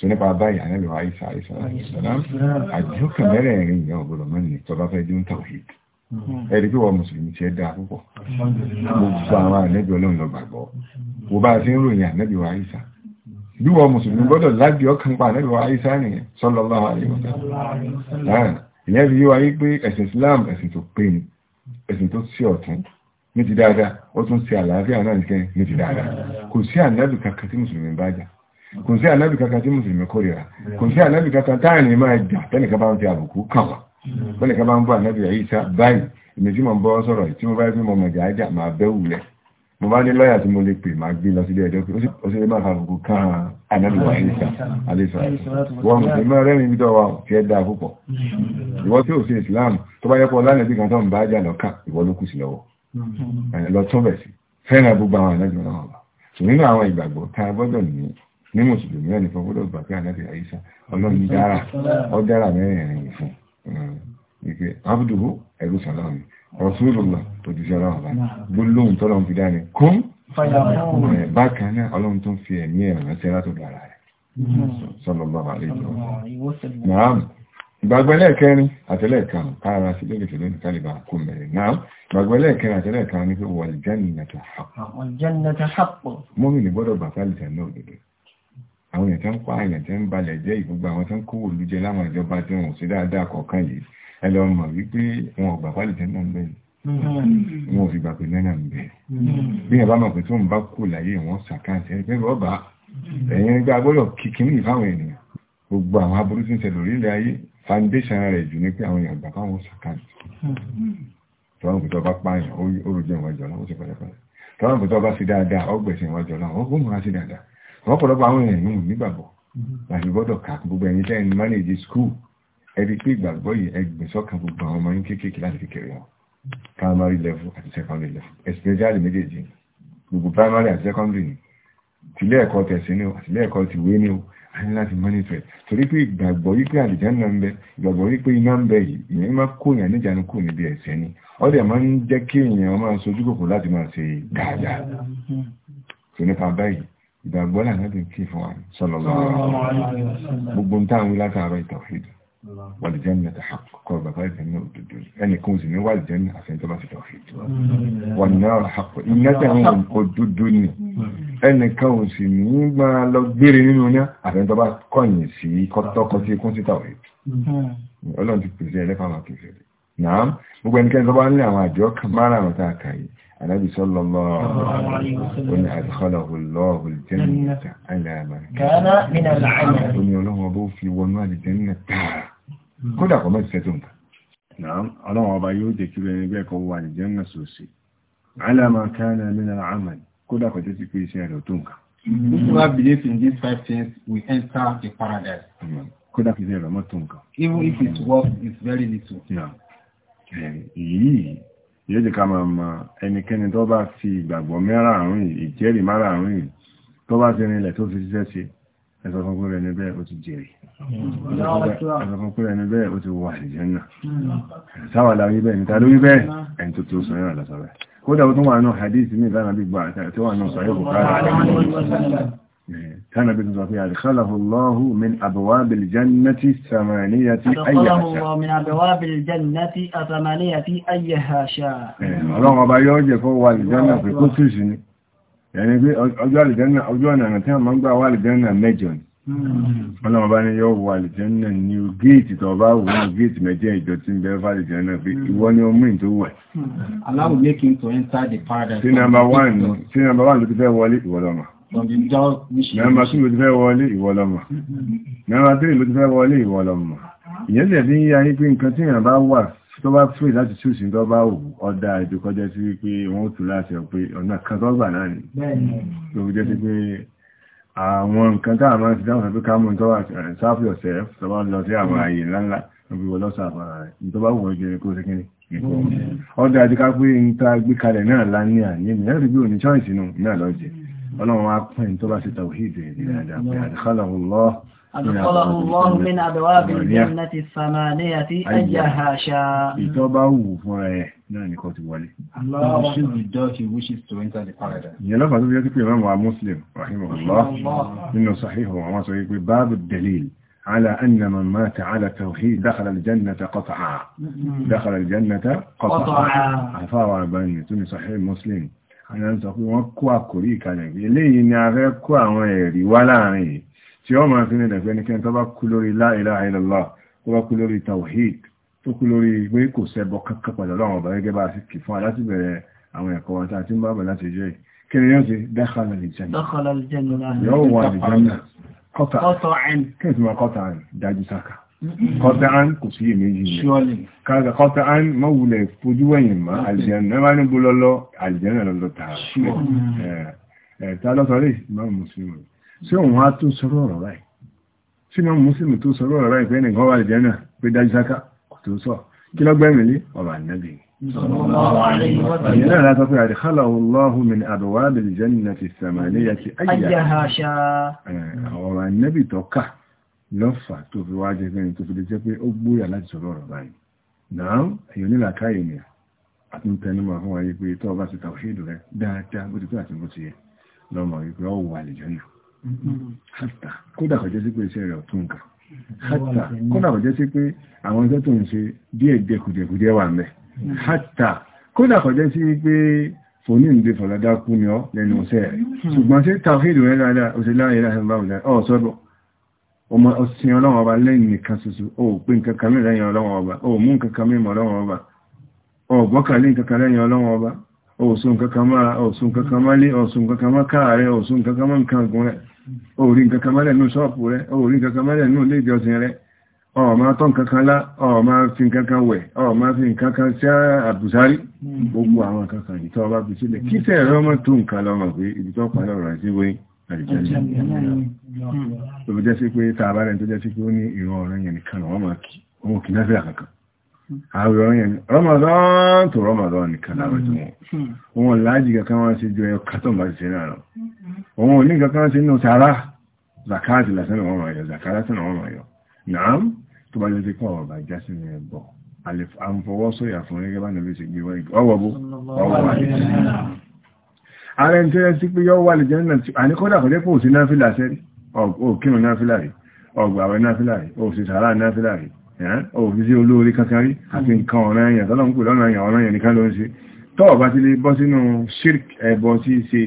tí nípa báyìí ànábì wa àìsà àìsà àìsàlám àdínkà mẹ́rẹ̀ẹ̀rin ìyá ọ̀gbọ̀dọ̀ mẹ́rin tọba fẹ́ dín tawhid hmm. ẹ̀rí pé wọ́n mùsùlùmí ti ẹ́dà púpọ̀ gbogbo àwọn ànábì ọlọ́run lọ gbàgbọ́ wo bá ti ń ròyìn ànábì wa àìsà bí wọ́n mùsùlùmí gbọ́dọ̀ láti ọkàn pa ànábì wa àìsà nìyẹn sallallahu alaihi wasallam ìyẹn fi yé wa Islam ẹ̀sìn tó pé ni ẹ̀sìn tó sí ọ̀tún ní ti dáadáa ó tún ṣe àlàáfíà náà nìkan ní ti dáadáa kò kò sí ànábì kankan tí mùsùlùmí kórìíra kò sí ànábì kankan táàrin máa jà tẹ́nìkan bá ń fi àbùkù kàn wá tẹ́nìkan bá ń bọ́ ànábì yìí sá báyìí èmi tí mo bọ́ sọ̀rọ̀ tí mo bá rí pé mo mọ̀jà ájà máa bẹ́ wulẹ̀ mo bá ní lọ́yà tí mo lè pè máa gbé lọ sílé ẹjọ́ pé ó sì lè máa fàbùkù kan ànábì wa yìí sá àlésà wọn mùsùlùmí máa rẹ́rìn ibi dọ́wà tí ẹ dáa púpọ̀ ìwọ tí ò sí Islam tó bá yẹ pọ̀ lánàá bí kan tó ń bá ájà lọ́kà ìwọ ló kù sí lọ́wọ́ lọ tún bẹ̀ sí fẹ́ràn gbogbo àwọn ànábì wọn wà nínú àwọn ìgbàgbọ́ tá gbọ́dọ̀ ní ní mùsùlùmí ẹnìkan gbọ́dọ̀ gbà pé ànábì àyíṣà ọlọ́run dára ọ dára mẹ́rẹ̀ẹ̀rin fún hmm. wípé abduhu ẹ̀rù sàlámì rasulullah tó ti sọ́ra ọ̀la gbólóhùn tọ́lọ́run fi dáni kún bákan náà ọlọ́run tó ń fi ẹ̀mí ẹ̀rọ ránṣẹ́ látò dára rẹ̀ sallallahu alaihi wasallam ìgbàgbẹ́lẹ̀ kẹrin àtẹ́lẹ̀ kan kára sí lórí ìṣẹ̀lẹ̀ ìkálìbà kò mẹ́rin náà ìgbàgbẹ́lẹ̀ kẹrin àtẹ́lẹ̀ kan ní àwọn èèyàn tó ń pa èèyàn tó ń balẹ̀ jẹ́ ìgbogbo àwọn tó ń kówó ìlú jẹ láwọn ìjọba tí wọn ò sí dáadáa kọ̀ọ̀kan yìí ẹ lọ mọ̀ wípé wọn ò gbà pálí tẹ́ náà ń bẹ̀rẹ̀ mm-hmm. wọn ò fi gbà pé náà ń bẹ̀rẹ̀ mm-hmm. bí ẹ bá mọ̀ pé tó ń bá kú láyé wọn sàkáǹtì mm-hmm. ẹgbẹ́ rọ́bà ẹ̀yìn nígbà gbọ́dọ̀ kíkiri fáwọn ènìyàn gbogbo àwọn aburú tí ń ṣẹlẹ̀ orílẹ̀ ayé foundation rẹ̀ jù ní pé àwọn èèyàn gbà fáwọn sàkáǹtì tọ́wọ́n kò tọ́ bá pààyàn ó rò jẹ́ ìwájú ọlọ́wọ́ ó gbọ́n mọ́ra wọ́n pọ̀lọpọ̀ àwọn èèyàn nù nígbàgbọ́ láti mm-hmm. gbọ́dọ̀ ká gbogbo ẹni tẹ́ ẹni mánéjì skul ẹni pé ìgbàgbọ́ yìí ẹgbẹ̀ sọ́kàn gbogbo àwọn ọmọ yín kéékèèké láti kékeré wọn primary level àti secondary level especially méjèèjì gbogbo primary àti secondary ni tilé ẹ̀kọ́ tẹ̀sí ni o àti ilé ẹ̀kọ́ tìwé ni o a ní láti mọ́nítọ̀ ẹ̀ torí pé ìgbàgbọ́ yí pé àlìjánnà ń bẹ ìgbàgbọ́ yí pé iná ń bẹ yìí ìyẹn máa kó èèyàn níjànú kù níbi ẹ̀sẹ̀ ni ọdẹ máa ń jẹ́ kí ìgbàgbọ́ là náà ti kí fún wa sallallahu alaihi wasallam gbogbo ń táwọn látàrọ tawhid wàlìjẹ́nà ta kọ́ bàbá ìjẹ́nà òdòdó ẹni kún sí ní wàlìjẹ́nà àfẹ́ntọ́bá sí tawhid wọn náà àpọ̀ iná tẹ̀wọ̀n òdòdó ni ẹni kan sì ní máa lọ gbére nínú ní àfẹ́ntọ́bá kọ̀yìn sí kọ́tọ́kọ́ sí kún sí tawhid ọlọ́run ti pèsè ẹlẹ́fà máa kìí النبي صلى الله عليه وسلم أدخله الله الجنة على من كان من العمل أن له أبو في ونوى الجنة كل أقوم الستون نعم الله أبا يودي كبير نبيك هو الجنة سوسي على ما كان من العمل كل أقوم تسكي سيارة تنكا If you have belief in these five things, we enter the paradise. Kó dákì sí ẹ̀rọ Even if it's worth, it's very little. Èyí yóò jẹ́ ká máa mọ ẹnikẹ́ni tó bá fi ìgbàgbọ́ mẹ́rààrún ìjẹ́rìí márààrún yìí tó bá ti rinlẹ̀ tó fi ṣiṣẹ́ ṣe ẹsọ fún pẹ́rẹ ẹni bẹ́ẹ̀ ó ti jèrè ẹsọ fún pẹ́rẹ ẹni bẹ́ẹ̀ ó ti wà àlìjẹ́nà sáwà láwí bẹ́ẹ̀ níta lórí bẹ́ẹ̀ ẹni tó tó sọ yẹn kódà ó tún wà nù hadith ní ìlànà gbígbà àti wà nù sọ̀rọ̀ tánà bí sọ pé àdìkọ́láhù lọ́hù min àbúwábìl jannati samaniyati ayyahasha ọlọ́run ọba yóò jẹ́ kó wà lìjánà pé kó tù sí ni yàní pé ọjọ́ àlìjánà ọjọ́ ọ̀nà tí wọ́n gbà wà lìjánà mẹ́jọ ni hmm. ọlọ́run ọba ni yóò wà lìjánà ní géètì tó bá wù ní géètì méje ìjọ tí ń bẹ fà lìjánà pé hmm. ìwọ ni ó mú ìtò wẹ̀ allow making to enter the paradise tí nàmbà wà ló ti fẹ́ wọlé ìwọlọ́mà Mẹ́mbà tí mo ti fẹ́ wọlé ìwọlọ́mọ̀. Mẹ́mbà tí mo ti fẹ́ wọlé ìwọlọ́mọ̀. Ìyẹn tẹ̀ fi ń yá yí pé nǹkan tí èèyàn bá wà tó bá fún láti ṣúùsì tó bá wù ọdá ìdíkọjẹ́ sí wípé wọ́n tù láti ọ̀ pé ọ̀nà kan tó gbà náà ni. Tó jẹ́ sí pé àwọn nǹkan tá àmà ti dáhùn pé kámù tó wà eh, sáfì ọ̀sẹ̀ tó bá lọ sí àwọn ààyè ńláńlá ọdá ìdíkà ń ta gbé kalẹ̀ náà lá ولو ما فين فهمت بس توحيد خلق الله أدخله الله من أبواب الجنة الثمانية أيها شاء. يتوبوا فوري نعم كتب ولي. الله should be dirty wishes to enter the paradise. يلا فاتو يكتب في رمى مسلم رحمه الله. إنه صحيح وما صحيح باب الدليل على أن من مات على التوحيد دخل الجنة قطعا دخل الجنة قطعا عفاوة بني تني صحيح مسلم àwọn sọ pé wọ́n kó àkórí ìkàlẹ̀ pé eléyìí ni a fẹ́ kó àwọn ẹ̀rí wá láàrin yìí tí ó máa fi ní ẹ̀fẹ́ ní kẹ́ni tó bá kú lórí la ilaha illallah tó bá kú lórí tawhid tó kú lórí pé kò ṣẹbọ kankan pẹ̀lú ọlọ́run ọba gẹ́gẹ́ bá sì kì fún aláti bẹ̀rẹ̀ àwọn ẹ̀kọ́ wa tá a ti ń bá kọ́tán kò sí èméjì rẹ̀ káàkà kọ́tán mọ́wulẹ̀ fojú wẹ̀yìn mọ́ àlìjẹ́nà máa ní gbólọ́lọ́ àlìjẹ́nà lọ́lọ́ tààrà ẹ̀ẹ̀ta lọ́sọ̀rẹ́ ìmọ̀ mùsùlùmí sí òun á tó sọ̀rọ̀ ọ̀rọ̀ báyìí sí ìmọ̀ mùsùlùmí tó sọ̀rọ̀ pé nìkan wà àlìjẹ́nà pé dájú sáká tó sọ kí lọ́gbẹ́mì lé ọ̀rọ̀ ànábì ìyẹ́nà látọ́ ọ̀rọ̀ ànábì tọ́ka lọ́fà tó fi wá jẹ́ fẹ́ni tó fi lè jẹ́ pé ó gbóyà láti sọ̀rọ̀ ọ̀rọ̀ báyìí náà èyàn nílà káyè ni àtúntẹnumọ̀ fún wáyé pé tọ́ bá ti tàwíṣèdù rẹ dáadáa bó ti tó àti bó ti yẹ lọ́mọ wípé ọ wà lè jọ́nà hátà kódà kò jẹ́ sí pé iṣẹ́ rẹ̀ ọ̀tún nǹkan hátà kódà kò jẹ́ sí pé àwọn iṣẹ́ tó ń ṣe díẹ̀ díẹ̀ kùdìẹ̀kùdìẹ̀ wà mẹ́ hátà kódà kò jẹ́ sí pé fòní ìdè fọ̀lọ́dá kú ni ọ lẹ́nu ọ̀sẹ̀ rẹ̀ ṣùgbọ́n sí tàwíṣèdù rẹ dáadáa ọmọ ọsìn ọlọ́wọ́ ọba lẹ́yìn nìkan ṣoṣo o pé nǹkan kan mìíràn lẹ́yìn ọlọ́wọ́ ọba o mú nǹkan kan mìíràn ọlọ́wọ́ ọba o gbọ́kànlé nǹkan kan lẹ́yìn ọlọ́wọ́ ọba o sọ nǹkan kan mára o sọ nǹkan kan málé o sọ nǹkan kan má káà rẹ o sọ nǹkan kan má nǹkan gùn rẹ o rí nǹkan kan málẹ̀ nù ṣọ́ọ̀pù rẹ o rí nǹkan kan málẹ̀ nù ilé ìjọsìn rẹ o máa tọ́ nǹkan kan lá o máa fi nǹkan kan wẹ̀ o máa fi nǹkan kan sí àbùsárí gbogbo àwọn nǹkan kan ìtọ́ tó fi jẹ́ sí pé tààbá rẹ̀ tó jẹ́ sí pé ó ní ìran ọ̀rẹ́ yẹn nìkan wọ́n kì náà fẹ́ àkàkàn àwẹ̀ ọ̀rẹ́ yẹn Ramadan tó Ramadan nìkan láwẹ̀ tó wọn wọn láàjì kankan wọn sí ju ẹyọ kátọ̀ bá ti ṣe náà lọ wọn ò ní kankan sí inú sàárà zakati lásán àwọn ọmọ ẹ̀yọ zakati lásán àwọn ọmọ ẹ̀yọ nàám tó bá jẹ́ sí pé ọ̀rọ̀ bá já sí ní ẹ̀bọ̀ àǹfọwọ́sọ̀yà fún gẹ́gẹ́ bá nàbí ti gbé ọwọ́ bó ọwọ́ yọ́ wà lè jẹ́ náà àníkọ́dà kọjẹ́ pò sí náà fìlà sẹ́rí òkínú náfílà rí ọgbàwẹ̀ náfílà rí òsì sàárà náfílà rí òfin sí olóorí kankan rí àti nǹkan ọ̀rọ̀ ẹ̀yàn tọ́lọ́mùkù lọ́nà ẹ̀yàn ọ̀rọ̀ ẹ̀yàn nìkan ló ń ṣe tọ́ọ̀ bá ti lè bọ́ sínú shirk ẹbọ tí ṣe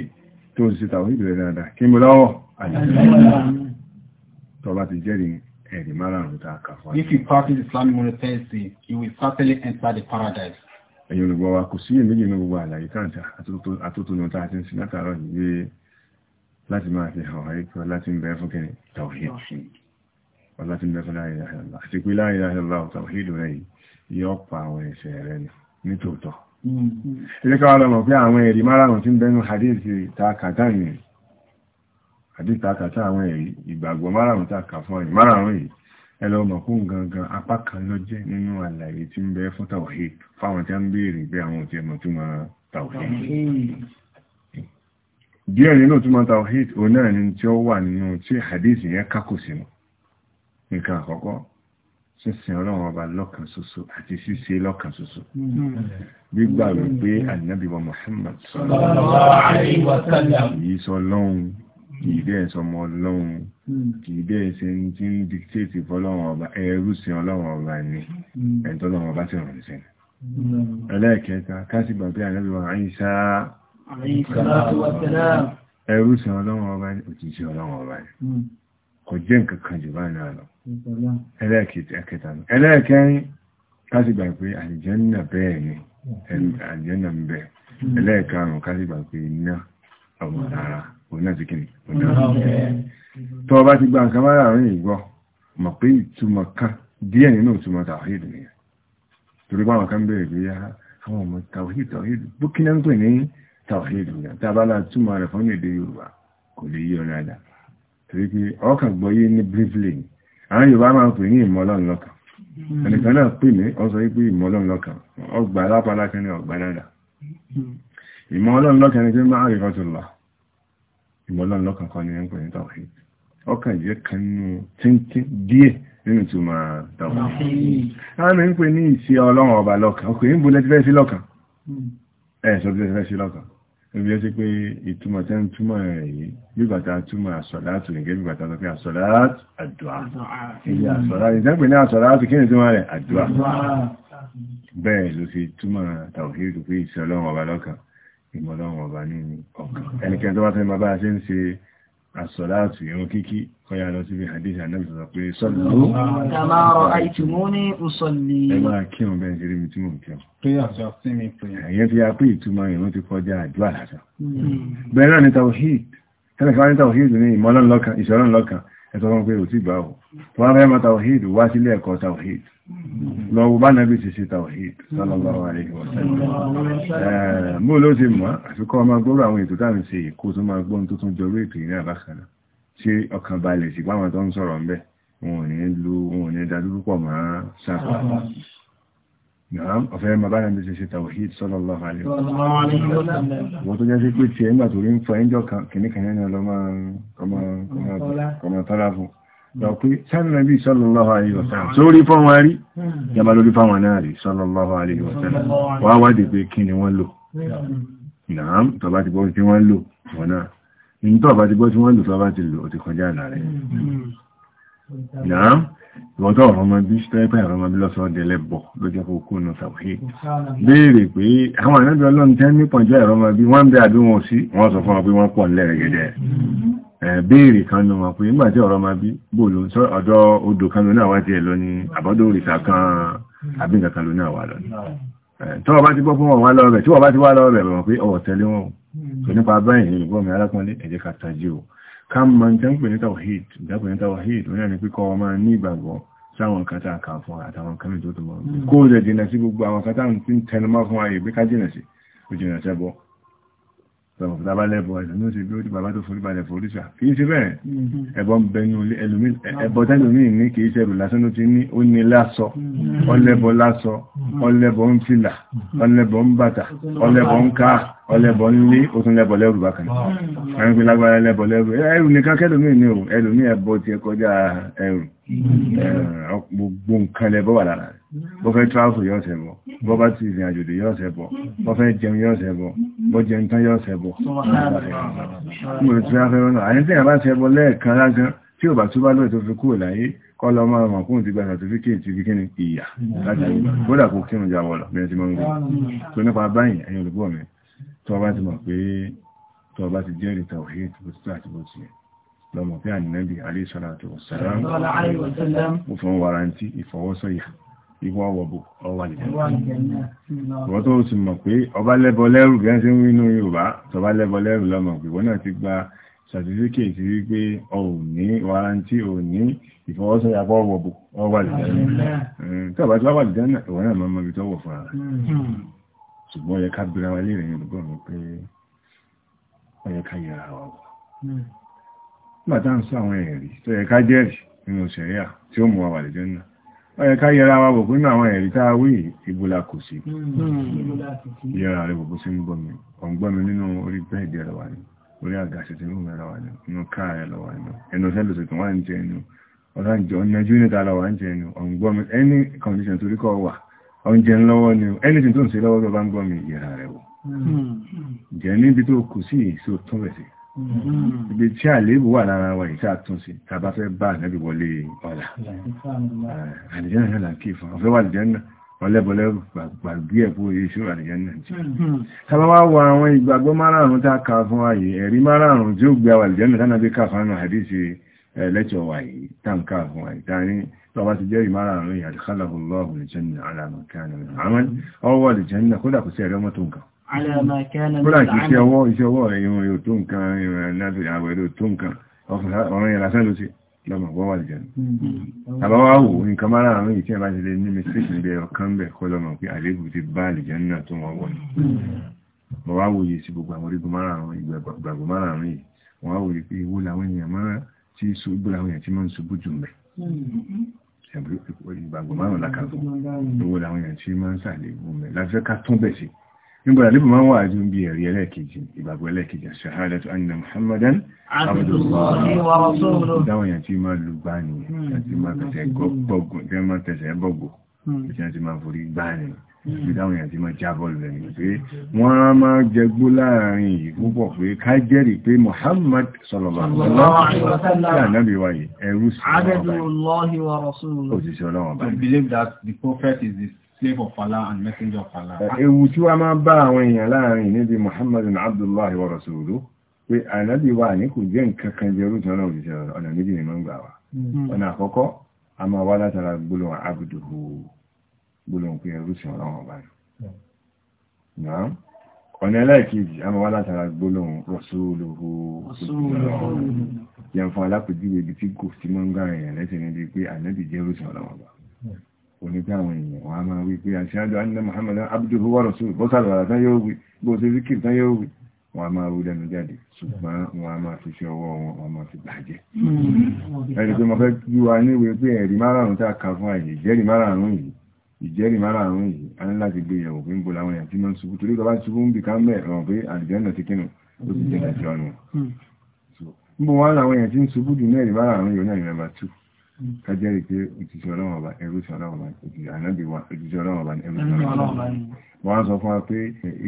tó ṣe tàwọn ìbẹ̀rẹ̀ dáadáa kí mo lọ́wọ́ tọ́ọ̀ bá ti jẹ́rìí ẹ̀rí márùn-ún tá a kà fún If you practice Islamic monotheism, you will certainly enter the paradise ẹ̀yìn olùgbọ́ wa kò sí èméjì ní gbogbo àlàyé káàntà àtótónú tá a ti ń sin látàárọ̀ yìí láti máa fi hàn wáyé pé ọlá tí ń bẹ fún kẹrẹ tàwíhìd ọlá tí ń bẹ fún la ilaha illallah àti pé la ilaha illallah tàwíhìd rẹ̀ yóò pa àwọn ẹ̀ṣẹ̀ rẹ̀ ní tòótọ́ ilẹ́kọ̀ mm-hmm. ọlọ́mọ̀ pé àwọn ẹ̀rí márùn-ún tí ń bẹnu hadith takàtà yìí hadith takàtà àwọn ẹ̀rí ìgbàgbọ́ márùn-ún takà fún ẹ̀rí márùn-ún yìí ẹlọ́mọ̀ kún gangan apá kan ló jẹ́ nínú àlàyé tí ń bẹ fún tàwíhìd fáwọn tí ń béèrè pé àwọn òtí ẹmọ tó máa tàwíhìd díẹ̀ nínú tó máa tawhid o náà ni tí ó wà nínú tí hadith yẹn kákò sínú nǹkan àkọ́kọ́ sísìn ọlọ́run ọba lọ́kàn ṣoṣo àti ṣíṣe lọ́kàn ṣoṣo gbígbà wípé wa Muhammad yìí sọ lọ́hun kìí dẹ́ sọmọ ọlọ́run kìí dẹ́ ṣe ń tí ń dictate fọlọ́run ọba ẹrú sí ọlọ́run ọba ni ẹ̀ńtọ́lọ́run pé ànábì wa Ìsá ẹrú sí ọlọ́wọ́ ọba ní òjìṣẹ́ ọlọ́wọ́ ọba ní hmm. kò jẹ́ nǹkan kan jù bá náà lọ ẹlẹ́ẹ̀kẹta lọ ẹlẹ́ẹ̀kẹrin káti gbà pé àlìjẹ́nà bẹ́ẹ̀ ni àlìjẹ́nà ń bẹ hmm. ẹlẹ́ẹ̀karùn káti gbà pé iná ọmọ ara hmm. oná ti kìnnì oná tọ́ ọba ti gba nǹkan máa láàrin ìgbọ́ mọ̀ pé ìtumọ̀ kan díẹ̀ nínú ìtumọ̀ tàwíìdì nìyẹn torí báwọn kan bẹ̀rẹ̀ pé àwọn ọmọ tàwíìdì tàwíìdì bókínà ń pè ní tàwíìdù náà tàbálà túmọ̀ rẹ̀ fún èdè yorùbá kò lè yí ọ̀rẹ́ àdá torí pé ọkàn gbọ́ yé ní briefly àwọn yorùbá máa ń pè ní ìmọ̀lọ́run lọ́kàn ẹnìkan náà pè ní ọ sọ pé ìmọ̀lọ́run lọ́kàn ọgbà lápálá kan ní ọgbà dáadáa ìmọ̀lọ́run ni pé máa rí fọ́tò lọ ìmọ̀lọ́run lọ́kàn kan ni ẹ̀ ń pè ní tàwíìdù ọkàn kan nínú tíntín díẹ̀ nínú túmọ̀ tàwíìdù àwọn ènìyàn pè ní ìṣe ọlọ́run ọba lọ́kàn ọkùnrin bó lẹ́tí fẹ́ sí lọ́kàn hmm. ẹ̀ sọ bí lẹ́tí fẹ́ sí lọ́kàn níbi ẹ́ sí pé ìtumọ̀ tẹ́ ń túmọ̀ rẹ̀ yìí bí bàtà túmọ̀ àsọ̀láàtù nìgẹ́ bí bàtà lọ́pẹ́ àsọ̀láàtù àdúà ilé àsọ̀láàtù ìjẹ́pẹ̀ ní àsọ̀láàtù kí ni túmọ̀ rẹ̀ àdúà bẹ́ẹ̀ ló fi túmọ̀ tàwíìdù pé ìṣẹ́ ọlọ́run ọba lọ́kàn ìmọ̀ ọlọ́run ọba a ṣe ń ṣe àsọ̀láàtù ìrun kíkí ọya lọ sí bí hadith ànábì sọ pé sọ́lọ́ kama ra'aytumuni usalli ẹgbà kírùn bẹ́ẹ̀ sí rími tí mò ń kírùn ẹ̀yẹ́ fi apé ìtumọ̀ ìrún ti kọjá àdúrà lásán hmm. bẹ́ẹ̀rẹ̀ ní tawhid tẹ́lẹ̀kọ́ ní tawhid ní ìmọ̀lọ́nlọ́kan ìṣọ́lọ́nlọ́kan ẹ̀tọ́ wọn pé ò tí gbà ọ̀ wọ́n fẹ́ mọ́ tawhid wá sílé ẹ̀kọ́ tawhid hmm. lọ wo bá nàbí ti ṣe tawhid sallallahu alaihi wa sallam mú ṣe ọkàn balẹ̀ sí pàwọn tó ń sọ̀rọ̀ ń bẹ̀ wọn ò ní lu wọn ò ní dájú púpọ̀ mọ́ sáfà ọ̀fẹ́ ma bá nàbí ṣe ṣe tàwàhíd sallallahu alaihi wasallam wọ́n tó jẹ́ sí pé tí ẹgbà tó rí ń fa ẹjọ́ kìníkàní ní ọlọ́mọ tọ́lá fún lọ pé sánàbí sallallahu alaihi wasallam sórí fọ́nwá rí hmm. yàmà lórí fáwọn náà sallallahu alaihi wasallam wá wádìí pé kí ni wọ́n lò hmm ní tó àbá ti gbọ́ tí wọ́n lò sọ́bá ti lò ó ti kọjá àlà rẹ̀ hmm. náà ìwọ́n tó ọ̀rọ̀ ọmọ bí stẹ́pẹ́ ọ̀rọ̀ ọmọ bí lọ́sọ́ délẹ̀ bọ̀ ló jẹ́ kó kúnnù sàwọ́hí béèrè pé àwọn ànábì ọlọ́run tẹ́ ní pọ̀jọ́ ẹ̀rọ ọmọ bí wọ́n ń bẹ àbí wọn sí wọ́n sọ fún wọn pé wọ́n pọ̀ lẹ́rẹ̀gẹ̀dẹ̀ hmm. béèrè kan nù wọn pé nígbà tí ọ̀rọ̀ ọmọ bí bòòlù ọ̀dọ́ odò kan lónà wá lónìí àbọ́dọ̀ òrìṣà kan hmm. àbí nǹkan kan lónà wà lónìí tọ́wọ́ bá ti gbọ́ fún wọn wá lọ́rẹ̀ tí wọ́n bá ti wá lọ́rẹ̀ rọ̀ pé ọ̀wọ̀ tẹ̀lé wọn tó hmm. nípa báyìí ní gbọ́mí alákùnrin ẹ̀jẹ̀ kàtàjì o ká mọ̀ ní tẹ́ǹpẹ̀ ní tawhid ìdápẹ̀ ní tawhid oníyà ní píkọ́ ọmọ ní ìgbàgbọ́ sáwọn kan tá a kà fún àtàwọn kan tó tó mọ̀ hmm. kó rẹ̀ jìnà sí gbogbo àwọn kan tá a ń tẹnumọ́ fún ayé pé ká jìnà sí ó jìnà sẹ́bọ̀ sọ̀rọ̀ bàbá lẹ́bọ̀ ẹ̀lùmí ti bí ó ti bàbá tó forí balẹ̀ forí sà kìí ṣe bẹ́ẹ̀ ẹ̀bọ̀n bẹnu ẹ̀bọ̀tẹ́lùmí ní kìí ṣẹ̀rù lásán ló ti ní ó ní lásọ mm-hmm. ọlẹ́bọ̀ lásọ mm-hmm. ọlẹ́bọ̀ ń fìlà ọlẹ́bọ̀ ń bàtà mm-hmm. ọlẹ́bọ̀ ń káà ọlẹ́bọ̀ nílé ó tún lẹ́bọ̀ lẹ́rù bákan náà ń hmm. pè lágbára lẹ́bọ̀ lẹ́rù ẹrù nìkan kẹ́lòmí ní o ẹlòmí ẹbọ ti ẹkọjá ẹrù hmm. eh, gbogbo nǹkan lẹ́bọ̀ wà lára bó fẹ́ tráfù yóò ṣẹbọ hmm. bó bá ti ìrìn àjòdè yóò ṣẹbọ bó fẹ́ jẹun yóò ṣẹbọ bó jẹun tán yóò ṣẹbọ tí ò bá túbá lóò tó fi kúrò láyé kọ́ lọ máa mọ̀ kún ti gba sàtífíkèètì fi kí ni ìyà látàrí bódà kò kírun jáwọ́ lọ bí ẹ ti mọ́ ń gbé tó nípa báyìí ẹ̀yìn olùgbọ́ mi tó bá ti mọ̀ pé tó bá ti jẹ́rìí tawhid bó ti tó àti bó ti yẹ lọ́mọ̀ pé ànínábì alayhi salatu wassalam ó fún warranty ìfọwọ́sọ̀yà ìwọ́ ọwọ́bù ọwà nìkan ìwọ́ tó ti mọ̀ pé ọba lẹ́bọ lẹ́rù bí wọ́n ti ń wí inú Yorùbá tọba lẹ́bọ lẹ́rù wípé ọ̀ní warranty ọ̀ní ìfọwọ́sọ̀yà pọ̀ ọwọ́bù ọwà nìkan tọ́ba tí wọ́n wà náà mọ̀ mọ́ fún ara ṣùgbọ́n yẹ ká bíra wa léèrè yẹn lọ́gbọ́n mi pé ó yẹ ká yẹra wa wọ̀. Hmm. nígbà tá à ń sọ àwọn ẹ̀rí tó yẹ ká jẹ́rìí nínú ṣẹ̀ríà tí ó mú wa wà lè jẹ́ náà ó yẹ ká yẹra wa wọ̀ nínú àwọn ẹ̀rí tá a wí ìbúlá hmm. kò sí. yẹra rẹ̀ wò bó ṣe ń bọ̀ mi ọ̀ǹgbọ́n mi nínú orí bẹ́ẹ̀dì ẹ̀rọ wa ni orí àga ṣètì ló mẹ́ra wa ni inú káà ẹ̀ lọ wa ni ẹnu sẹ́lẹ̀ ṣètò wá wà ń jẹ ẹnu ọ̀ǹgbọ́n mi any condition torí kọ́ oúnjẹ lọ́wọ́ ni anything tó ń ṣe lọ́wọ́ tó bá ń gbọ́ mi yẹra rẹ̀ wò hmm. jẹ́ níbi tó kù sí èso tún rẹ̀ sí hmm. ibi tí àléébù wà lára wa ìta àtúnṣe tàbá fẹ́ bá ànábì wọlé ọ̀la hmm. àlìjẹ́nà náà làkí fún ọ̀fẹ́ wà àlìjẹ́nà ọlẹ́bọlẹ́rù gbàgbé ẹ̀kú èso àlìjẹ́nà tí tàbá wá wọ àwọn ìgbàgbọ́ márààrún tá ká fún ayé ẹ̀rí márààrún tí ó gbé àwàlìjẹ́nà tánàbí ká fún àdíṣe eh, lẹ́tọ̀ọ̀ wà yìí tọba ti jẹ́rì mara àrùn yà dìkálàhù lọ́ọ̀bù lè jẹ́nà alàmàkánà àmàlì ọwọ́ lè jẹ́nà kódà kò sí ẹ̀rọ mọ́ tó nǹkan kódà kì í sí ọwọ́ iṣẹ́ ọwọ́ rẹ̀ ìwọ̀n yóò tó nǹkan ìrìn àwẹ̀ yóò tó nǹkan ọ̀rọ̀ yẹn lásán ló sí lọ́mọ̀ gbọ́ wà lè jẹ́nà àbáwá wò nǹkan mara àrùn yìí tí a bá ti lè ní mistake níbi ẹ̀rọ kan bẹ̀ kọ́ lọ́mọ̀ ṣẹ̀bí ìgbàgbọ́ márùn lákàtọ̀ owó làwọn èèyàn tí máa ń sàlẹ̀gùn mẹ́ láfẹ́ ká tún bẹ̀ sí nígbàdà lébù máa ń wà ájú bí ẹ̀rí ẹlẹ́ẹ̀kejì ìgbàgbọ́ ẹlẹ́ẹ̀kejì ṣahadatu anna muhammadan abdullahi wa rasuluhu dáwọn èèyàn tí máa lù gbá nìyẹn hmm. tí máa tẹ̀sẹ̀ gbọ́gbọ́gbọ́ ìdáwọn èèyàn ti máa jábọ̀ lẹ́yìn pé wọ́n máa jẹgbó láàrin yìí púpọ̀ pé ká jẹ́rìí pé Muhammad sallallahu alaihi wa sallam òṣìṣẹ́ ọlọ́wọ̀n bá believe that the prophet is the slave of Allah and messenger of Allah ewu tí wá máa bá àwọn èèyàn láàrin níbi Muhammad abdullahi wa rasuluhu pé ànábì wa ní kò jẹ́ nǹkan kan jẹ́rú tí wọ́n òṣìṣẹ́ ọ̀nà méjì ni mọ́ ń gbà wá hmm. ọ̀nà àkọ́kọ́ a máa wá látara gbólóhùn abduhu gbólóhùn pé ẹrú sí ọ̀rọ̀ wọn báyìí náà ọ̀nà ẹlẹ́ẹ̀kejì a máa wá látara gbólóhùn rọ̀sóòlòhò yẹn fún alápèjúwe ibi tí kò sí máa ń gbà èèyàn lẹ́sẹ̀ níbi pé ànábì jẹ́ ẹrú sí ọ̀rọ̀ wọn bá oníkà àwọn èèyàn wọn a máa wí pé àṣíwájú anna muhammad abduhu wa rasul bọ́sàlù ara tán yóò wí bó ṣe zikir tán yóò wí wọn a máa wí lẹ́nu jáde ṣùgbọ́n wọn a máa fi ṣe ọwọ́ wọn wọn máa fi bàjẹ́ hmm. ẹni pé mo fẹ́ bí wa níwèé pé ẹ̀rí márààrún tá a kà fún àyè jẹ́rìí márààrún yìí ìjẹ́rìí mara àrùn yìí a ní láti gbé yẹ̀wò pé ń bo láwọn èèyàn tí wọ́n ṣubú torí bàbá ṣubú ń bì ká mẹ́ ràn pé àlùjànnà ti kínú ó sì jẹ́nà sí ọ̀nà hmm. ń bọ̀ wá láwọn èèyàn tí ń ṣubú jù mẹ́rin mara àrùn yìí náà ní nàmbà 2 ká jẹ́rìí pé òjìṣẹ́ ọlọ́run ọba ẹrú sí ọlọ́run ọba ànábì wa òjìṣẹ́ ọlọ́run ọba ẹrú sí ọlọ́run ọba wọ́n sọ fún wa pé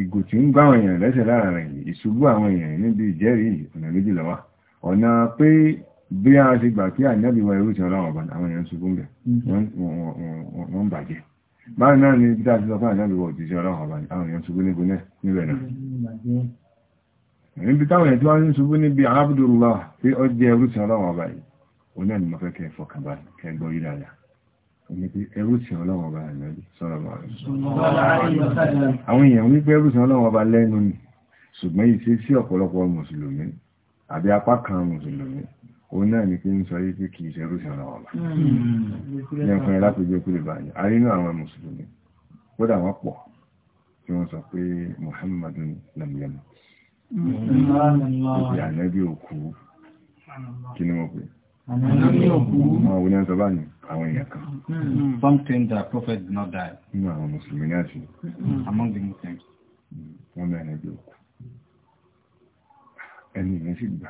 ìgò tí ń gbá àwọn èèyàn lẹ́sẹ̀ lára rẹ̀ yìí ìṣubú àwọn èèyàn níbi ìjẹ́rìí ọ̀nà méjì ló wà ọ̀nà pé bí a ti gbà pé ànábì ẹrú sí ọlọ́run ọba àwọn èèyàn ṣubú ń bẹ̀ hmm. wọ́n ń bàjẹ́ báyìí náà ni bídá àti sọpá ìlànà ìwọ̀ òjìṣẹ́ ọlọ́run ọba àwọn èèyàn ṣubú níbi náà níbẹ̀ náà níbi táwọn èèyàn tí wọ́n ń ṣubú níbi arábùdùrùlọ pé ó jẹ́ ẹrúsìn ọlọ́run ọba yìí òun náà ni mo fẹ́ kẹ́ fọkàn bá kẹgbọ́ yìí dáadáa òun pé ẹrúsìn ọlọ́run ọba ànábì sọ̀rọ̀ bá rẹ̀ àwọn èèyàn wípé ẹrúsìn ọlọ́run ọba lẹ́nu ni ṣùgbọ́n ìṣesí ọ̀pọ̀lọpọ̀ mùsùlùmí àbí apá kan mùsùlùmí òun náà ní kí ń sọ yípe kìí ṣẹrú sí ọ̀nà ọ̀la lẹ́nkùnrin lápẹjọ kúrò báyìí àrínú àwọn mùsùlùmí kódà wọ́n pọ̀ tí wọ́n sọ pé Muhammadu lamyamu hmm. ìpè ànábì òkú kí ni wọ́n pè Àwọn òní kan. Hmm. Some claim that prophet did not die. Nínú àwọn Mùsùlùmí náà sí. Hmm. Among the Muslims. Wọ́n mẹ́rin ẹgbẹ́ òkú. Ẹni ìrẹsì gbà.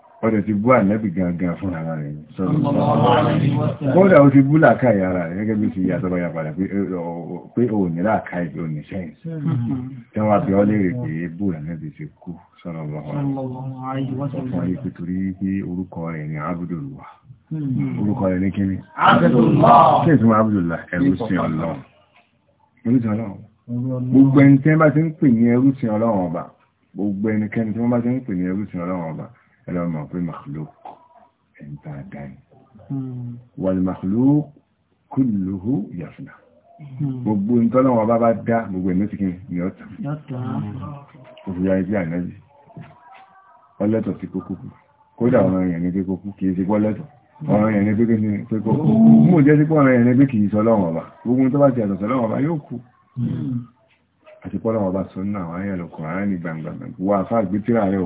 ọdẹ̀ ti bú ànẹ́bì gangan fún ara rẹ̀ sọ́rọ̀ kódà ó ti bú làákàí ara rẹ̀ gẹ́gẹ́ bí ti yàtọ̀ báyà padà pé o ní làákàí bí o ní sẹ́yìn mm-hmm. tẹ́wà bí ọ lérè pé bú ànẹ́bì ti kú sọ́rọ̀ lọ́wọ́ orúkọ rẹ̀ ní mm-hmm. kíní kí ìtumọ̀ abúlùlá ẹrú sí ọlọ́run gbogbo ẹni tí wọ́n bá ti ń pè ní ẹrú ẹlọ́mọ pé makhluk ẹ̀ntà dáì hmm. wal makhluk kulluhu yafna hmm. gbogbo ìtọ́lọ́wọ́ bá bá dá gbogbo ẹ̀mí ti kí ni ọ̀tà òfìyà ibi ànájì ọlẹ́tọ̀ sí kókó kódà ọ̀rọ̀ èèyàn ní pé kókó kìí sí pọ́lẹ́tọ̀ ọ̀rọ̀ èèyàn ní pé kókó mú hmm. jẹ́ sí pọ́lọ̀ èèyàn ní pé kìí sọlọ́wọ́ ọba gbogbo tó bá ti àtọ̀ sọlọ́wọ́ ọba yóò kú àti pọ́lọ́wọ́ ọba sọ náà wáyé lọ́kọ̀ọ́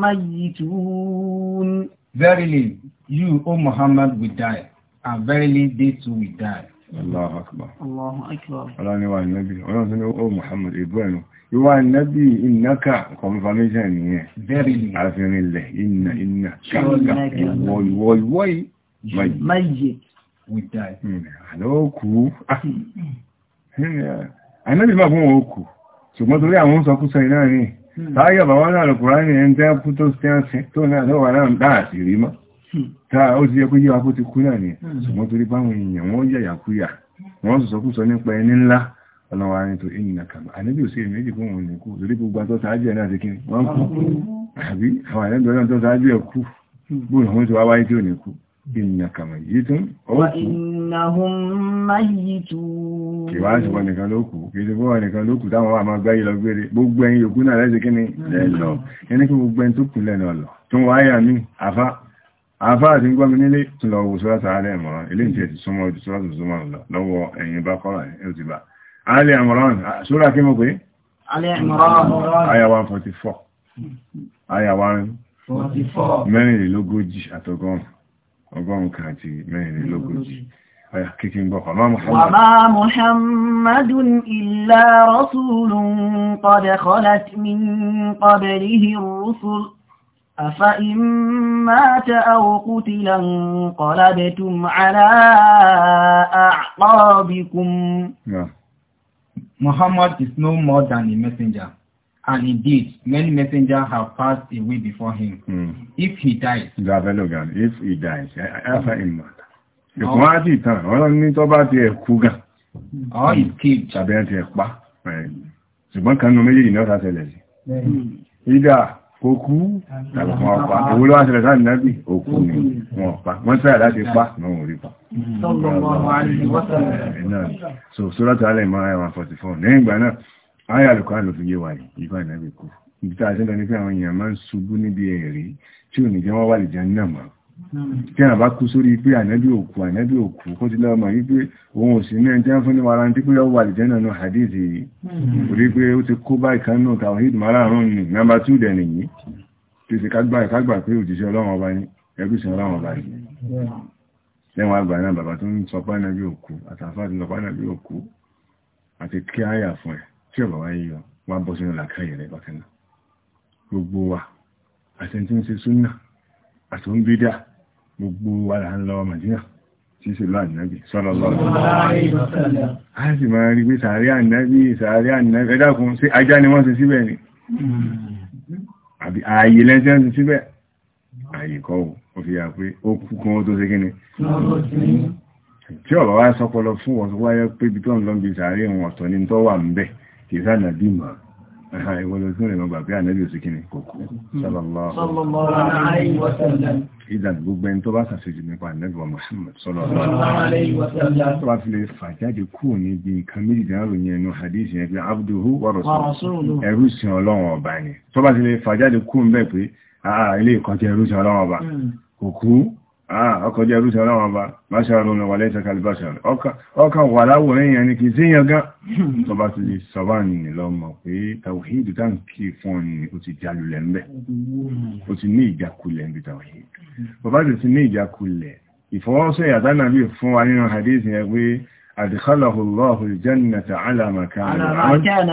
ميتون Verily, you, O Muhammad, will die, and verily they too will die. Allahu Akbar. Allahu Akbar. Ọlọ́run ni wà nẹ́bí, ọlọ́run tún ní ó Muhammad Ibrahim. Ìwà nẹ́bí ìnáka confirmation nìyẹn. Verily. Àfihàn ilẹ̀ iná iná káàkà ìwọ̀ ìwọ̀ ìwọ̀ yìí. Mayyit will die. Àlọ́ òkú. Ànábì bàbá wọn òkú. Ṣùgbọ́n torí àwọn sọkúsọ iná ni. táyà bàbá náà lọ́kùnrin na ẹni tẹ́ kú tó sí tó náà lọ́wà náà dáà sí rí mọ́ táà ó ti yẹ kó yíwa kó ti kú náà ni ṣùgbọ́n torí báwọn èèyàn wọ́n yàyà kúyà wọ́n sọ sọkúsọ nípa ẹni ńlá ọlọ́wà ní tó èyí nàkà àníbí ò sí èyí méjì fún òun ní torí gbogbo àtọ́ sáájú ẹ̀ náà ti wọ́n kú àbí àwọn tó sáájú ẹ̀ kú ìwà àṣùwọ̀ nìkan ló kù kìí ṣùgbọ́n wà nìkan ló kù táwọn wà máa gbáyé lọ gbére gbogbo ẹ̀yin yòókù náà lẹ́sẹ̀ kí ni lẹ́lọ ẹni kí gbogbo ẹni tó kù lẹ́nu ọ̀lọ̀ tó wà áyà mí àfá àfá àti gbọ́ mi nílé tó lọ wo sọ́lá alẹ́ ìmọ̀ràn ilé ìjẹ́ ti súnmọ́ ojú sọ́lá tó súnmọ́ lọ lọ́wọ́ ẹ̀yin bá kọ́rọ̀ ẹ̀ ti bá alẹ́ ìmọ̀ràn sọ́lá kí mo pé àyà 144 àyà 144 mẹ́rìnlélógójì àtọgọ́rùn-ún ọgọ́rùn-ún kan àti mẹ́rìnlélógójì وما محمد إلا رسول قد خلت من قبله الرسل أفإن مات أو قتلا انقلبتم على أعقابكم yeah. Muhammad is no more than a messenger. And indeed, many messengers have passed away before him. Mm. If he dies. If he dies. أفإن eh, مات eh, ìkùn á sì tàn ọ̀rọ̀ ní tó bá ti ẹ̀kú gan tàbí ẹ̀ ti ẹ̀pá ṣùgbọ́n kanú méjèèjì náà sàṣẹlẹ̀ sí ìdá òkú tàbí wọn ọ̀pá owó ló wá ṣẹlẹ̀ sáà nínábì òkú ni wọn ọ̀pá wọ́n sáà láti pa náà so sórọ́tà alẹ́ mọ́ ẹwà 44 lẹ́yìn ìgbà náà ayé àlùkò àlò fi yé wa yìí ìfà ìnábì kú ibi tá a ṣẹlẹ̀ ní pé kí ẹ̀nà bá kú sórí pé ànẹ́bí òkú ànẹ́bí òkú kó ti lọ́mọ yí pé òsì ní ẹjẹ́ fún ní wàrá tí pé yọ wà lìjẹ́ náà hadithi hmm. pé ó ti kó bá ìkánú tawhid márààrún ní nàmbà 2 dẹ̀ nìyí tí ti kágbà pé òjíṣẹ́ ọlọ́run àti ń bídà gbogbo wàrà ń lọ Màdínà tí sì lọ ànábì sọ́lọ́ lọ́wọ́ a sì máa rí pé sàárẹ́ ànábì sàárẹ́ ànábì ẹ sí ajá ni wọ́n ti síbẹ̀ ni ààyè lẹ́sẹ̀ ti síbẹ̀ ààyè kọ́ ò fi yà ó kú ó tó ṣe kí ni tí ọ̀rọ̀ wá sọpọlọ ìwọ̀lọ̀ tó rẹ̀ mọ̀gbà pé ànẹ́bí ò sí kí ni kòkó sallallahu alaihi wasallam ìdàn gbogbo ẹni tó bá sàṣejù nípa ànẹ́bí wa Muhammad sallallahu alaihi wasallam tó bá fi lè fàjáde kúrò níbi nǹkan méjì dánrò yẹn nù hadith yẹn pé Ah, ọkọ̀ jẹ́ rúta ọlọ́wọ́n bá máṣàrún wà lẹ́ta kalibáṣàrún ọkà wà láwòrán èèyàn ni kìí síyàn gán tó bá ti lè sọ bá nìyàn lọ́mọ pé tàwíìdù tá ń kí fún ọ ni ó ti jalulẹ̀ ń bẹ̀ ó ti ní ìjákulẹ̀ ń bí tàwíìdù bàbá ti ní ìjákulẹ̀ أدخله الله الجنة على ما كان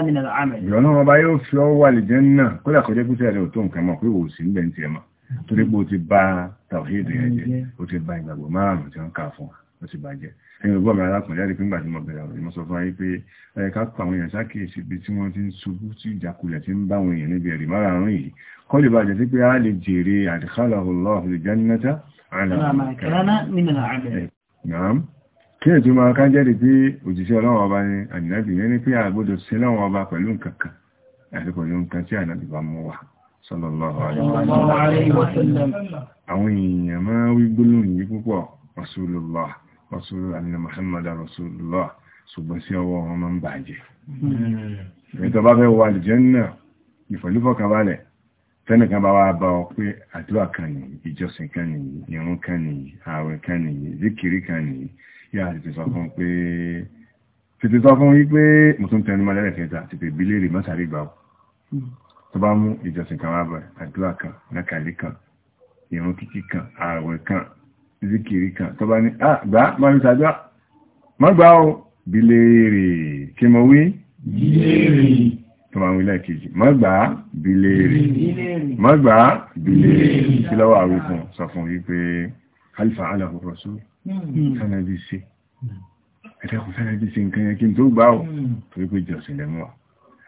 من العمل. Ìrọ̀nà ọba yóò fi ọwọ́ wà lè jẹ́ náà, kó dà kọjẹ́ kú tẹ́rẹ torí pé o ti bá tàwíìdì yẹn jẹ́ o ti bá ìgbàgbọ́ márùn-ún tí wọ́n kà fún wa ó ti bàjẹ́ ẹni ọgbọ́n mi alákùnrin láti pínpà tí mo bẹ̀rẹ̀ ọ̀rọ̀ ìmọ̀sọ̀ fún ayé pé ẹ̀ka pa àwọn èèyàn sákèèsí bí tí wọ́n ti ń ṣubú tí ìjákulẹ̀ ti ń bá àwọn èèyàn níbi ẹ̀rí márùn-ún yìí kọ́ lè bàjẹ́ sí pé a lè jèrè adkhalahu al-jannata sallallahu alaihi wasallam àwọn èèyàn máa wí gbólóhùn yìí púpọ̀ rasulullah rasulullah anna muhammad rasulullah ṣùgbọ́n sí ọwọ́ wọn máa ń bàjẹ́ ìrìntọ́ hmm. bá fẹ́ wà lìjẹ́nà ìfọ̀lúfọ̀kànbalẹ̀ tẹ́nìkan bá wá bá ọ pé àdúrà kan nìyí ìjọsìn kan nìyí ìrun kan nìyí ààwẹ̀ kan nìyí zikiri kan nìyí yáà ti sọ fún pé tètè sọ fún wípé mo tún tẹnu mọ́ lẹ́rẹ̀kẹta tètè bílẹ̀ rè mọ́sàrí gbà ọ́ tó bá mú ìjọsìn kan wá bá àdúrà kan lákàlí kan ìrun kíkí kan ààwẹ̀ kan zikiri kan tó bá ní àgbà máa ń sàdúrà má gbà ó bí léèrè kí mo wí tó bá ń wí lẹ́ẹ̀kejì má gbà bí léèrè má gbà bí léèrè kí lọ́wọ́ àwí fún sọ fún wípé alifa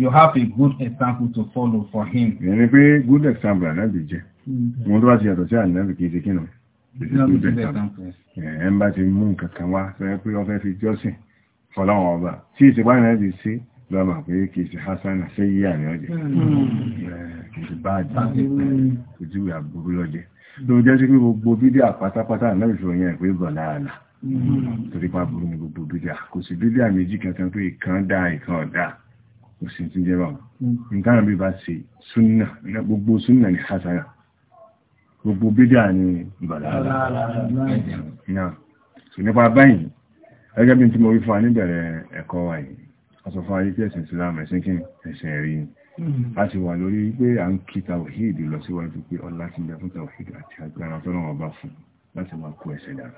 you have a good example to follow for him. Ìyẹn pé good example ànábì jẹ́. Mo mm-hmm. tó bá ti yàtọ̀ sí ànábì kìí ṣe kínú. Ẹ ń bá ti mú nǹkan kan wá sọ pé wọ́n fẹ́ fi jọ́sìn fọlọ́wọ́n ọba. Tí ìṣèpá ànábì sí lọ́mà pé kìí ṣe Hassan mm-hmm. ṣe yí àmì ọjẹ́. Kìí ṣe báàjì ojú àbúrú lọ́jẹ́. Ló jẹ́ sí pé gbogbo bídíà pátápátá ànábì fi òyìn ẹ̀pẹ́ bọ̀ láàlá. Mm-hmm. Torí pa burú ni gbogbo bídíà. Kò sí bídíà méjì kankan pé ìkan dáa ìkan ọ̀dáa kò sí ti jẹ́ báwọn hmm. nǹkan àbí bá ṣe súnà gbogbo súnà ní hasara gbogbo bídà ní bàlálà náà so nípa báyìí gẹ́gẹ́ bí tí mo wí fún wa níbẹ̀rẹ̀ ẹ̀kọ́ wa yìí a sọ fún ayé tí ẹ̀sìn Islam ẹ̀sìn kí ẹ̀sìn ẹ̀rí hmm. a sì wà lórí pé à ń kí tawhid lọ síwájú pé ọlá ti jẹ fún tawhid àti agbára tọ́lọ́wọ́ bá fún láti máa kó ẹsẹ̀ dára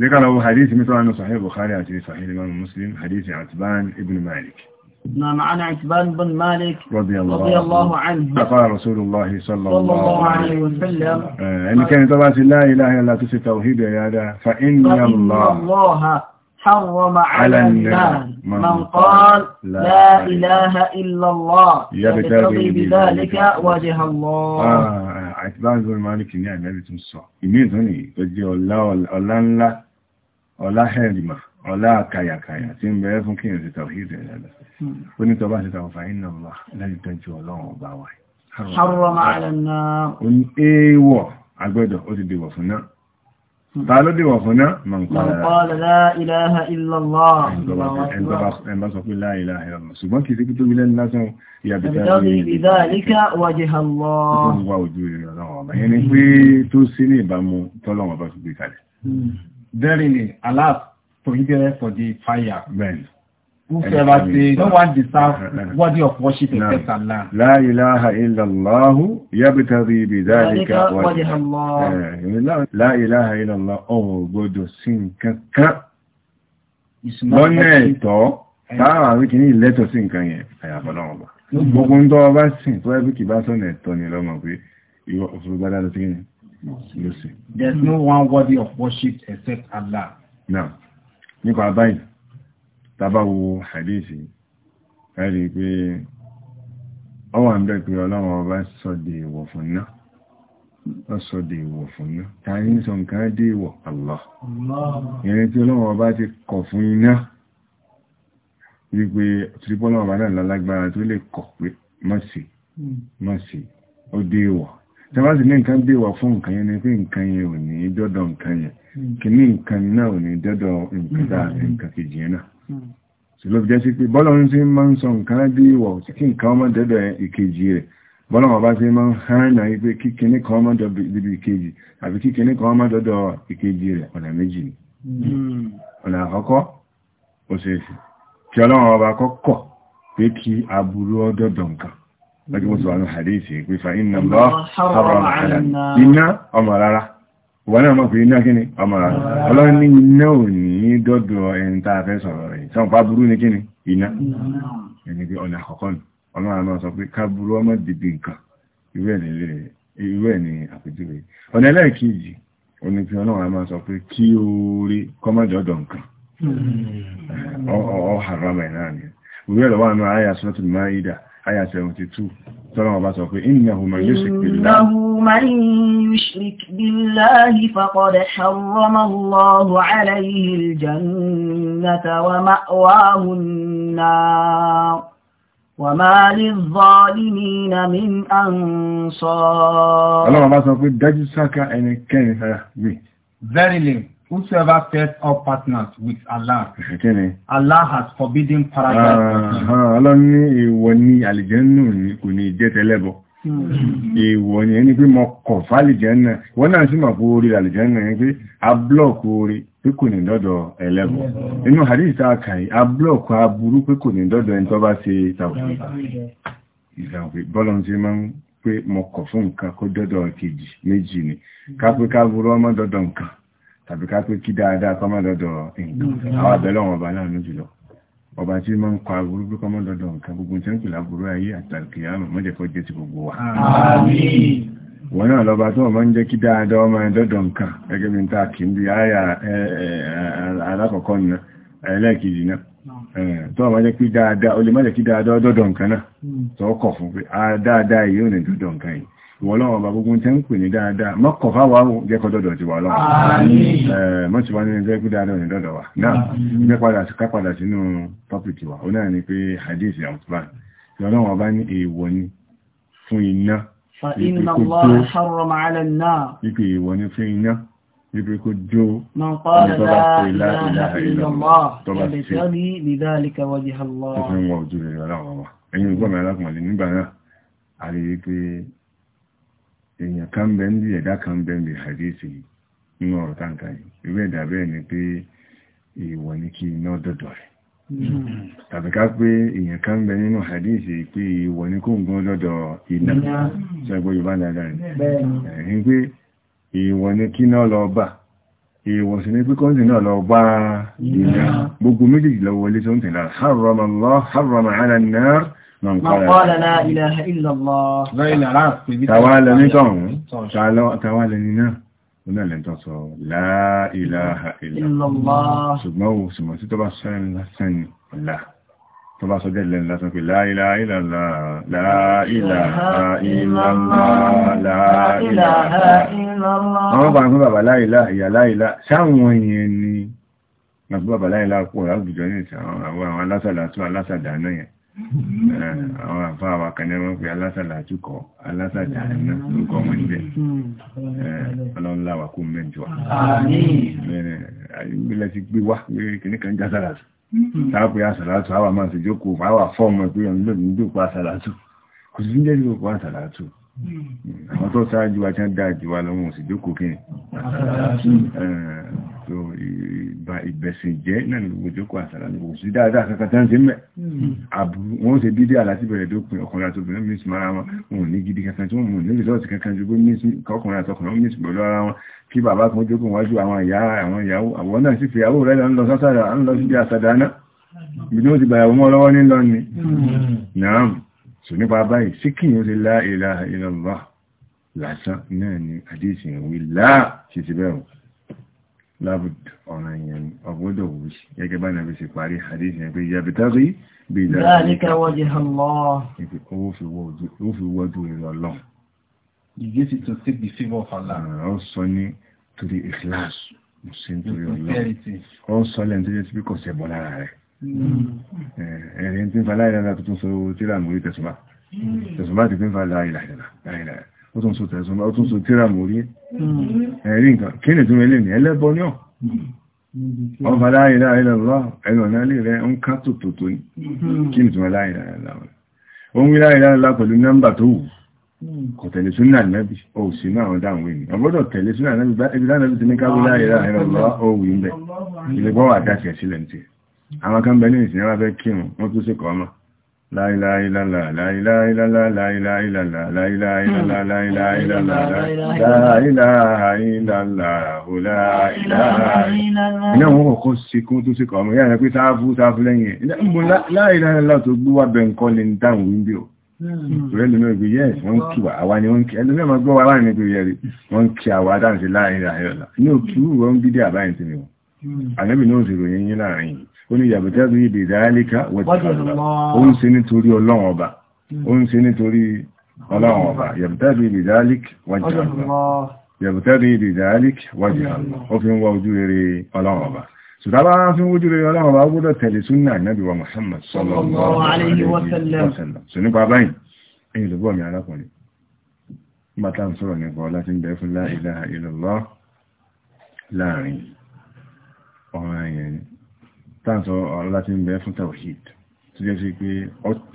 ذكره حديث مثل أنه صحيح بخاري عن صحيح الإمام مسلم حديث عتبان ابن مالك نعم عن عتبان بن مالك رضي الله, رضي الله عنه فقال رسول الله صلى الله عليه وسلم إن كان تبعث لا إله إلا تسي توحيد يا دا فإن الله, الله حرم على النار من قال لا إله إلا الله يبتغي بذلك وجه الله عتبان بن مالك ní àgbẹ̀bẹ̀ tún sọ ìmí ìtún ni tó jẹ́ ọlá ọlá kàyàkàyà tí ń bẹ̀rẹ̀ fún kí n sí tàwíìdì ẹ̀lẹ́lẹ́ hmm. ó ní tọba sí tàwọ̀fà iná lọ láti tọ́jú ọlọ́run ọba wa ẹ̀wọ̀ agbẹ́dọ̀ ó ti dìwọ̀ fún náà hmm. ta ló dìwọ̀ fún náà man qala la ilaha illallah ẹ̀mbá sọ pé la ilaha illallah ṣùgbọ́n kìí sí kí tóbi lẹ́nu lásán ìyàbìtà prohibited for the fire. Bẹ́ẹ̀ni. Whosoever say no one deserves worthy of worship except Allah. La ilaha illallah yabtaghi bidhalika wajha Allah. La ilaha illallah ò gbọdọ̀ sí nǹkan kan. Lọ́nà ẹ̀tọ́ táàrà wíkì ní ìlẹ́tọ̀ sí nǹkan yẹn àyàfọ́lọ́wọ́ bá. Gbogbo ń tọ́ bá sìn tó ẹbí kì bá sọ́nà ẹ̀tọ́ ni lọ́mọ pé ìwọ̀ òfurufú There's no one worthy of worship except Allah. No nípa báyìí tàbáwo hadisi ẹ̀rí pé ọwà ń bẹ́ pé ọlọ́run ọba sọ́dẹ̀ ìwọ̀ fún náà ọ sọ́dẹ̀ ìwọ̀ fún náà tàbí ń sọ nǹkan dé ìwọ̀ Allah ìrìn tí ọlọ́run ọba ti kọ̀ fún iná wípé tìrìpọ́ ọlọ́run ọba náà lálágbára tó lè kọ̀ pé mọ́sí mọ́sí ó dé tẹ́bá sì ní nǹkan dé fún nǹkan yẹn ni pé nǹkan yẹn ò ní dọ́dọ̀ nǹkan yẹn kìíní nǹkan náà ní dọ́dọ̀ mm-hmm. nǹkan kejì yẹn náà mm-hmm. jẹ́ sí pé bọ́lọ́run sí máa ń sọ nǹkan bí ìwọ̀ tí kí nǹkan ọmọ dọ́dọ̀ ìkejì rẹ̀ bọ́lọ́run bá sí máa ń hánà wípé kí kìíní kan mm-hmm. ọmọ wọ́n náà mọ̀ pé iná kíni ọmọ ọlọ́rin ní iná ò ní dọ́dọ̀ ẹni tá a fẹ́ sọ̀rọ̀ rẹ̀ sọ pa burú ní kíni iná ẹni pé ọ̀nà àkọ́kọ́ ni ọlọ́run máa sọ pé ká burú ọmọ dìbì nǹkan irú ẹ̀ ní àpèjúwe ọ̀nà ẹlẹ́ẹ̀kejì oní pé ọlọ́run sọ pé kí hmm. haram ẹ̀ náà ni òwe ẹ̀rọ Maida àyà 72 tọ́lọ́ ọba sọ pé innahu man yushrik billahi faqad harrama Allahu alayhi al-jannata wa ma'wahu an-nar wa min ansar bá sọ pé dájú sáká ẹni kẹrin sára gbé verily Whosoever sets up partners with Allah, Allah has forbidden paradise. Allah ní èèwọ̀ ni àlìjẹ́nù ní kò ní jẹ́ tẹ́lẹ́bọ̀. Èèwọ̀ hmm. ni ẹni pé mo kọ̀ fàlìjẹ́nà, wọ́n náà sí mọ̀ kó orí àlìjẹ́nà ẹni pé a blọ́ọ̀kù orí pé kò ní dọ́dọ̀ ẹlẹ́bọ̀. Hmm. Inú hadith tá a kà yìí, a blọ́ọ̀kù aburú pé kò ní dọ́dọ̀ ẹni tó bá ṣe tàwùjọ. Ìsàwùjọ mo kọ̀ fún nǹkan kó dọ́dọ̀ ni. Ká pé ká burú ọmọ tàbí ká pé kí dáadáa kọ́mọ́ dọ́dọ̀ nǹkan àwọn abẹ́lẹ̀ wọn ọba láàánú jùlọ ọba tí máa ń kọ aburú pé kọ́mọ́ dọ́dọ̀ nǹkan gbogbo tí ń pè láburú ayé àtàkì àmọ́ mọ́jẹ̀kọ́ jẹ́ ti gbogbo wa. wọn náà lọ́ba tó wọ́n máa ń jẹ́ kí dáadáa ọmọ ẹ̀dọ́dọ̀ nǹkan gẹ́gẹ́ bí n ta kì í bí àyà alákọ̀ọ́kọ́ nà ẹlẹ́ẹ̀kejì náà mm. tó wọ́n máa jẹ́ kí dáadáa ó lè má jẹ́ kí dáadáa ọdọ́dọ̀ nǹkan náà mm. tó kọ̀ fún pé ah, dáadáa yìí ò ní dọ́dọ̀ nǹkan yìí wọ́lọ́wọ́ bá gbogbo tẹ́ ń pè ní dáadáa mọ́kọ̀ fáwọ́ jẹ́kọ́ dọ́dọ̀ ti wà lọ́wọ́ mọ́ ti wá ní ẹgbẹ́ pín dáadáa ní dọ́dọ̀ wà náà jẹ́ padà sí kápadà sínú tọ́pìkì wà ó náà ni pé hadith yamutban tí ọlọ́wọ́ bá ní èèwọ̀ ni fún iná ipe èèwọ̀ ni fún iná ipe kó jó ẹ̀yìn gbọ́mọ̀ alákùnrin nígbà náà àríyí pé èèyàn kan bẹ ń bí ẹ̀dá kan bẹ ń bí hadith yìí nínú ọ̀rọ̀ táǹkà yìí irú ẹ̀dá bẹ́ẹ̀ ni pé ìwọ̀ ní kí iná dọ̀dọ̀ rẹ̀ tàbí ká pé èèyàn kan bẹ nínú hadith yìí pé ìwọ̀ ní kó ń gán lọ́dọ̀ iná ṣẹ́gbọ́ yorùbá dáadáa ni ẹ̀yìn pé ìwọ̀ ní kí náà lọ bà ìwọ̀ sí ní píkọ́ sí náà lọ bá iná gbogbo méjèèjì lọ wọlé tó ń tẹ̀lá harrama Allah harrama ala من قال لا إله إلا الله توالى نتعون توالى ننا Oná ilẹ̀ tó sọ la ilaha illallah. Ṣùgbọ́n o sì mọ̀ sí tó bá sọ ẹni lásán ni ọ̀la. Tó bá sọ jẹ́ ilẹ̀ lásán pé la ilaha illallah, la ilaha illallah, la ilaha illallah. Àwọn bá ń fún bàbá la ilaha ìyá la ilaha. Ṣáwọn yẹn ni, màá fún bàbá la ilaha pọ̀ láwùjọ ní ìṣàwọn àwọn alásàdà tó alásàdà náà yẹn. Eh, àwọn àfá àwà kan ẹmọ́ pé alásàlá àtúkọ̀ alásàjà ẹ̀nà lókọ̀ ọmọ ìbẹ̀ eh, ọlọ́láwà kó mẹ́jọ ìgbìlẹ̀ ti gbé wá kìní kan já sàlátù tàbí àsàlátù àwà máa ti jókòó àwà fọ́ọ̀mọ̀ pé ọ̀nà lóògbé pa sàlátù kò sí jẹ́ jókòó pa àwọn tó sáájú wa tí wọ́n dáa jù wa lọ́wọ́ òsì jókòó kí ìbẹ̀sìn jẹ́ náà ní gbogbo jókòó àsàrà ní gbogbo sí dáadáa kankan tán sí mẹ́ àbúrú wọ́n se dídí àláti bẹ̀rẹ̀ dópin ọkùnrin àti obìnrin mí sùn ara wọn wọn ní gidi kankan tí wọ́n mú ní rìsọ́ọ̀tì kankan ju ọkùnrin àti ọkùnrin mí sùn pẹ̀lú ara wọn kí bàbá kan jókòó wájú àwọn ìyá àwọn ìyàwó àwọn náà sì fi ìyàwó rẹ̀ lọ ń lọ sásàrà ń lọ sí bí àsàdá náà bí ní ó ti gbà so nípa báyìí sí kí yíó ṣe la ilaha illallah lásán náà ni àdíṣì ìwé láà ṣe ti bẹ̀rù lábùd ọ̀rọ̀ ìyẹn ọgbọ́dọ̀ wù sí gẹ́gẹ́ bá nàbí sí parí àdíṣì ẹgbẹ́ yabtaghi bí dhalika wajha Allah ó fi wọ́dú ìrọ̀ ọlọ́run You get it to take ẹ̀rin tí ń fa láìlára tó tún so tíra mórí tẹ̀sùnbá tẹ̀sùnbá ti fi ń fa láìlára ó tún so tẹ̀sùnbá ó tún so kí ni túnmọ̀ ní ẹlẹ́bọ ní ọ̀ fa láìlára ẹ̀rọ tó wù kò tẹ̀lé súnà náàbì ó sì náà wọ́n dáhùn wé ní ọgbọ́dọ̀ tẹ̀lé súnà náàbì bá ibi láàrín ti ní káàbù láìlára ẹ̀rọ ọ̀wù ń bẹ̀ ilé dáṣẹ̀ sílẹ̀ ní tiẹ̀ àwọn kan bẹ ní ìsìn ara fẹ́ kírun wọ́n tún sí kọ́ọ̀mà láìláìlàlà láìláìlàlà láìláìlàlà láìláìlàlà láìláìlàlà láìláìlàlà iná wọn kọ̀kọ́ sí kún tó sí kọ́ọ̀mà yára pé sáfú sáfú lẹ́yìn láìláìlàlà tó gbúwà bẹ̀ ń kọ́ lè ń dáhùn wíńbí o Ìrẹ́ lómi ògbé yẹ́s, wọ́n kí wà, àwa ni wọ́n kí, ẹlòmí ọmọ gbọ́ wa láàrin ní gbèrè rí, wọ́n kí àwa dáǹsì láàrin ayọ́lá. Ní òkú wọ́n bí dé àbáyìn tí mi wọ́n. Àlẹ́bì náà sì ròyìn yín láàrin yìí ó ní yàbùtá bí ìdè ìdáyálíkà ó ń ṣe nítorí ọlọ́run ọba hmm. ó ń ṣe nítorí ọlọ́run ọba yàbùtá bí ìdè ìdáyálíkà wájà yàbùtẹ́rí ìdìdárík wájì ó fi ń wá ojú rere ọlọ́run ọba ṣùgbọ́n a fi ń wójú rere ọlọ́run ọba gbọ́dọ̀ tẹ̀lé súnà Ànábì wa Muhammad tàǹsọ ọ̀lá tí ń bẹ fún tawhid tó jẹ́ sí pé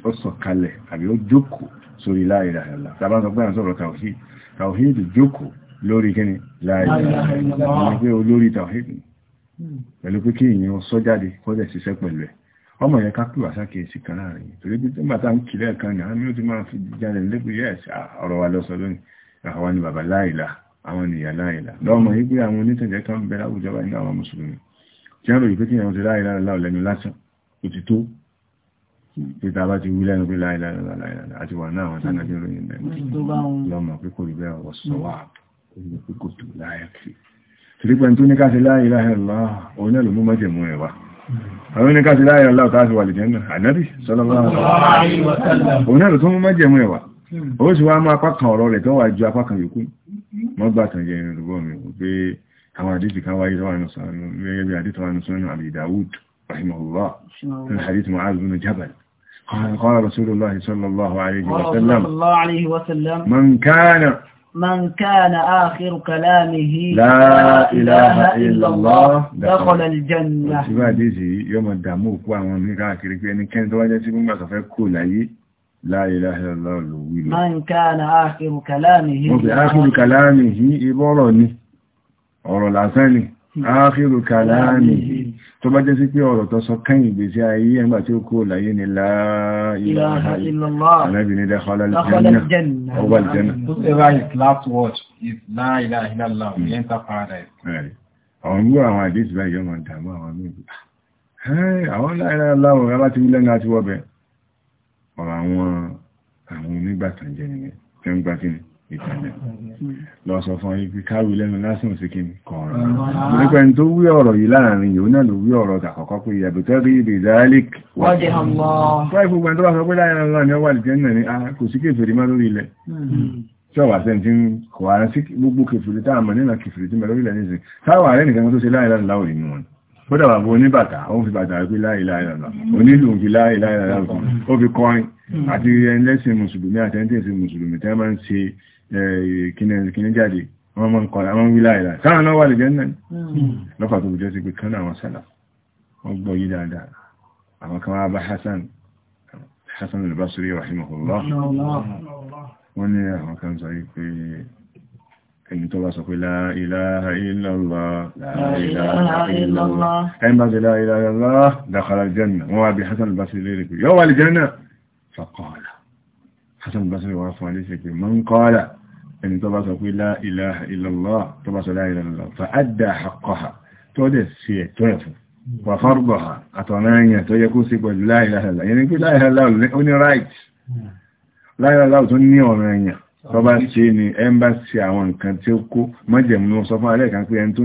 ó sọ̀kalẹ̀ àbí ó jókòó sórí la ilaha illallah tàbá sọ pé à ń sọ̀rọ̀ tawhid tawhid jókòó lórí kíni la ilaha illallah pé olórí tawhid pẹ̀lú pé kí èèyàn sọ jáde kọ́dẹ̀ ṣiṣẹ́ pẹ̀lú ẹ̀ ọmọ yẹn ká pè wá sákèésí kan láàrin torí pé nígbà tá ń kìlẹ̀ kan ní àmì ó ti máa fi jáde lẹ́gbẹ̀ yẹ́ ọ̀rọ̀ wa lọ́sọ lónìí àwọn ni bàbá la ilaha àwọn ènìyàn la ilaha lọ́mọ yìí pé àwọn onítẹ̀jẹ́ kan bẹ láwùjọ báyìí ní tí wọ́n lòyìn pé kí ẹ̀wọ̀n ti láìláìláà lẹ́nu lásán ó ti tó pé ta bá ti wí lẹ́nu pé láìláìláà àti wà náà wọn sáà náà lóyìn lọ́mọ pé kò rí bẹ́ẹ̀ wọ́n sọ wà pé kò tó láyàkì tìrípẹ́ tó ní káṣe láìláìláà òun náà ló mú mọ́jẹ̀mú ẹ̀ wá àwọn ní káṣe láìláìláà táà fi wà lè jẹ́ náà ànábì sallallahu alaihi wasallam òun náà ló tó mú mọ́jẹ̀mú ẹ̀ wá hmm. ó sì wá mú apá kan ọ̀rọ̀ rẹ̀ tó wà ju apá kan yòókù mọ́gbà tàn jẹ́ ìrìnlúgbọ́ mi pé كما حديث كما يروي رواه مسلم يروي حديث رواه مسلم عن داود رحمه الله من حديث معاذ بن جبل قال قال رسول الله صلى الله عليه وسلم صلى الله عليه وسلم من كان من كان آخر كلامه لا إله إلا الله دخل الجنة سبعة ديزي يوم الدموك وهم من آخر كأن كان دواجة سبعة سفر كل أي لا إله إلا الله من كان آخر كلامه آخر كلامه إبراني ọ̀rọ̀ lásán ni áàkìrù hmm. kàláàmì tó bá jẹ́ sí pé ọ̀rọ̀ tó sọ kẹ́yìn ìgbésí ayé ẹgbà tí ó kó láyé ni la ilaha illallah anábì ní dakhala al-jannah ọgbà al-jannah whoever is last word is la ilaha illallah we enter paradise àwọn gbọ́ àwọn àdísì báyìí ọmọ ìdàmú àwọn méjì àwọn láìlá láwọn ọ̀rọ̀ láti wílẹ̀ náà ti wọ́bẹ̀ ọ̀rọ̀ àwọn onígbàtànjẹ́ nìyẹn tí ó ń gbá kí ni Mm. lọ sọ fún ibi káwí lẹ́nu lásán sí kí kọ̀ọ̀rọ̀ nípa ẹni tó wí ọ̀rọ̀ yìí láàrin yìí náà ló wí ọ̀rọ̀ tàkọ́kọ́ pé ìyàbò tẹ́ rí ibi ìdáálík wọ́dẹ̀ ọmọ fún ìfúgbà tó bá sọ pé láàrin ọlọ́run ni ó wà lìjẹ́ náà ni a ah, kò sí kéfèrè má lórí ilẹ̀ mm. ṣọ́wà sẹ́ntí kò ara sí gbogbo kèfèrè tá a mọ̀ nínú kèfèrè tí mẹ́lórí ilẹ̀ nísìn táwà rẹ̀ nìkan tó ṣe ó fi bàtà rí láìláìlá onílù fi láìláìlá ó fi kọrin mm. àti ẹlẹ́sìn mùsùlùmí àtẹ́ntẹ́sìn mùsùlùmí tẹ́ máa ń ṣe Eh, kíní jáde wọ́n mọ́ nǹkan àwọn wílá ìlà sáà náà wà lè jẹ́ náà lọ́fà tó jẹ́ sí pé kán àwọn sálà wọ́n gbọ́ yí dáadáa àwọn kan wá bá Hassan Hassan al-Basri rahimahullah wọ́n ní àwọn kan sọ pé ẹni tó bá sọ pé la ilaha illallah la ilaha illallah ẹni bá sọ la ilaha illallah dakhala al-janna wọ́n wá Hassan basri lè fún alẹ́sẹ̀ pé man ẹni tó bá sọ pé la ilaha illallah tó bá sọ la ilaha illallah fa adda haqqaha tó dẹ̀ sí ẹ̀tọ́ ẹ̀ fún wà fárúgbọ̀ha àtọ̀nà ẹ̀yàn tó yẹ kó sí pẹ̀lú la ilaha illallah yẹn ni pé la ilaha illallah ó ní right la ilaha illallah tó ní ọ̀rọ̀ ẹ̀yàn tó bá ṣe ni ẹn bá ṣe àwọn nǹkan tí ó kó májẹ̀mú ní sọ fún alẹ́ kan pé ẹni tó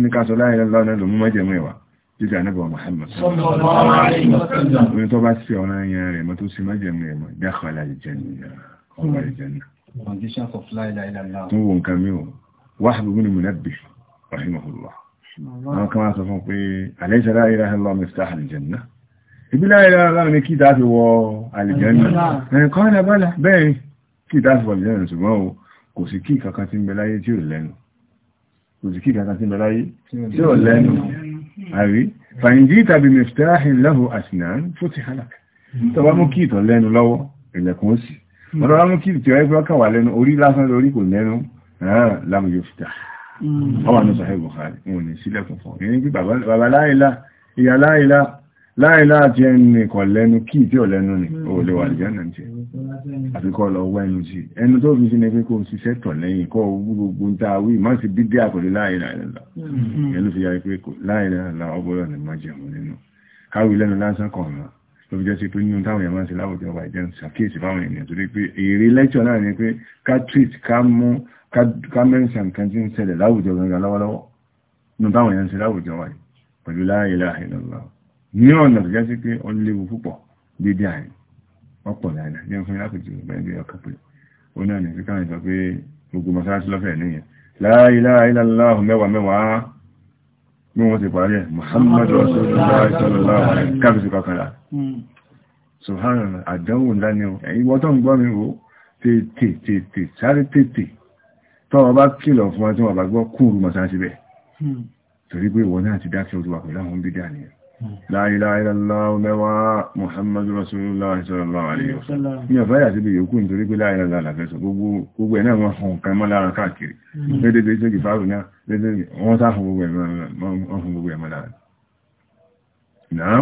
conditions of la ilaha illallah tó wọ nǹkan mi ò Wahb ibn Munabbih rahimahullah àwọn kan wá sọ fún pé alaysa la ilaha illallah miftah al-jannah ibi la ilaha illallah ni kí dáàfi wọ al-jannah ẹ̀kọ́ ìlàbálà bẹ́ẹ̀ kí dáàfi wọ al-jannah ṣùgbọ́n o kò sí kí kankan tí ń bẹ láyé tí ò lẹ́nu kò sí kí kankan tí ń bẹ láyé tí ò lẹ́nu àrí fàyìnjí tàbí miftahin lahu asnan futiha lak tọba mú kí ìtọ̀ lẹ́nu lọ́wọ́ ìlẹ̀kùn wọ́n rọra mú kí ìtì ọ̀rẹ́ gbọ́kàn wà lẹ́nu orí lásán lórí kò lẹ́nu lámù yóò fi tà ọwà mm. ní sọ̀hẹ́ Bukhari wọn ni sílẹ̀kùn fún ìrìn pí bàbá láìlá ìyá láìlá láìlá àti ẹni kọ̀ lẹ́nu kí ìtì ọ̀lẹ́nu ni mm. ó lè wà lẹ́jẹ́ náà jẹ́ àfikọ́ lọ wá ẹnu sí ẹnu tó fi sí ni pé kó o ṣiṣẹ́ tọ̀ lẹ́yìn kọ́ gbogbo ń ta wí má sì bí dé àkọlé láìlá ìlà mm. ẹnu fi yára pé láìlá ọgbọ́dọ̀ ni má jẹun nínú káwí lẹ́nu lásán kọ̀ọ̀rọ̀ tó fi jẹ́ sí pé nínú táwọn èèyàn máa ń ṣe láwùjọ ọba ìjẹ́ ṣàkíyèsí fáwọn èèyàn torí pé èrè lẹ́kṣọ̀ náà ni pé ká treat ká mú ká mẹ́rìnsà nǹkan tí ń ṣẹlẹ̀ láwùjọ gangan lọ́wọ́lọ́wọ́ nínú táwọn èèyàn ń ṣe láwùjọ wa pẹ̀lú la ilaha ní ọ̀nà tó jẹ́ sí pé ó bí wọ́n ti parí ẹ̀ Muhammadu Rasulullah sallallahu alaihi kábísì kọkànlá hmm. subhanallah àdánwò ńlá ni ìwọ tó ń gbọ́ mi wò tètè sáré tètè tọ́wọ́ bá kìlọ̀ fún wa tí wọ́n bá gbọ́ kúrú mọ̀sánsíbẹ̀ hmm. torí pé ìwọ náà ti dákẹ́ òdúwà pẹ̀lú àwọn bídà nìyẹn la ilaha illallah mẹ́wàá muhammadu rasulullah sallallahu alaihi wasallam ní ọ̀fẹ́ àti bí yòókù nítorí pé la ilaha illallah làfẹ́sọ gbogbo ẹ̀ náà wọ́n hàn kan mọ́ lára káàkiri lédèdè mm. ìṣẹ́gì fáàrù náà lédèdè wọ́n sáhùn gbogbo ẹ̀mọ́ lára náà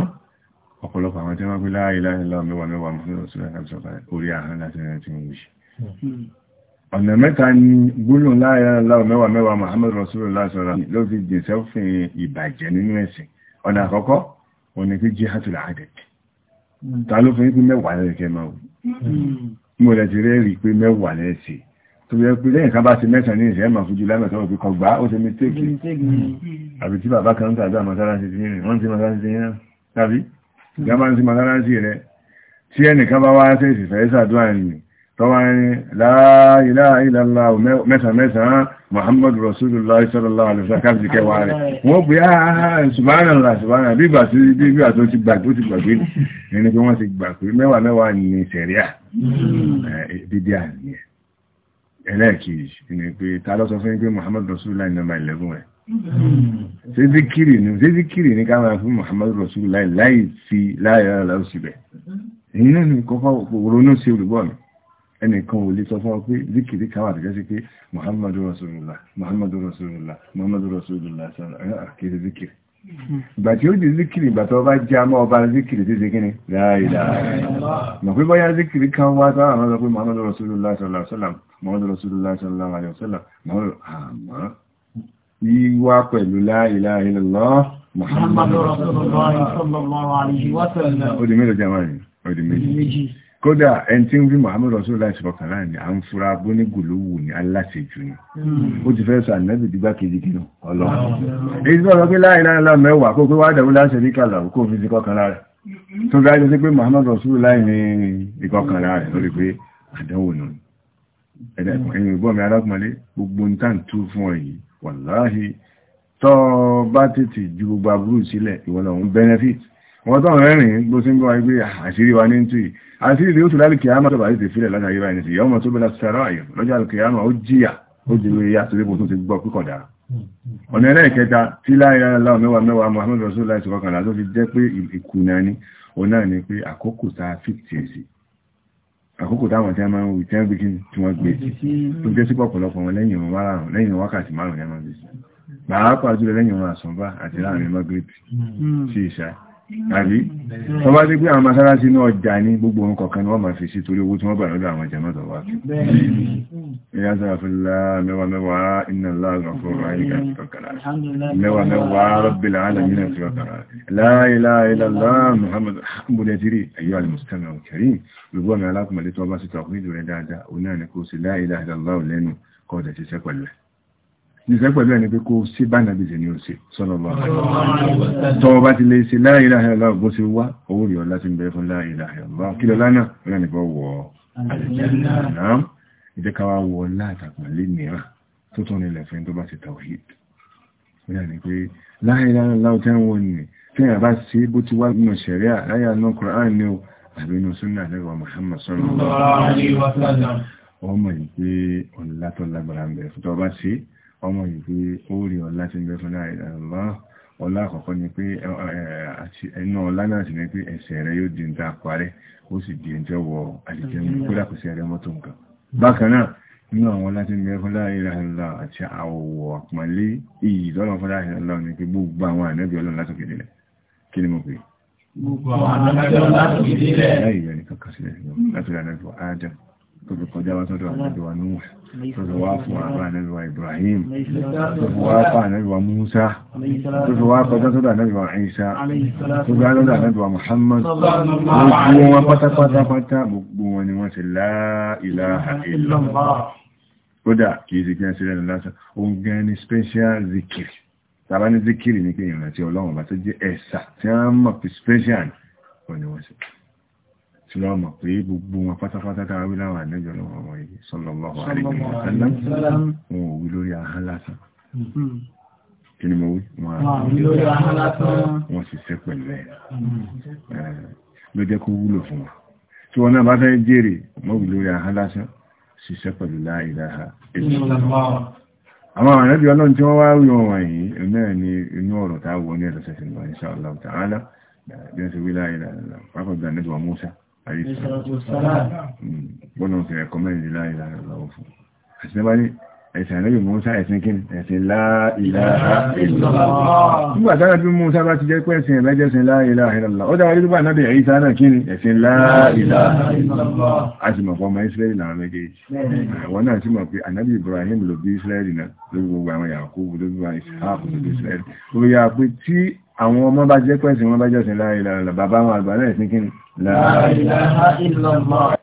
ọ̀pọ̀lọpọ̀ àwọn tí ọ̀nà àkọ́kọ́ òní tí jí hàtùlà àdẹ̀kì ta ló fún hmm. pé mẹ́wàá lẹ́ẹ̀kẹ́ máa mo lẹ̀ ti rẹ́rìí pé mẹ́wàá lẹ́ẹ̀sì tó yẹ pé lẹ́yìn kan bá ti mẹ́sàn ní ìṣẹ́ mà fújú lámẹ̀ sọ́wọ́ pé kọ gbá ó ti mistake hmm. àbí tí bàbá kan tàbí àmọ́sáráṣí ti rìn tọ́wà ní la ilaha illallah mẹ́sàn-mẹ́sàn Muhammad Rasulullah sallallahu alaihi wasallam káàkiri kẹwàá rẹ̀ wọ́n bí áhà ah, ah, ah, subhanallah subhanallah bí ìgbà tí bí ìgbà tó ti gbà tó ti gbàgbé ẹni pé wọ́n ti gbà pé mẹ́wàá mẹ́wàá ní sẹ̀ríà hmm. eh, dídí àníyẹ ẹlẹ́ẹ̀kejì ni pé ta ló sọ fún pé Muhammad Rasulullah nọ́mbà 11 rẹ̀ sẹ́díkìrì hmm. ni sẹ́díkìrì ní káàmà fún Muhammad Rasulullah láì hmm. sí láyọ̀ lọ́sibẹ̀ èyí náà ẹnìkan ò lè sọ fún ọ pé zikiri káwà tó jẹ́sí pé muhammadu rasulullah muhammadu rasulullah muhammadu rasulullah ah, ah, kìí zikiri ìgbà tí ó di zikiri ìgbà tó bá jẹ́ àmọ́ ọba zikiri tí ṣe kíni láìláà mọ̀ pé bọ́yá zikiri kan wá tó àwọn ọmọ pé muhammadu rasulullah sallallahu alaihi wasallam muhammadu rasulullah sallallahu alaihi wasallam muhammadu àmọ́ yíwá pẹ̀lú láìláà illallah muhammadu rasulullah sallallahu kódà ẹni tí ń rí Muhammad Rasulullah ìṣọ̀kànlá ni a ń fura bó ní gùlúwù ní aláṣejù ni hmm. ó ti fẹ́ sọ ànẹ́bì dígbà kejì kínú ọlọ́run èyí tó ọ̀rọ̀ pé láìláìlá mẹ́wàá kó pé wá dẹ̀wó láṣẹ ní kàlà kó fi sí kọkànlá rẹ̀ tó dájú sí pé Muhammad Rasulullah ní ìkọkànlá rẹ̀ lórí pé àdánwò nù tọ́ bá tètè ju gbogbo aburú sílẹ̀ ìwọ̀n lọ́wọ́ benefit wọ́n tọ́ rẹ́rìn bó sí ń bọ́ wáyé pé àṣírí wa ní ń tù yìí àṣírí rí ó tún lálùkì àmà tọ́bà yìí ti fílẹ̀ láti ayé báyìí ìyá ọmọ tó bẹ́lá sẹ́rọ àyè lọ́jọ́ àlùkì àmà ó jìyà ó di lórí yá torí bó tún ti gbọ́ pípọ̀ dára ọ̀nà ẹlẹ́ẹ̀kẹta tí láìláìlá mẹ́wàá mẹ́wàá Muhammad Rasulullah ti kọkànlá tó fi jẹ́ pé ìkùnà ni òun náà ni pé àkókò tá a fi tiẹ̀ sí àkókò táwọn tí a máa ń wí tẹ́ gbígbín tí wọ́n gbé tó jẹ́ sí pọ̀pọ̀lọpọ̀ wọn lẹ́yìn wákàtí márùn-ún ní a máa ń gbé sí pàápàá jùlọ lẹ́yìn wọn àsọ̀nbá àti láàrin magrib sí ìṣáà àbí wọ́n bá dé pé àwọn masára sí inú ọjà ní gbogbo ohun kọ̀ọ̀kan ni wọ́n máa fi sí torí owó tí wọ́n bà lọ́dọ̀ àwọn jẹmọ́tọ̀ wá kí ẹ̀yà sára fún mẹ́wàá mẹ́wàá iná láàrín fún ráyíká ìfọ̀kàrà mẹ́wàá mẹ́wàá rọ́bìlà alàmìnà ìfọ̀kàrà láìláìlàlá muhammad bùdẹ̀tìrì ayọ́ alìmùsùtánà òkèrè gbogbo ọmọ alákùnmọ̀lẹ́tọ́ bá sí tàwídù rẹ̀ dáadáa onáà ni kó nìkan pẹ̀lú ẹni pé kó sí bánàbí sí ni ó sí sọ́lọ́lọ́ tọwọ́ bá ti lè sí la ilaha illallah bó ṣe wá owó rí ọlá ti ń bẹ̀rẹ̀ fún la ilaha illallah kí lọ lánà rẹ̀ nìkan wọ àlùjánnà ìdẹ́káwà wọ látàpàlé mìíràn tó tún nílẹ̀ fẹ́ tó bá ti tawhid ìrìn pé la ilaha illallah tẹ́ ń wọ́n ni tí a bá sí bó ti wá súnà lẹ́wọ̀ Muhammad sallallahu ọmọ ìpé ọ̀nà látọ̀ ń bẹ̀rẹ̀ fún tó bá sí ọmọ ìgbé orí ọ̀lá tí ń bẹ fún láìláàlá ọlá àkọ́kọ́ ni pé ẹnu ọlá náà sì ni pé ẹ̀ṣẹ̀ rẹ yóò di nta parẹ́ ó sì di ẹjọ́ wọ àdìjẹ́ mi kódà kò sí ẹrẹ mọ́tò nǹkan bákan náà nínú àwọn ọlá tí ń bẹ fún láìláàlá àti àwọ̀ àpọ̀nlé iyì lọ́nà fún láìláàlá ni pé gbogbo àwọn ànábì ọlọ́run látòkè nílẹ̀ kí ni mo pè gbogbo àwọn ànábì ọlọ́run látòkè nílẹ̀ tó fi kọjá wá sọ́dọ̀ àjẹ́dọ̀wà Nuh tó wá fún àbá ànẹ́bíwá Ibrahim tó fi wá fún ànẹ́bíwá Musa tó fi wá kọjá sọ́dọ̀ ànẹ́bíwá Isa tó fi wá sọ́dọ̀ ànẹ́bíwá Muhammad gbogbo wọn pátápátá gbogbo wọn ni wọ́n ti la ilaha illallah kódà kìí sí gẹ́ẹ̀sì rẹ̀ lásán òun gẹ́ẹ̀ ni special zikiri tàbá ní zikiri ní kí ìrìnàtí ọlọ́run bá tó tí wọ́n mọ̀ pé gbogbo wọn pátápátá tá a wí láwọn àlẹ́jọ́ lọ́wọ́ wọn yìí sallallahu alaihi wasallam wọn ò wí lórí ahọ́n lásán hmm. kí ni mo wí wọ́n sì ṣe pẹ̀lú hmm. ẹ̀ ló jẹ́ kó wúlò fún wọn tí wọ́n náà bá fẹ́ jèrè mọ́ wí lórí ahọ́n lásán ṣiṣẹ́ pẹ̀lú la ilaha illallah àwọn àrẹ́bí ọlọ́run tí wọ́n wá rí wọn wọ̀nyí náà ni inú ta'ala bí wọ́n ti wí la Bọ́nà ti rẹ̀kọ́mẹ́ndì láìláà lọ́wọ́ fún. Àti tẹ́bá ní ẹ̀sìn àlẹ́bì Mùsá ẹ̀sìn kí ẹ̀sìn láìláà ìlọ́lọ́. Nígbà tára bí Mùsá bá ti jẹ́ pé ẹ̀sìn ẹ̀lẹ́jẹ́sìn láìláà ìlọ́lọ́. Ó dára nígbà náà bẹ̀rẹ̀ ìsá náà kí ni ẹ̀sìn láìláà ìlọ́lọ́. A sì mọ̀ fọ́ ọmọ Ísírẹ́lì náà méjèèjì. Àwọn náà sì mọ̀ pé Ànábì Ibrahim ló bí Ísírẹ́lì náà lórí gbogbo àwọn Yàkúbù lórí gbogbo Ìsáàkù lórí Ísírẹ́lì. Ó yà pé tí àwọn ọmọ bá jẹ́ pẹ́sì wọn bá jọ́sìn láàrín lára bàbá wọn àgbà náà láàrín